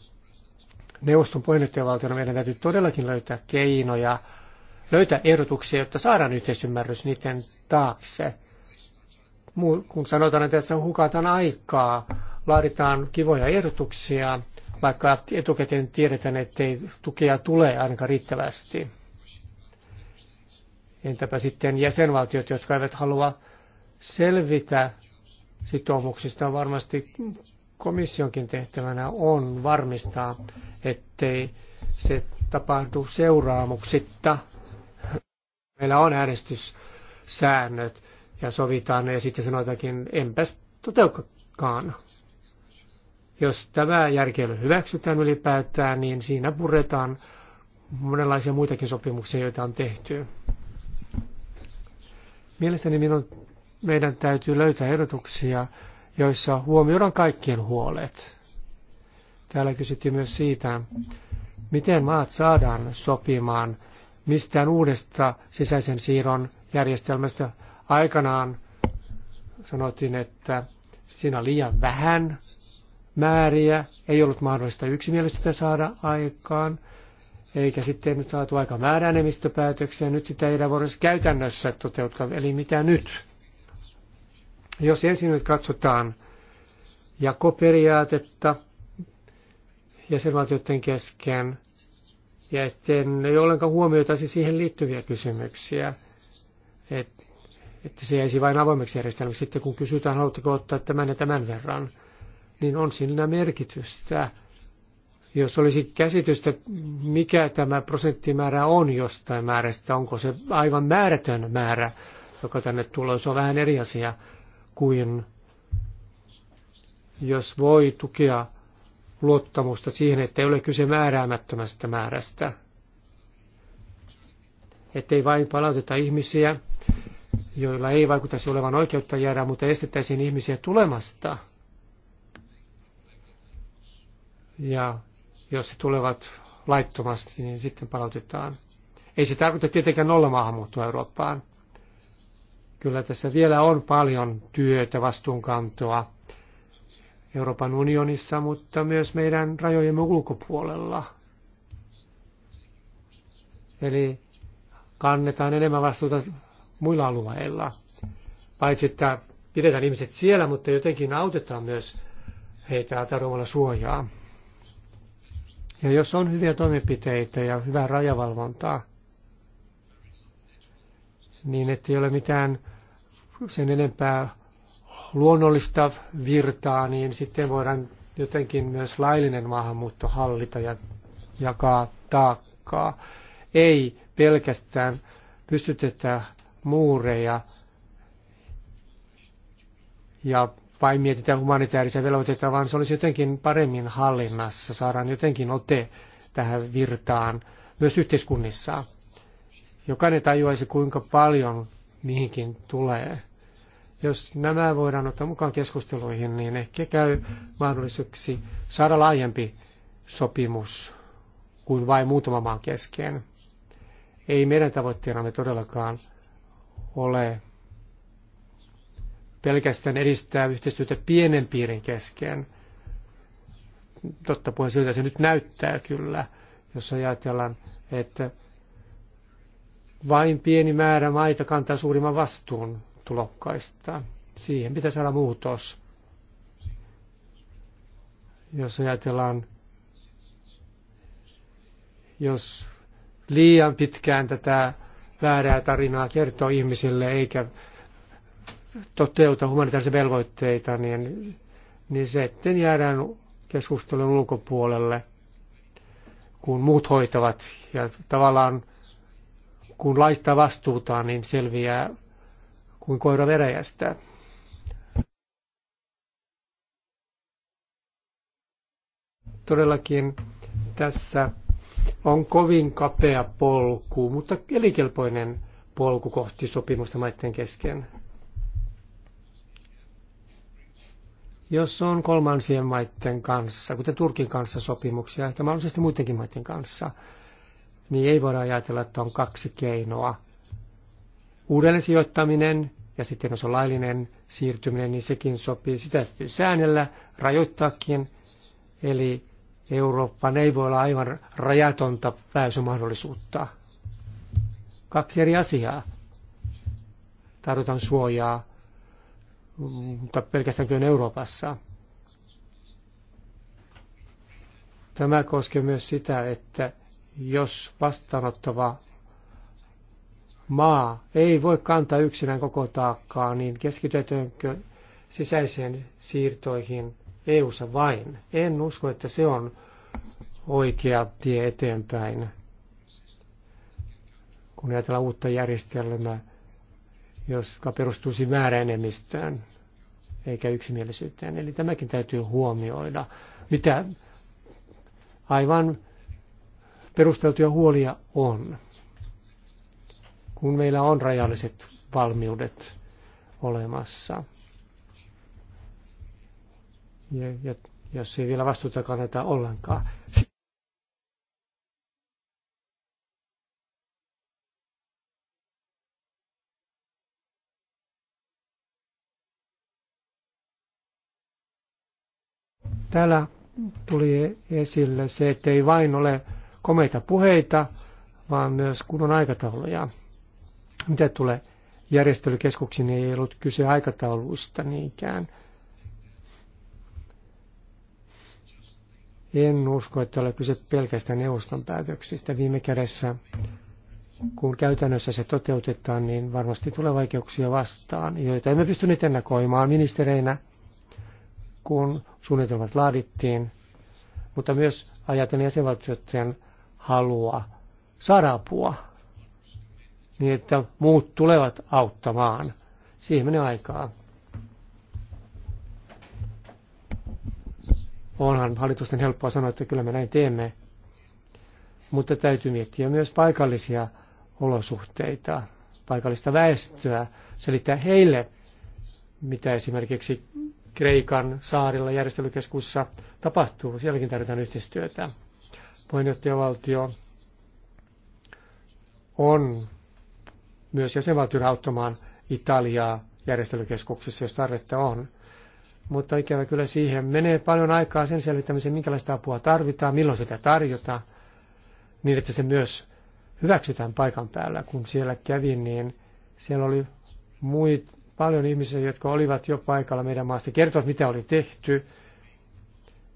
neuvoston puheenjohtajavaltiona meidän täytyy todellakin löytää keinoja, löytää ehdotuksia, jotta saadaan yhteisymmärrys niiden taakse. Kun sanotaan, että tässä hukataan aikaa, laaditaan kivoja ehdotuksia, vaikka etukäteen tiedetään, ettei tukea tule ainakaan riittävästi. Entäpä sitten jäsenvaltiot, jotka eivät halua selvitä sitoumuksista, varmasti komissionkin tehtävänä on varmistaa, ettei se tapahdu seuraamuksitta. Meillä on äänestyssäännöt ja sovitaan ne ja sitten sanotaankin, enpäs toteukakaan. Jos tämä järkeily hyväksytään ylipäätään, niin siinä puretaan monenlaisia muitakin sopimuksia, joita on tehty. Mielestäni minun, meidän täytyy löytää ehdotuksia, joissa huomioidaan kaikkien huolet. Täällä kysyttiin myös siitä, miten maat saadaan sopimaan mistään uudesta sisäisen siirron järjestelmästä. Aikanaan sanottiin, että siinä on liian vähän määriä ei ollut mahdollista yksimielisyyttä saada aikaan, eikä sitten nyt saatu aika määräenemmistöpäätöksiä. Nyt sitä ei enää voida käytännössä toteuttaa, eli mitä nyt? Jos ensin nyt katsotaan jakoperiaatetta jäsenvaltioiden kesken, ja sitten ei ollenkaan huomioita siis siihen liittyviä kysymyksiä, että että se jäisi vain avoimeksi järjestelmäksi sitten, kun kysytään, haluatteko ottaa tämän ja tämän verran – niin on sillä merkitystä. Jos olisi käsitystä, mikä tämä prosenttimäärä on jostain määrästä, onko se aivan määrätön määrä, joka tänne tulee, se on vähän eri asia kuin jos voi tukea luottamusta siihen, että ei ole kyse määräämättömästä määrästä. Ettei vain palauteta ihmisiä, joilla ei vaikuttaisi olevan oikeutta jäädä, mutta estettäisiin ihmisiä tulemasta – ja jos he tulevat laittomasti, niin sitten palautetaan. Ei se tarkoita tietenkään nolla maahanmuuttoa Eurooppaan. Kyllä tässä vielä on paljon työtä, vastuunkantoa Euroopan unionissa, mutta myös meidän rajojemme ulkopuolella. Eli kannetaan enemmän vastuuta muilla alueilla. Paitsi, että pidetään ihmiset siellä, mutta jotenkin autetaan myös heitä tarjoamalla suojaa. Ja jos on hyviä toimenpiteitä ja hyvää rajavalvontaa, niin ettei ole mitään sen enempää luonnollista virtaa, niin sitten voidaan jotenkin myös laillinen maahanmuutto hallita ja jakaa taakkaa. Ei pelkästään pystytetä muureja ja vain mietitään humanitaarisia velvoitteita, vaan se olisi jotenkin paremmin hallinnassa, saadaan jotenkin ote tähän virtaan myös yhteiskunnissa. Jokainen tajuaisi, kuinka paljon mihinkin tulee. Jos nämä voidaan ottaa mukaan keskusteluihin, niin ehkä käy mahdolliseksi saada laajempi sopimus kuin vain muutama maan kesken. Ei meidän tavoitteenamme todellakaan ole pelkästään edistää yhteistyötä pienen piirin kesken. Totta puheen siltä se nyt näyttää kyllä, jos ajatellaan, että vain pieni määrä maita kantaa suurimman vastuun tulokkaista. Siihen pitäisi olla muutos. Jos ajatellaan, jos liian pitkään tätä väärää tarinaa kertoo ihmisille eikä toteuta humanitaarisia velvoitteita, niin, niin sitten jäädään keskustelun ulkopuolelle, kun muut hoitavat. Ja tavallaan kun laista vastuutaan, niin selviää kuin koira veräjästä. Todellakin tässä on kovin kapea polku, mutta elikelpoinen polku kohti sopimusta maiden kesken. jos on kolmansien maiden kanssa, kuten Turkin kanssa sopimuksia, ehkä mahdollisesti muidenkin maiden kanssa, niin ei voida ajatella, että on kaksi keinoa. Uudelleen sijoittaminen ja sitten jos on laillinen siirtyminen, niin sekin sopii. Sitä täytyy säännellä, rajoittaakin. Eli Eurooppaan ei voi olla aivan rajatonta pääsymahdollisuutta. Kaksi eri asiaa. Tarvitaan suojaa mutta pelkästään Euroopassa. Tämä koskee myös sitä, että jos vastaanottava maa ei voi kantaa yksinään koko taakkaa, niin keskitytäänkö sisäiseen siirtoihin EU-ssa vain? En usko, että se on oikea tie eteenpäin. Kun ajatellaan uutta järjestelmää, joka perustuisi määräenemmistöön eikä yksimielisyyteen. Eli tämäkin täytyy huomioida, mitä aivan perusteltuja huolia on, kun meillä on rajalliset valmiudet olemassa. Ja, ja jos ei vielä vastuuta kannata ollenkaan. Täällä tuli esille se, että ei vain ole komeita puheita, vaan myös kunnon aikatauluja. Mitä tulee järjestelykeskuksiin, niin ei ollut kyse aikatauluista niinkään. En usko, että ole kyse pelkästään neuvoston päätöksistä. Viime kädessä, kun käytännössä se toteutetaan, niin varmasti tulee vaikeuksia vastaan, joita emme pystyneet ennakoimaan ministereinä – kun suunnitelmat laadittiin, mutta myös ajatellen jäsenvaltioiden halua saada apua, niin että muut tulevat auttamaan. Siihen menee aikaa. Onhan hallitusten helppoa sanoa, että kyllä me näin teemme, mutta täytyy miettiä myös paikallisia olosuhteita, paikallista väestöä, selittää heille, mitä esimerkiksi Kreikan saarilla järjestelykeskussa tapahtuu. Sielläkin tarvitaan yhteistyötä. Puheenjohtajavaltio on myös jäsenvaltio auttamaan Italiaa järjestelykeskuksessa, jos tarvetta on. Mutta ikävä kyllä siihen menee paljon aikaa sen selvittämiseen, minkälaista apua tarvitaan, milloin sitä tarjotaan, niin että se myös hyväksytään paikan päällä. Kun siellä kävin, niin siellä oli muita. Paljon ihmisiä, jotka olivat jo paikalla meidän maasta, kertovat, mitä oli tehty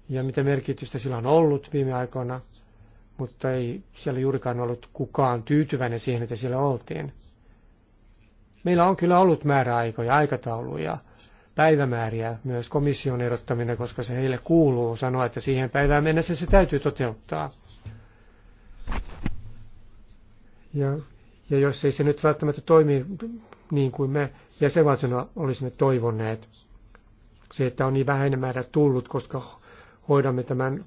ja mitä merkitystä sillä on ollut viime aikoina, mutta ei siellä juurikaan ollut kukaan tyytyväinen siihen, että siellä oltiin. Meillä on kyllä ollut määräaikoja, aikatauluja, päivämääriä, myös komission erottaminen, koska se heille kuuluu sanoa, että siihen päivään mennessä se täytyy toteuttaa. Ja, ja jos ei se nyt välttämättä toimi niin kuin me jäsenvaltiona olisimme toivoneet. Se, että on niin vähäinen määrä tullut, koska hoidamme tämän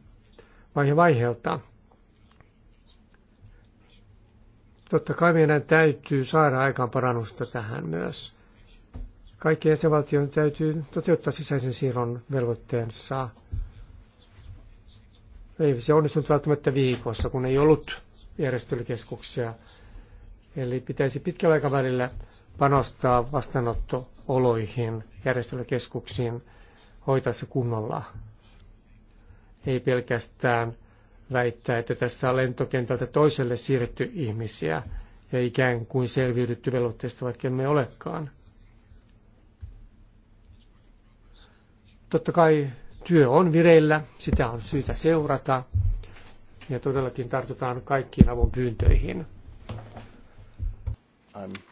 vaihe vaiheelta. Totta kai meidän täytyy saada aikaan parannusta tähän myös. Kaikkien jäsenvaltion täytyy toteuttaa sisäisen siirron velvoitteensa. Ei se onnistunut välttämättä viikossa, kun ei ollut järjestelykeskuksia. Eli pitäisi pitkällä aikavälillä panostaa vastaanottooloihin, järjestelykeskuksiin, hoitaa se kunnolla. Ei pelkästään väittää, että tässä on lentokentältä toiselle siirretty ihmisiä ja ikään kuin selviydytty velvoitteista, vaikka emme olekaan. Totta kai työ on vireillä, sitä on syytä seurata ja todellakin tartutaan kaikkiin avun pyyntöihin. I'm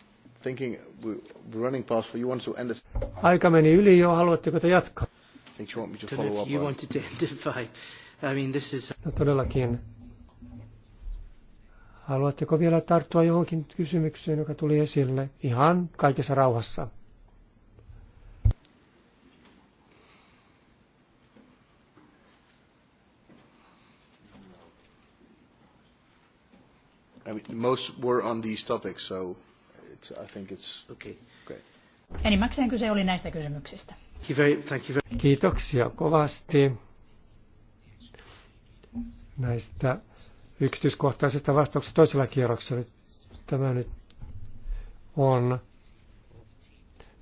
thinking we're running past, you want to end Aika meni yli jo, haluatteko te jatkaa? I think you want me to follow up. You wanted to end it by, I mean this is... No, todellakin. Haluatteko vielä tarttua johonkin kysymykseen, joka tuli esille ihan kaikessa rauhassa? I mean, most were on these topics, so I think it's okay. great. Enimmäkseen kyse oli näistä kysymyksistä. Kiitoksia kovasti näistä yksityiskohtaisista vastauksista toisella kierroksella. Tämä nyt on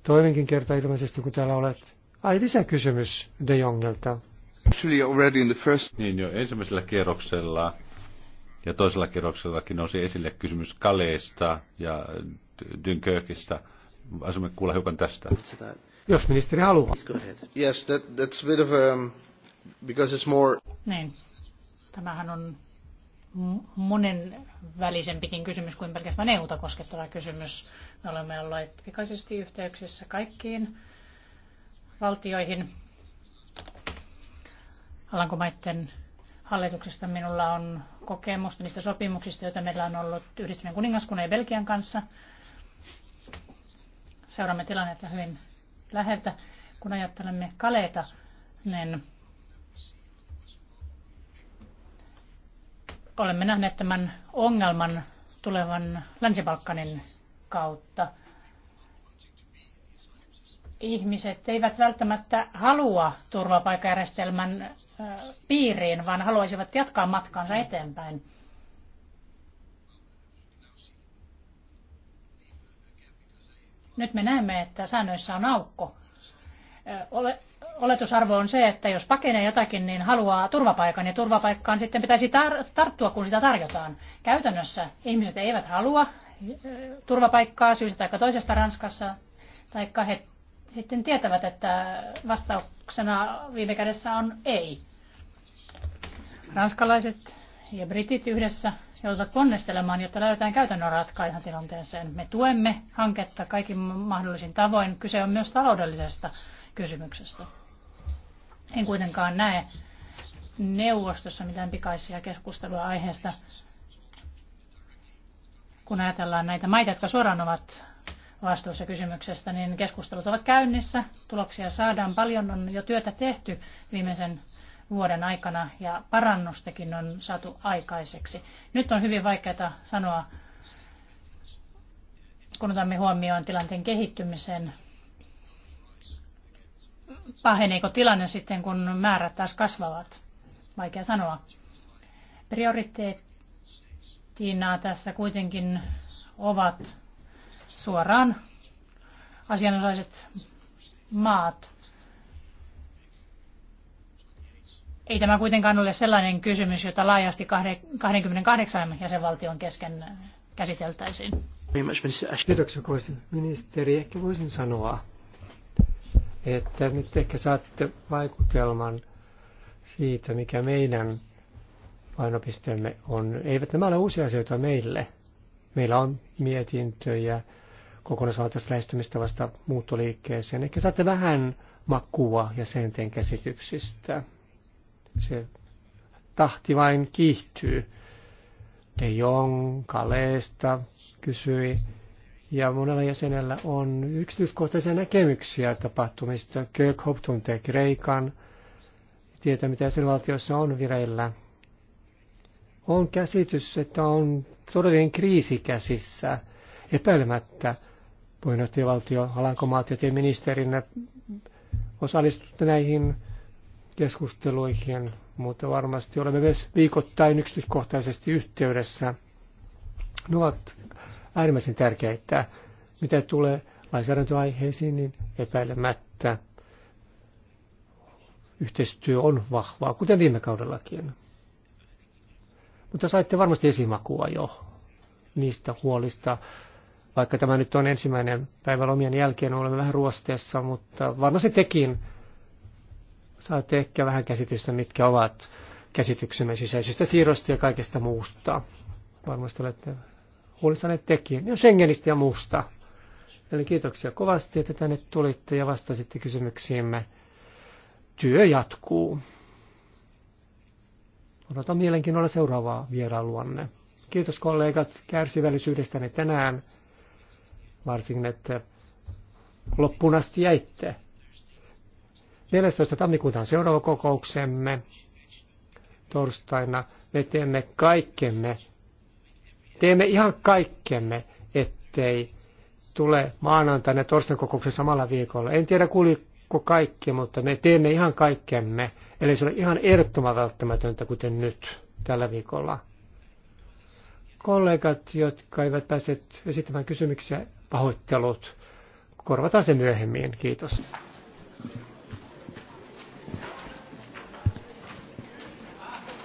toinenkin kerta ilmeisesti, kun täällä olet. Ai lisäkysymys De Jongelta. Niin jo ensimmäisellä kierroksella ja toisella kerroksellakin nousi esille kysymys Kaleesta ja Dunkirkista. Asumme kuulla hiukan tästä. Jos ministeri haluaa. Yes, that, that's a bit of a, um, because it's more... Niin. Tämähän on monen välisempikin kysymys kuin pelkästään EUta koskettava kysymys. Me olemme olleet pikaisesti yhteyksissä kaikkiin valtioihin, Alankomaiden hallituksesta. Minulla on kokemusta niistä sopimuksista, joita meillä on ollut yhdistyneen kuningaskunnan ja Belgian kanssa. Seuraamme tilannetta hyvin läheltä. Kun ajattelemme kaleita, niin olemme nähneet tämän ongelman tulevan länsi kautta. Ihmiset eivät välttämättä halua turvapaikajärjestelmän piiriin, vaan haluaisivat jatkaa matkaansa eteenpäin. Nyt me näemme, että säännöissä on aukko. oletusarvo on se, että jos pakenee jotakin, niin haluaa turvapaikan ja turvapaikkaan sitten pitäisi tar- tarttua, kun sitä tarjotaan. Käytännössä ihmiset eivät halua turvapaikkaa syystä tai toisesta Ranskassa, tai he sitten tietävät, että vastauksena viime kädessä on ei. Ranskalaiset ja britit yhdessä joutuvat ponnistelemaan, jotta löydetään käytännön ratkaisu tilanteeseen. Me tuemme hanketta kaikin mahdollisin tavoin. Kyse on myös taloudellisesta kysymyksestä. En kuitenkaan näe neuvostossa mitään pikaisia keskustelua aiheesta, kun ajatellaan näitä maita, jotka suoraan ovat vastuussa kysymyksestä, niin keskustelut ovat käynnissä, tuloksia saadaan, paljon on jo työtä tehty viimeisen vuoden aikana ja parannustakin on saatu aikaiseksi. Nyt on hyvin vaikeaa sanoa, kun otamme huomioon tilanteen kehittymisen, paheneeko tilanne sitten, kun määrät taas kasvavat. Vaikea sanoa. Prioriteettina tässä kuitenkin ovat suoraan asianosaiset maat. Ei tämä kuitenkaan ole sellainen kysymys, jota laajasti 28 jäsenvaltion kesken käsiteltäisiin. Kiitoksia kovasti ministeri. Ehkä voisin sanoa, että nyt ehkä saatte vaikutelman siitä, mikä meidän painopisteemme on. Eivät nämä ole uusia asioita meille. Meillä on mietintöjä kokonaisvaltaista lähestymistä vasta muuttoliikkeeseen. Ehkä saatte vähän makua ja senten käsityksistä. Se tahti vain kiihtyy. De Jong Kaleesta kysyi, ja monella jäsenellä on yksityiskohtaisia näkemyksiä tapahtumista. Kirkhope tuntee Kreikan, tietää mitä sen valtiossa on vireillä. On käsitys, että on todellinen kriisi käsissä, epäilemättä puheenjohtajavaltio Alankomaat ja te ministerinä osallistutte näihin keskusteluihin, mutta varmasti olemme myös viikoittain yksityiskohtaisesti yhteydessä. Ne ovat äärimmäisen tärkeitä. Mitä tulee lainsäädäntöaiheisiin, niin epäilemättä yhteistyö on vahvaa, kuten viime kaudellakin. Mutta saitte varmasti esimakua jo niistä huolista, vaikka tämä nyt on ensimmäinen päivä lomien jälkeen, olemme vähän ruosteessa, mutta varmasti tekin saatte ehkä vähän käsitystä, mitkä ovat käsityksemme sisäisistä siirroista ja kaikesta muusta. Varmasti olette huolissanne tekin, ja Schengenistä ja muusta. Eli kiitoksia kovasti, että tänne tulitte ja vastasitte kysymyksiimme. Työ jatkuu. Odotan mielenkiinnolla seuraavaa vierailuanne. Kiitos kollegat kärsivällisyydestäni tänään varsinkin, että loppuun asti jäitte. 14. tammikuuta on seuraava kokouksemme. Torstaina me teemme kaikkemme, teemme ihan kaikkemme, ettei tule maanantaina ja torstain kokouksen samalla viikolla. En tiedä kuuliko kaikki, mutta me teemme ihan kaikkemme, eli se on ihan ehdottoman välttämätöntä, kuten nyt tällä viikolla. Kollegat, jotka eivät pääse esittämään kysymyksiä, pahoittelut. Korvataan se myöhemmin. Kiitos.